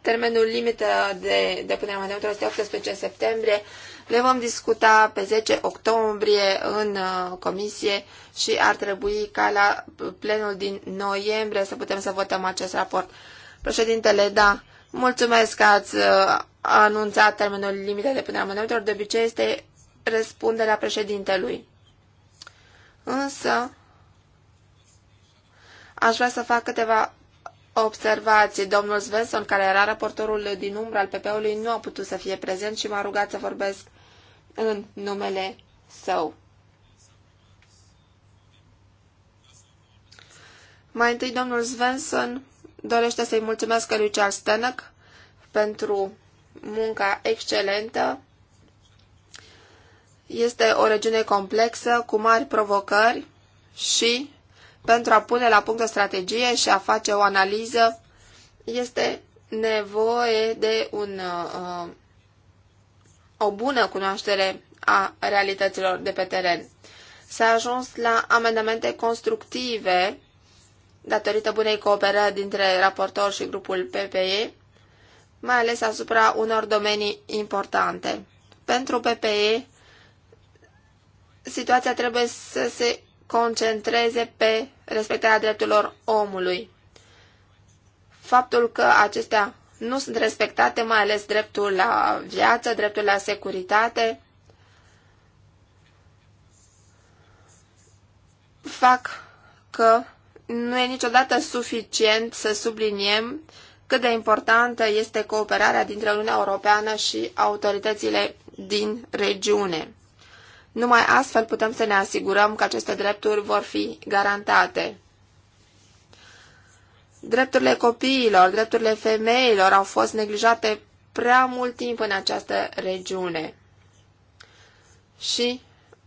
termenul limită de de depunere în 18 septembrie le vom discuta pe 10 octombrie în uh, comisie și ar trebui ca la plenul din noiembrie să putem să votăm acest raport. Președintele, da, mulțumesc că ați uh, anunțat termenul limită de până la De obicei este răspunderea președintelui. Însă, aș vrea să fac câteva observații. Domnul Svensson, care era raportorul din umbră al PP-ului, nu a putut să fie prezent și m-a rugat să vorbesc în numele său. Mai întâi, domnul Svensson dorește să-i mulțumesc lui Charles Stanek pentru munca excelentă. Este o regiune complexă, cu mari provocări și pentru a pune la punct o strategie și a face o analiză, este nevoie de un, uh, o bună cunoaștere a realităților de pe teren. S-a ajuns la amendamente constructive datorită bunei cooperări dintre raportor și grupul PPE, mai ales asupra unor domenii importante. Pentru PPE, situația trebuie să se concentreze pe respectarea drepturilor omului. Faptul că acestea nu sunt respectate, mai ales dreptul la viață, dreptul la securitate, fac că nu e niciodată suficient să subliniem cât de importantă este cooperarea dintre Uniunea Europeană și autoritățile din regiune. Numai astfel putem să ne asigurăm că aceste drepturi vor fi garantate. Drepturile copiilor, drepturile femeilor au fost neglijate prea mult timp în această regiune. Și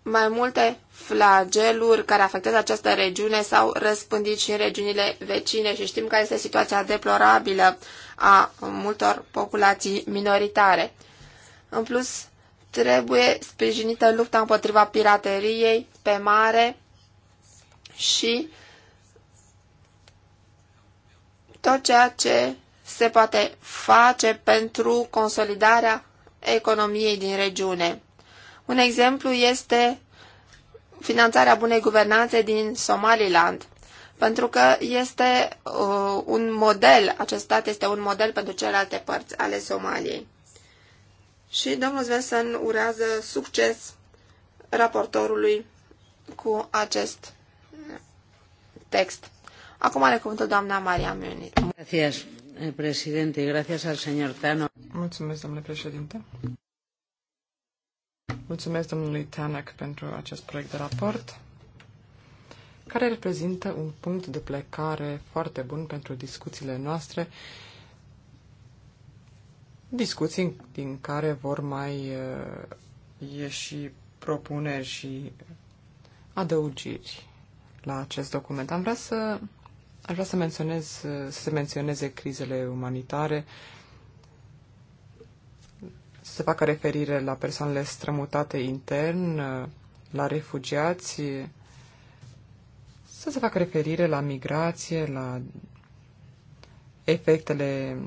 mai multe flageluri care afectează această regiune s-au răspândit și în regiunile vecine și știm care este situația deplorabilă a multor populații minoritare. În plus, Trebuie sprijinită lupta împotriva pirateriei pe mare și tot ceea ce se poate face pentru consolidarea economiei din regiune. Un exemplu este finanțarea bunei guvernanțe din Somaliland, pentru că este uh, un model, acest stat este un model pentru celelalte părți ale Somaliei și domnul Svensson urează succes raportorului cu acest text. Acum are cuvântul doamna Maria Mioni. Gracias, eh, președinte. Gracias al señor Tano. Mulțumesc, domnule președinte. Mulțumesc domnului Tanak pentru acest proiect de raport, care reprezintă un punct de plecare foarte bun pentru discuțiile noastre discuții din care vor mai uh, ieși propuneri și adăugiri la acest document. Am vrea să, aș vrea să menționez, uh, să se menționeze crizele umanitare, să se facă referire la persoanele strămutate intern, uh, la refugiați, să se facă referire la migrație, la efectele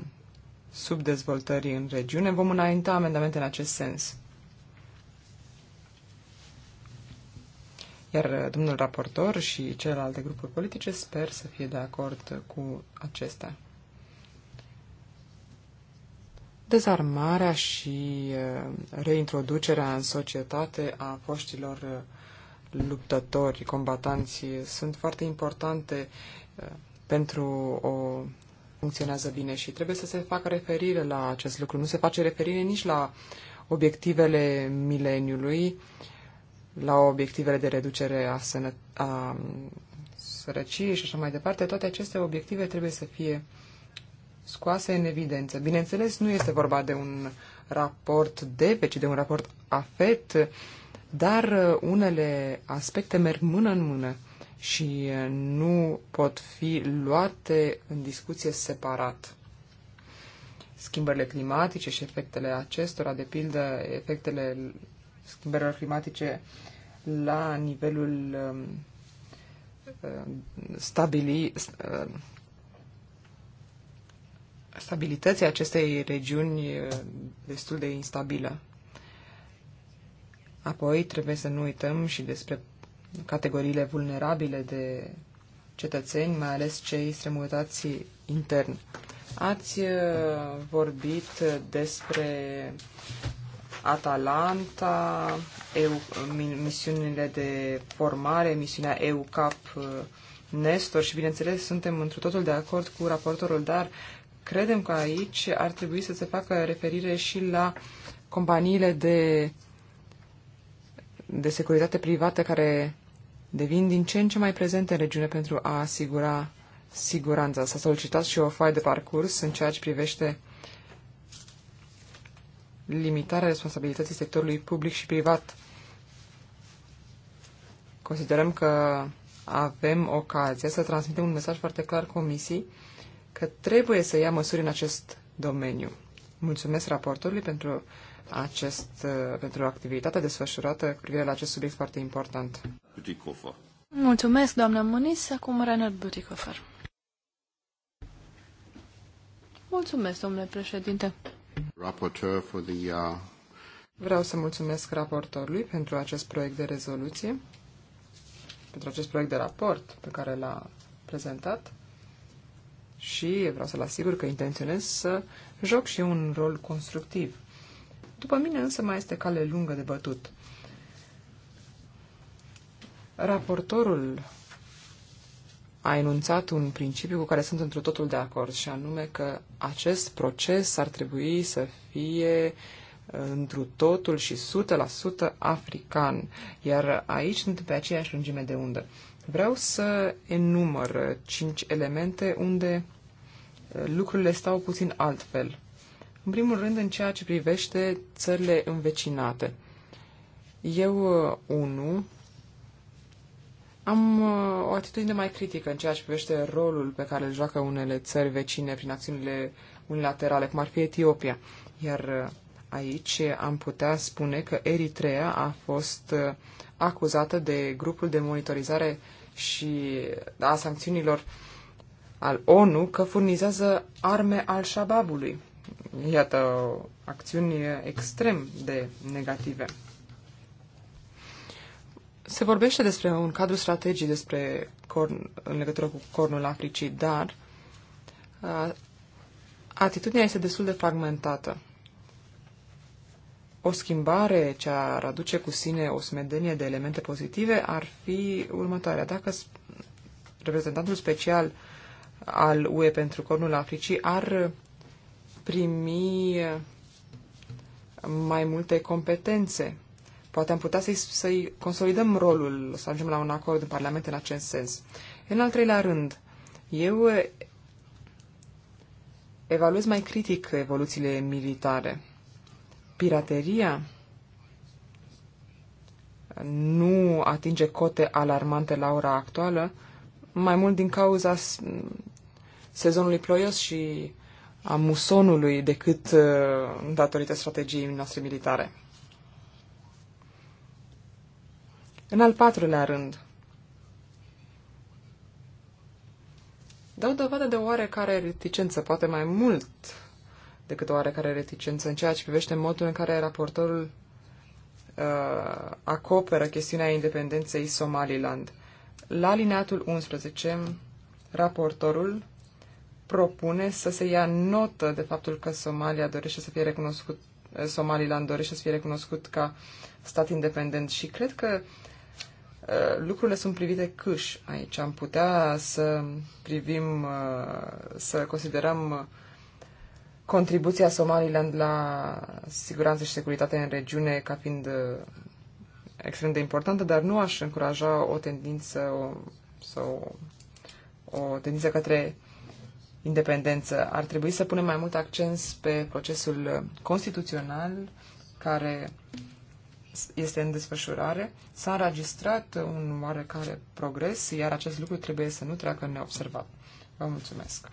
subdezvoltării în regiune. Vom înainta amendamente în acest sens. Iar uh, domnul raportor și celelalte grupuri politice sper să fie de acord cu acestea. Dezarmarea și uh, reintroducerea în societate a foștilor uh, luptători, combatanți, sunt foarte importante pentru o funcționează bine și trebuie să se facă referire la acest lucru. Nu se face referire nici la obiectivele mileniului, la obiectivele de reducere a, sănă, a mm, sărăciei și așa mai departe. Toate aceste obiective trebuie să fie scoase în evidență. Bineînțeles, nu este vorba de un raport DEVE, ci de un raport AFET, dar uh, unele aspecte merg mână în mână și nu pot fi luate în discuție separat. Schimbările climatice și efectele acestora, de pildă efectele schimbărilor climatice la nivelul um, um, stabili, um, stabilității acestei regiuni destul de instabilă. Apoi trebuie să nu uităm și despre categoriile vulnerabile de cetățeni, mai ales cei strămutați intern. Ați uh, vorbit despre Atalanta, EU, misiunile de formare, misiunea EUCAP uh, Nestor și, bineînțeles, suntem într totul de acord cu raportorul, dar credem că aici ar trebui să se facă referire și la companiile de de securitate privată care devin din ce în ce mai prezente în regiune pentru a asigura siguranța. S-a solicitat și o foaie de parcurs în ceea ce privește limitarea responsabilității sectorului public și privat. Considerăm că avem ocazia să transmitem un mesaj foarte clar Comisiei că trebuie să ia măsuri în acest domeniu. Mulțumesc raportorului pentru acest, uh, pentru activitatea desfășurată cu privire la acest subiect foarte important. Buticofer. Mulțumesc, doamna Muniz. Acum Rainer Buticofer. Mulțumesc, domnule președinte. Raporteur for the, uh... Vreau să mulțumesc raportorului pentru acest proiect de rezoluție, pentru acest proiect de raport pe care l-a prezentat și vreau să-l asigur că intenționez să joc și un rol constructiv după mine însă mai este cale lungă de bătut. Raportorul a enunțat un principiu cu care sunt într totul de acord, și anume că acest proces ar trebui să fie uh, întru totul și 100% african, iar aici sunt pe aceeași lungime de undă. Vreau să enumăr cinci elemente unde uh, lucrurile stau puțin altfel. În primul rând, în ceea ce privește țările învecinate. Eu, uh, unu, am uh, o atitudine mai critică în ceea ce privește rolul pe care îl joacă unele țări vecine prin acțiunile unilaterale, cum ar fi Etiopia. Iar uh, aici am putea spune că Eritrea a fost acuzată de grupul de monitorizare și a sancțiunilor al ONU că furnizează arme al Shababului iată, acțiuni extrem de negative. Se vorbește despre un cadru strategic despre corn, în legătură cu cornul Africii, dar uh, atitudinea este destul de fragmentată. O schimbare ce ar aduce cu sine o smedenie de elemente pozitive ar fi următoarea. Dacă reprezentantul special al UE pentru cornul Africii ar primi mai multe competențe. Poate am putea să-i, să consolidăm rolul, să ajungem la un acord în Parlament în acest sens. În al treilea rând, eu evaluez mai critic evoluțiile militare. Pirateria nu atinge cote alarmante la ora actuală, mai mult din cauza sezonului ploios și a musonului decât uh, datorită strategiei noastre militare. În al patrulea rând, dau dovadă de oarecare reticență, poate mai mult decât oarecare reticență în ceea ce privește modul în care raportorul uh, acoperă chestiunea independenței Somaliland. La alineatul 11, raportorul propune să se ia notă de faptul că Somalia dorește să fie recunoscut, Somaliland dorește să fie recunoscut ca stat independent și cred că uh, lucrurile sunt privite câș aici. Am putea să privim, uh, să considerăm contribuția Somaliland la siguranță și securitate în regiune ca fiind uh, extrem de importantă, dar nu aș încuraja o tendință o, sau o tendință către independență. Ar trebui să punem mai mult accent pe procesul constituțional care este în desfășurare. S-a înregistrat un oarecare progres, iar acest lucru trebuie să nu treacă neobservat. Vă mulțumesc.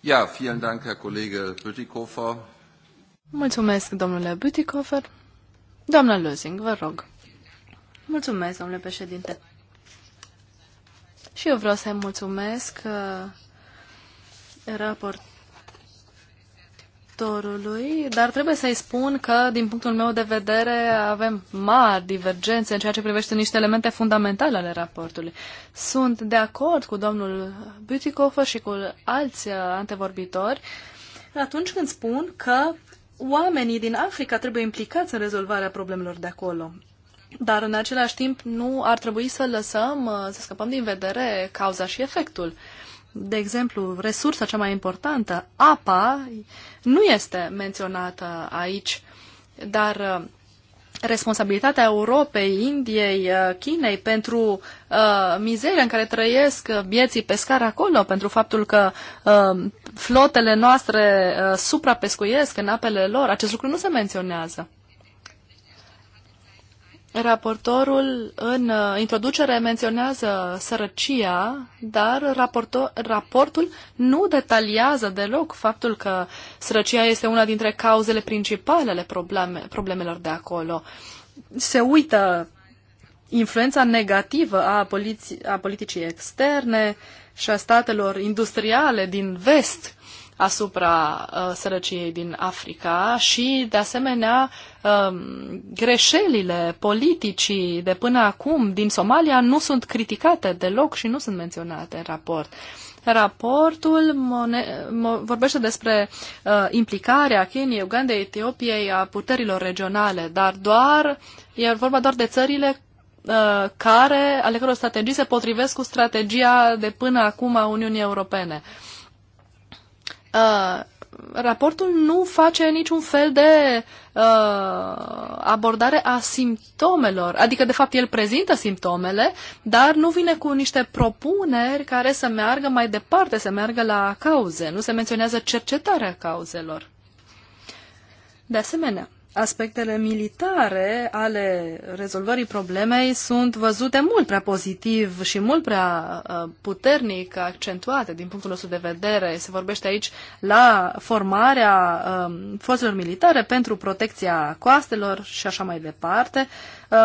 Ja, vielen Dank, Herr Kollege Bütikofer. Mulțumesc, domnule Bütikofer. Doamna Lösing, vă rog. Mulțumesc, domnule președinte. Și eu vreau să-i mulțumesc uh, raportorului, dar trebuie să-i spun că, din punctul meu de vedere, avem mari divergențe în ceea ce privește niște elemente fundamentale ale raportului. Sunt de acord cu domnul Butikofer și cu alți uh, antevorbitori atunci când spun că oamenii din Africa trebuie implicați în rezolvarea problemelor de acolo. Dar în același timp nu ar trebui să lăsăm, uh, să scăpăm din vedere cauza și efectul. De exemplu, resursa cea mai importantă, apa, nu este menționată aici, dar uh, responsabilitatea Europei, Indiei, uh, Chinei pentru uh, mizeria în care trăiesc vieții pescari acolo, pentru faptul că uh, flotele noastre uh, suprapescuiesc în apele lor, acest lucru nu se menționează. Raportorul în uh, introducere menționează sărăcia, dar raportor, raportul nu detaliază deloc faptul că sărăcia este una dintre cauzele principale ale probleme, problemelor de acolo. Se uită influența negativă a, poliți- a politicii externe și a statelor industriale din vest asupra uh, sărăciei din Africa și, de asemenea, um, greșelile politicii de până acum din Somalia nu sunt criticate deloc și nu sunt menționate în raport. Raportul vorbește despre uh, implicarea Keniei, Ugandei, Etiopiei a puterilor regionale, dar doar, e vorba doar de țările uh, care, ale căror strategii se potrivesc cu strategia de până acum a Uniunii Europene. Uh, Uh, raportul nu face niciun fel de uh, abordare a simptomelor. Adică, de fapt, el prezintă simptomele, dar nu vine cu niște propuneri care să meargă mai departe, să meargă la cauze. Nu se menționează cercetarea cauzelor. De asemenea, aspectele militare ale rezolvării problemei sunt văzute mult prea pozitiv și mult prea uh, puternic accentuate din punctul nostru de vedere. Se vorbește aici la formarea um, forțelor militare pentru protecția coastelor și așa mai departe.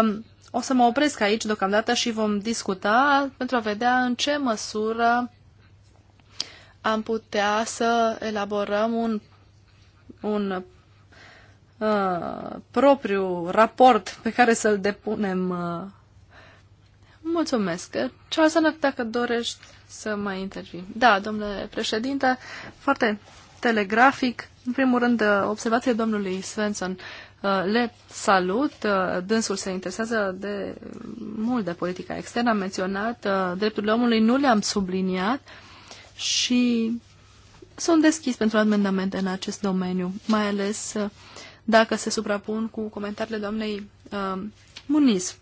Um, o să mă opresc aici deocamdată și vom discuta pentru a vedea în ce măsură am putea să elaborăm un, un uh, propriu raport pe care să-l depunem. Uh. Mulțumesc. Charles Anac, dacă dorești să mai intervii. Da, domnule președinte, foarte telegrafic. În primul rând, uh, observația domnului Svensson uh, le salut. Uh, dânsul se interesează de mult de politica externă. Am menționat drepturile omului, nu le-am subliniat și sunt deschis pentru amendamente în acest domeniu, mai ales dacă se suprapun cu comentariile doamnei uh, Muniz.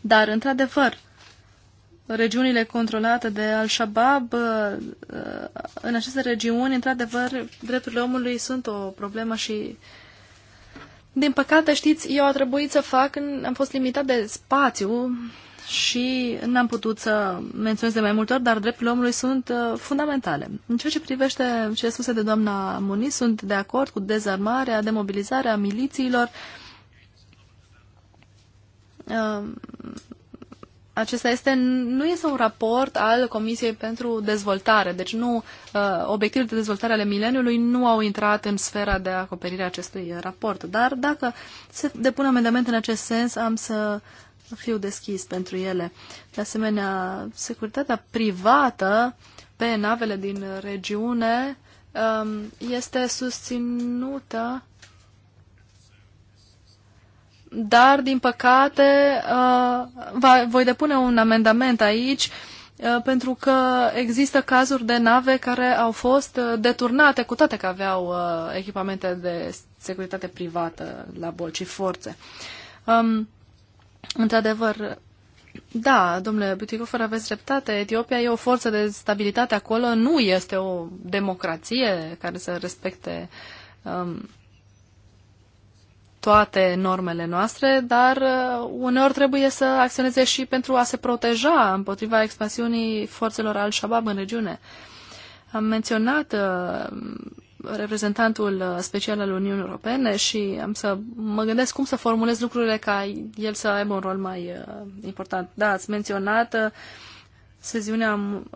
Dar, într-adevăr, regiunile controlate de Al-Shabaab, uh, uh, în aceste regiuni, într-adevăr, drepturile omului sunt o problemă și din păcate, știți, eu a trebuit să fac, am fost limitat de spațiu și n-am putut să menționez de mai multe ori, dar drepturile omului sunt uh, fundamentale. În ceea ce privește ce spuse de doamna Muni, sunt de acord cu dezarmarea, demobilizarea milițiilor. Uh, acesta este, nu este un raport al Comisiei pentru Dezvoltare, deci nu, uh, obiectivele de dezvoltare ale mileniului nu au intrat în sfera de acoperire a acestui raport. Dar dacă se depun amendamente în acest sens, am să uh, fiu deschis pentru ele. De asemenea, securitatea privată pe navele din regiune um, este susținută, dar, din păcate, uh, voi depune un amendament aici uh, pentru că există cazuri de nave care au fost uh, deturnate, cu toate că aveau echipamente de securitate privată la bol și forțe. Um, Într-adevăr, da, domnule Butikofer, aveți dreptate. Etiopia e o forță de stabilitate acolo, nu este o democrație care să respecte um, toate normele noastre, dar uh, uneori trebuie să acționeze și pentru a se proteja împotriva expansiunii forțelor al Shabab în regiune. Am menționat uh, reprezentantul uh, special al Uniunii Europene și am să mă gândesc cum să formulez lucrurile ca el să aibă un rol mai uh, important. Da, ați menționat uh, seziunea, um,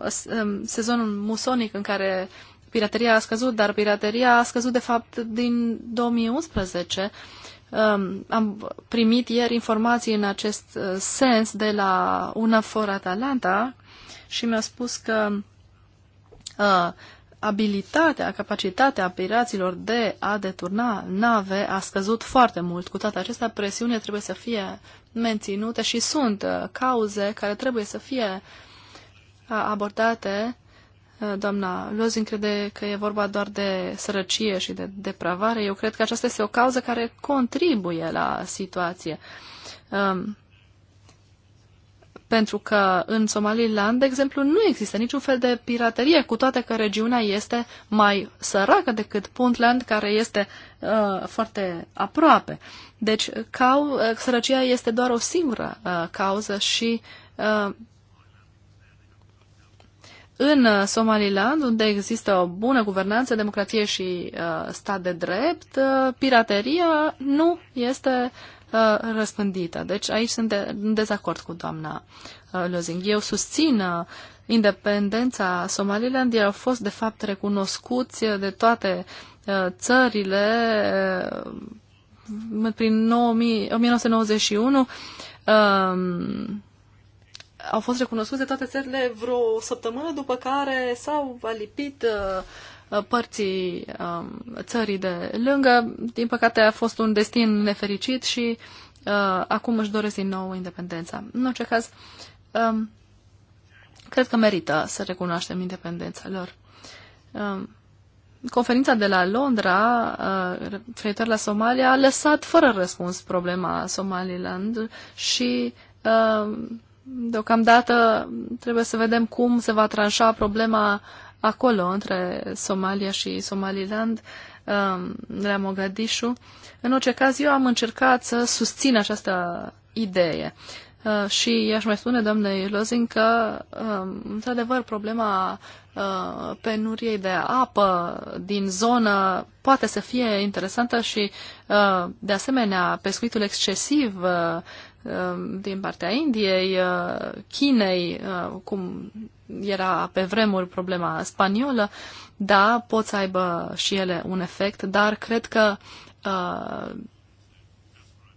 um, sezonul musonic în care pirateria a scăzut, dar pirateria a scăzut de fapt din 2011. Um, am primit ieri informații în acest sens de la UNAFOR Atalanta și mi-a spus că abilitatea, capacitatea piraților de a deturna nave a scăzut foarte mult. Cu toate acestea, presiunile trebuie să fie menținute și sunt uh, cauze care trebuie să fie uh, abordate. Uh, doamna Lozin crede că e vorba doar de sărăcie și de depravare. Eu cred că aceasta este o cauză care contribuie la situație. Um, pentru că în Somaliland, de exemplu, nu există niciun fel de piraterie, cu toate că regiunea este mai săracă decât Puntland, care este uh, foarte aproape. Deci, cau, uh, sărăcia este doar o singură uh, cauză și uh, în Somaliland, unde există o bună guvernanță, democrație și uh, stat de drept, uh, pirateria nu este Uh, răspândită. Deci aici sunt de, în dezacord cu doamna uh, Lozing. Eu susțin uh, independența Somaliland. Ei au fost, de fapt, recunoscuți de toate uh, țările uh, prin 9000, 1991. Uh, au fost recunoscute toate țările vreo săptămână, după care s-au alipit uh, Uh, părții um, țării de lângă. Din păcate a fost un destin nefericit și uh, acum își doresc din nou independența. În orice caz, um, cred că merită să recunoaștem independența lor. Um, conferința de la Londra, uh, referitor la Somalia, a lăsat fără răspuns problema Somaliland și deocamdată trebuie să vedem cum se va tranșa problema acolo, între Somalia și Somaliland, um, la Mogadishu. În orice caz, eu am încercat să susțin această idee. Uh, și i-aș mai spune, doamnei Lozin, că, um, într-adevăr, problema uh, penuriei de apă din zonă poate să fie interesantă și, uh, de asemenea, pescuitul excesiv Um, din partea Indiei, uh, Chinei, uh, cum era pe vremuri problema spaniolă, da, pot să aibă și ele un efect, dar cred că uh,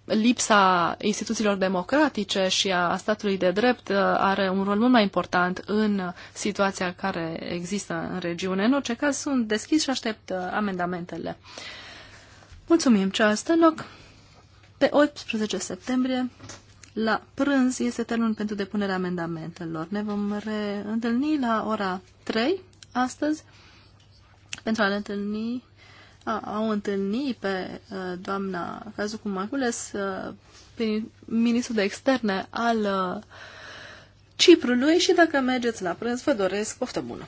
lipsa instituțiilor democratice și a statului de drept are un rol mult mai important în situația care există în regiune. În orice caz, sunt deschis și aștept amendamentele. Mulțumim ce a loc. Pe 18 septembrie, la prânz, este termenul pentru depunerea amendamentelor. Ne vom reîntâlni la ora 3 astăzi pentru a ne întâlni a, au întâlnit pe uh, doamna Cazucu Macules, uh, ministrul de externe al uh, Ciprului și dacă mergeți la prânz, vă doresc poftă bună!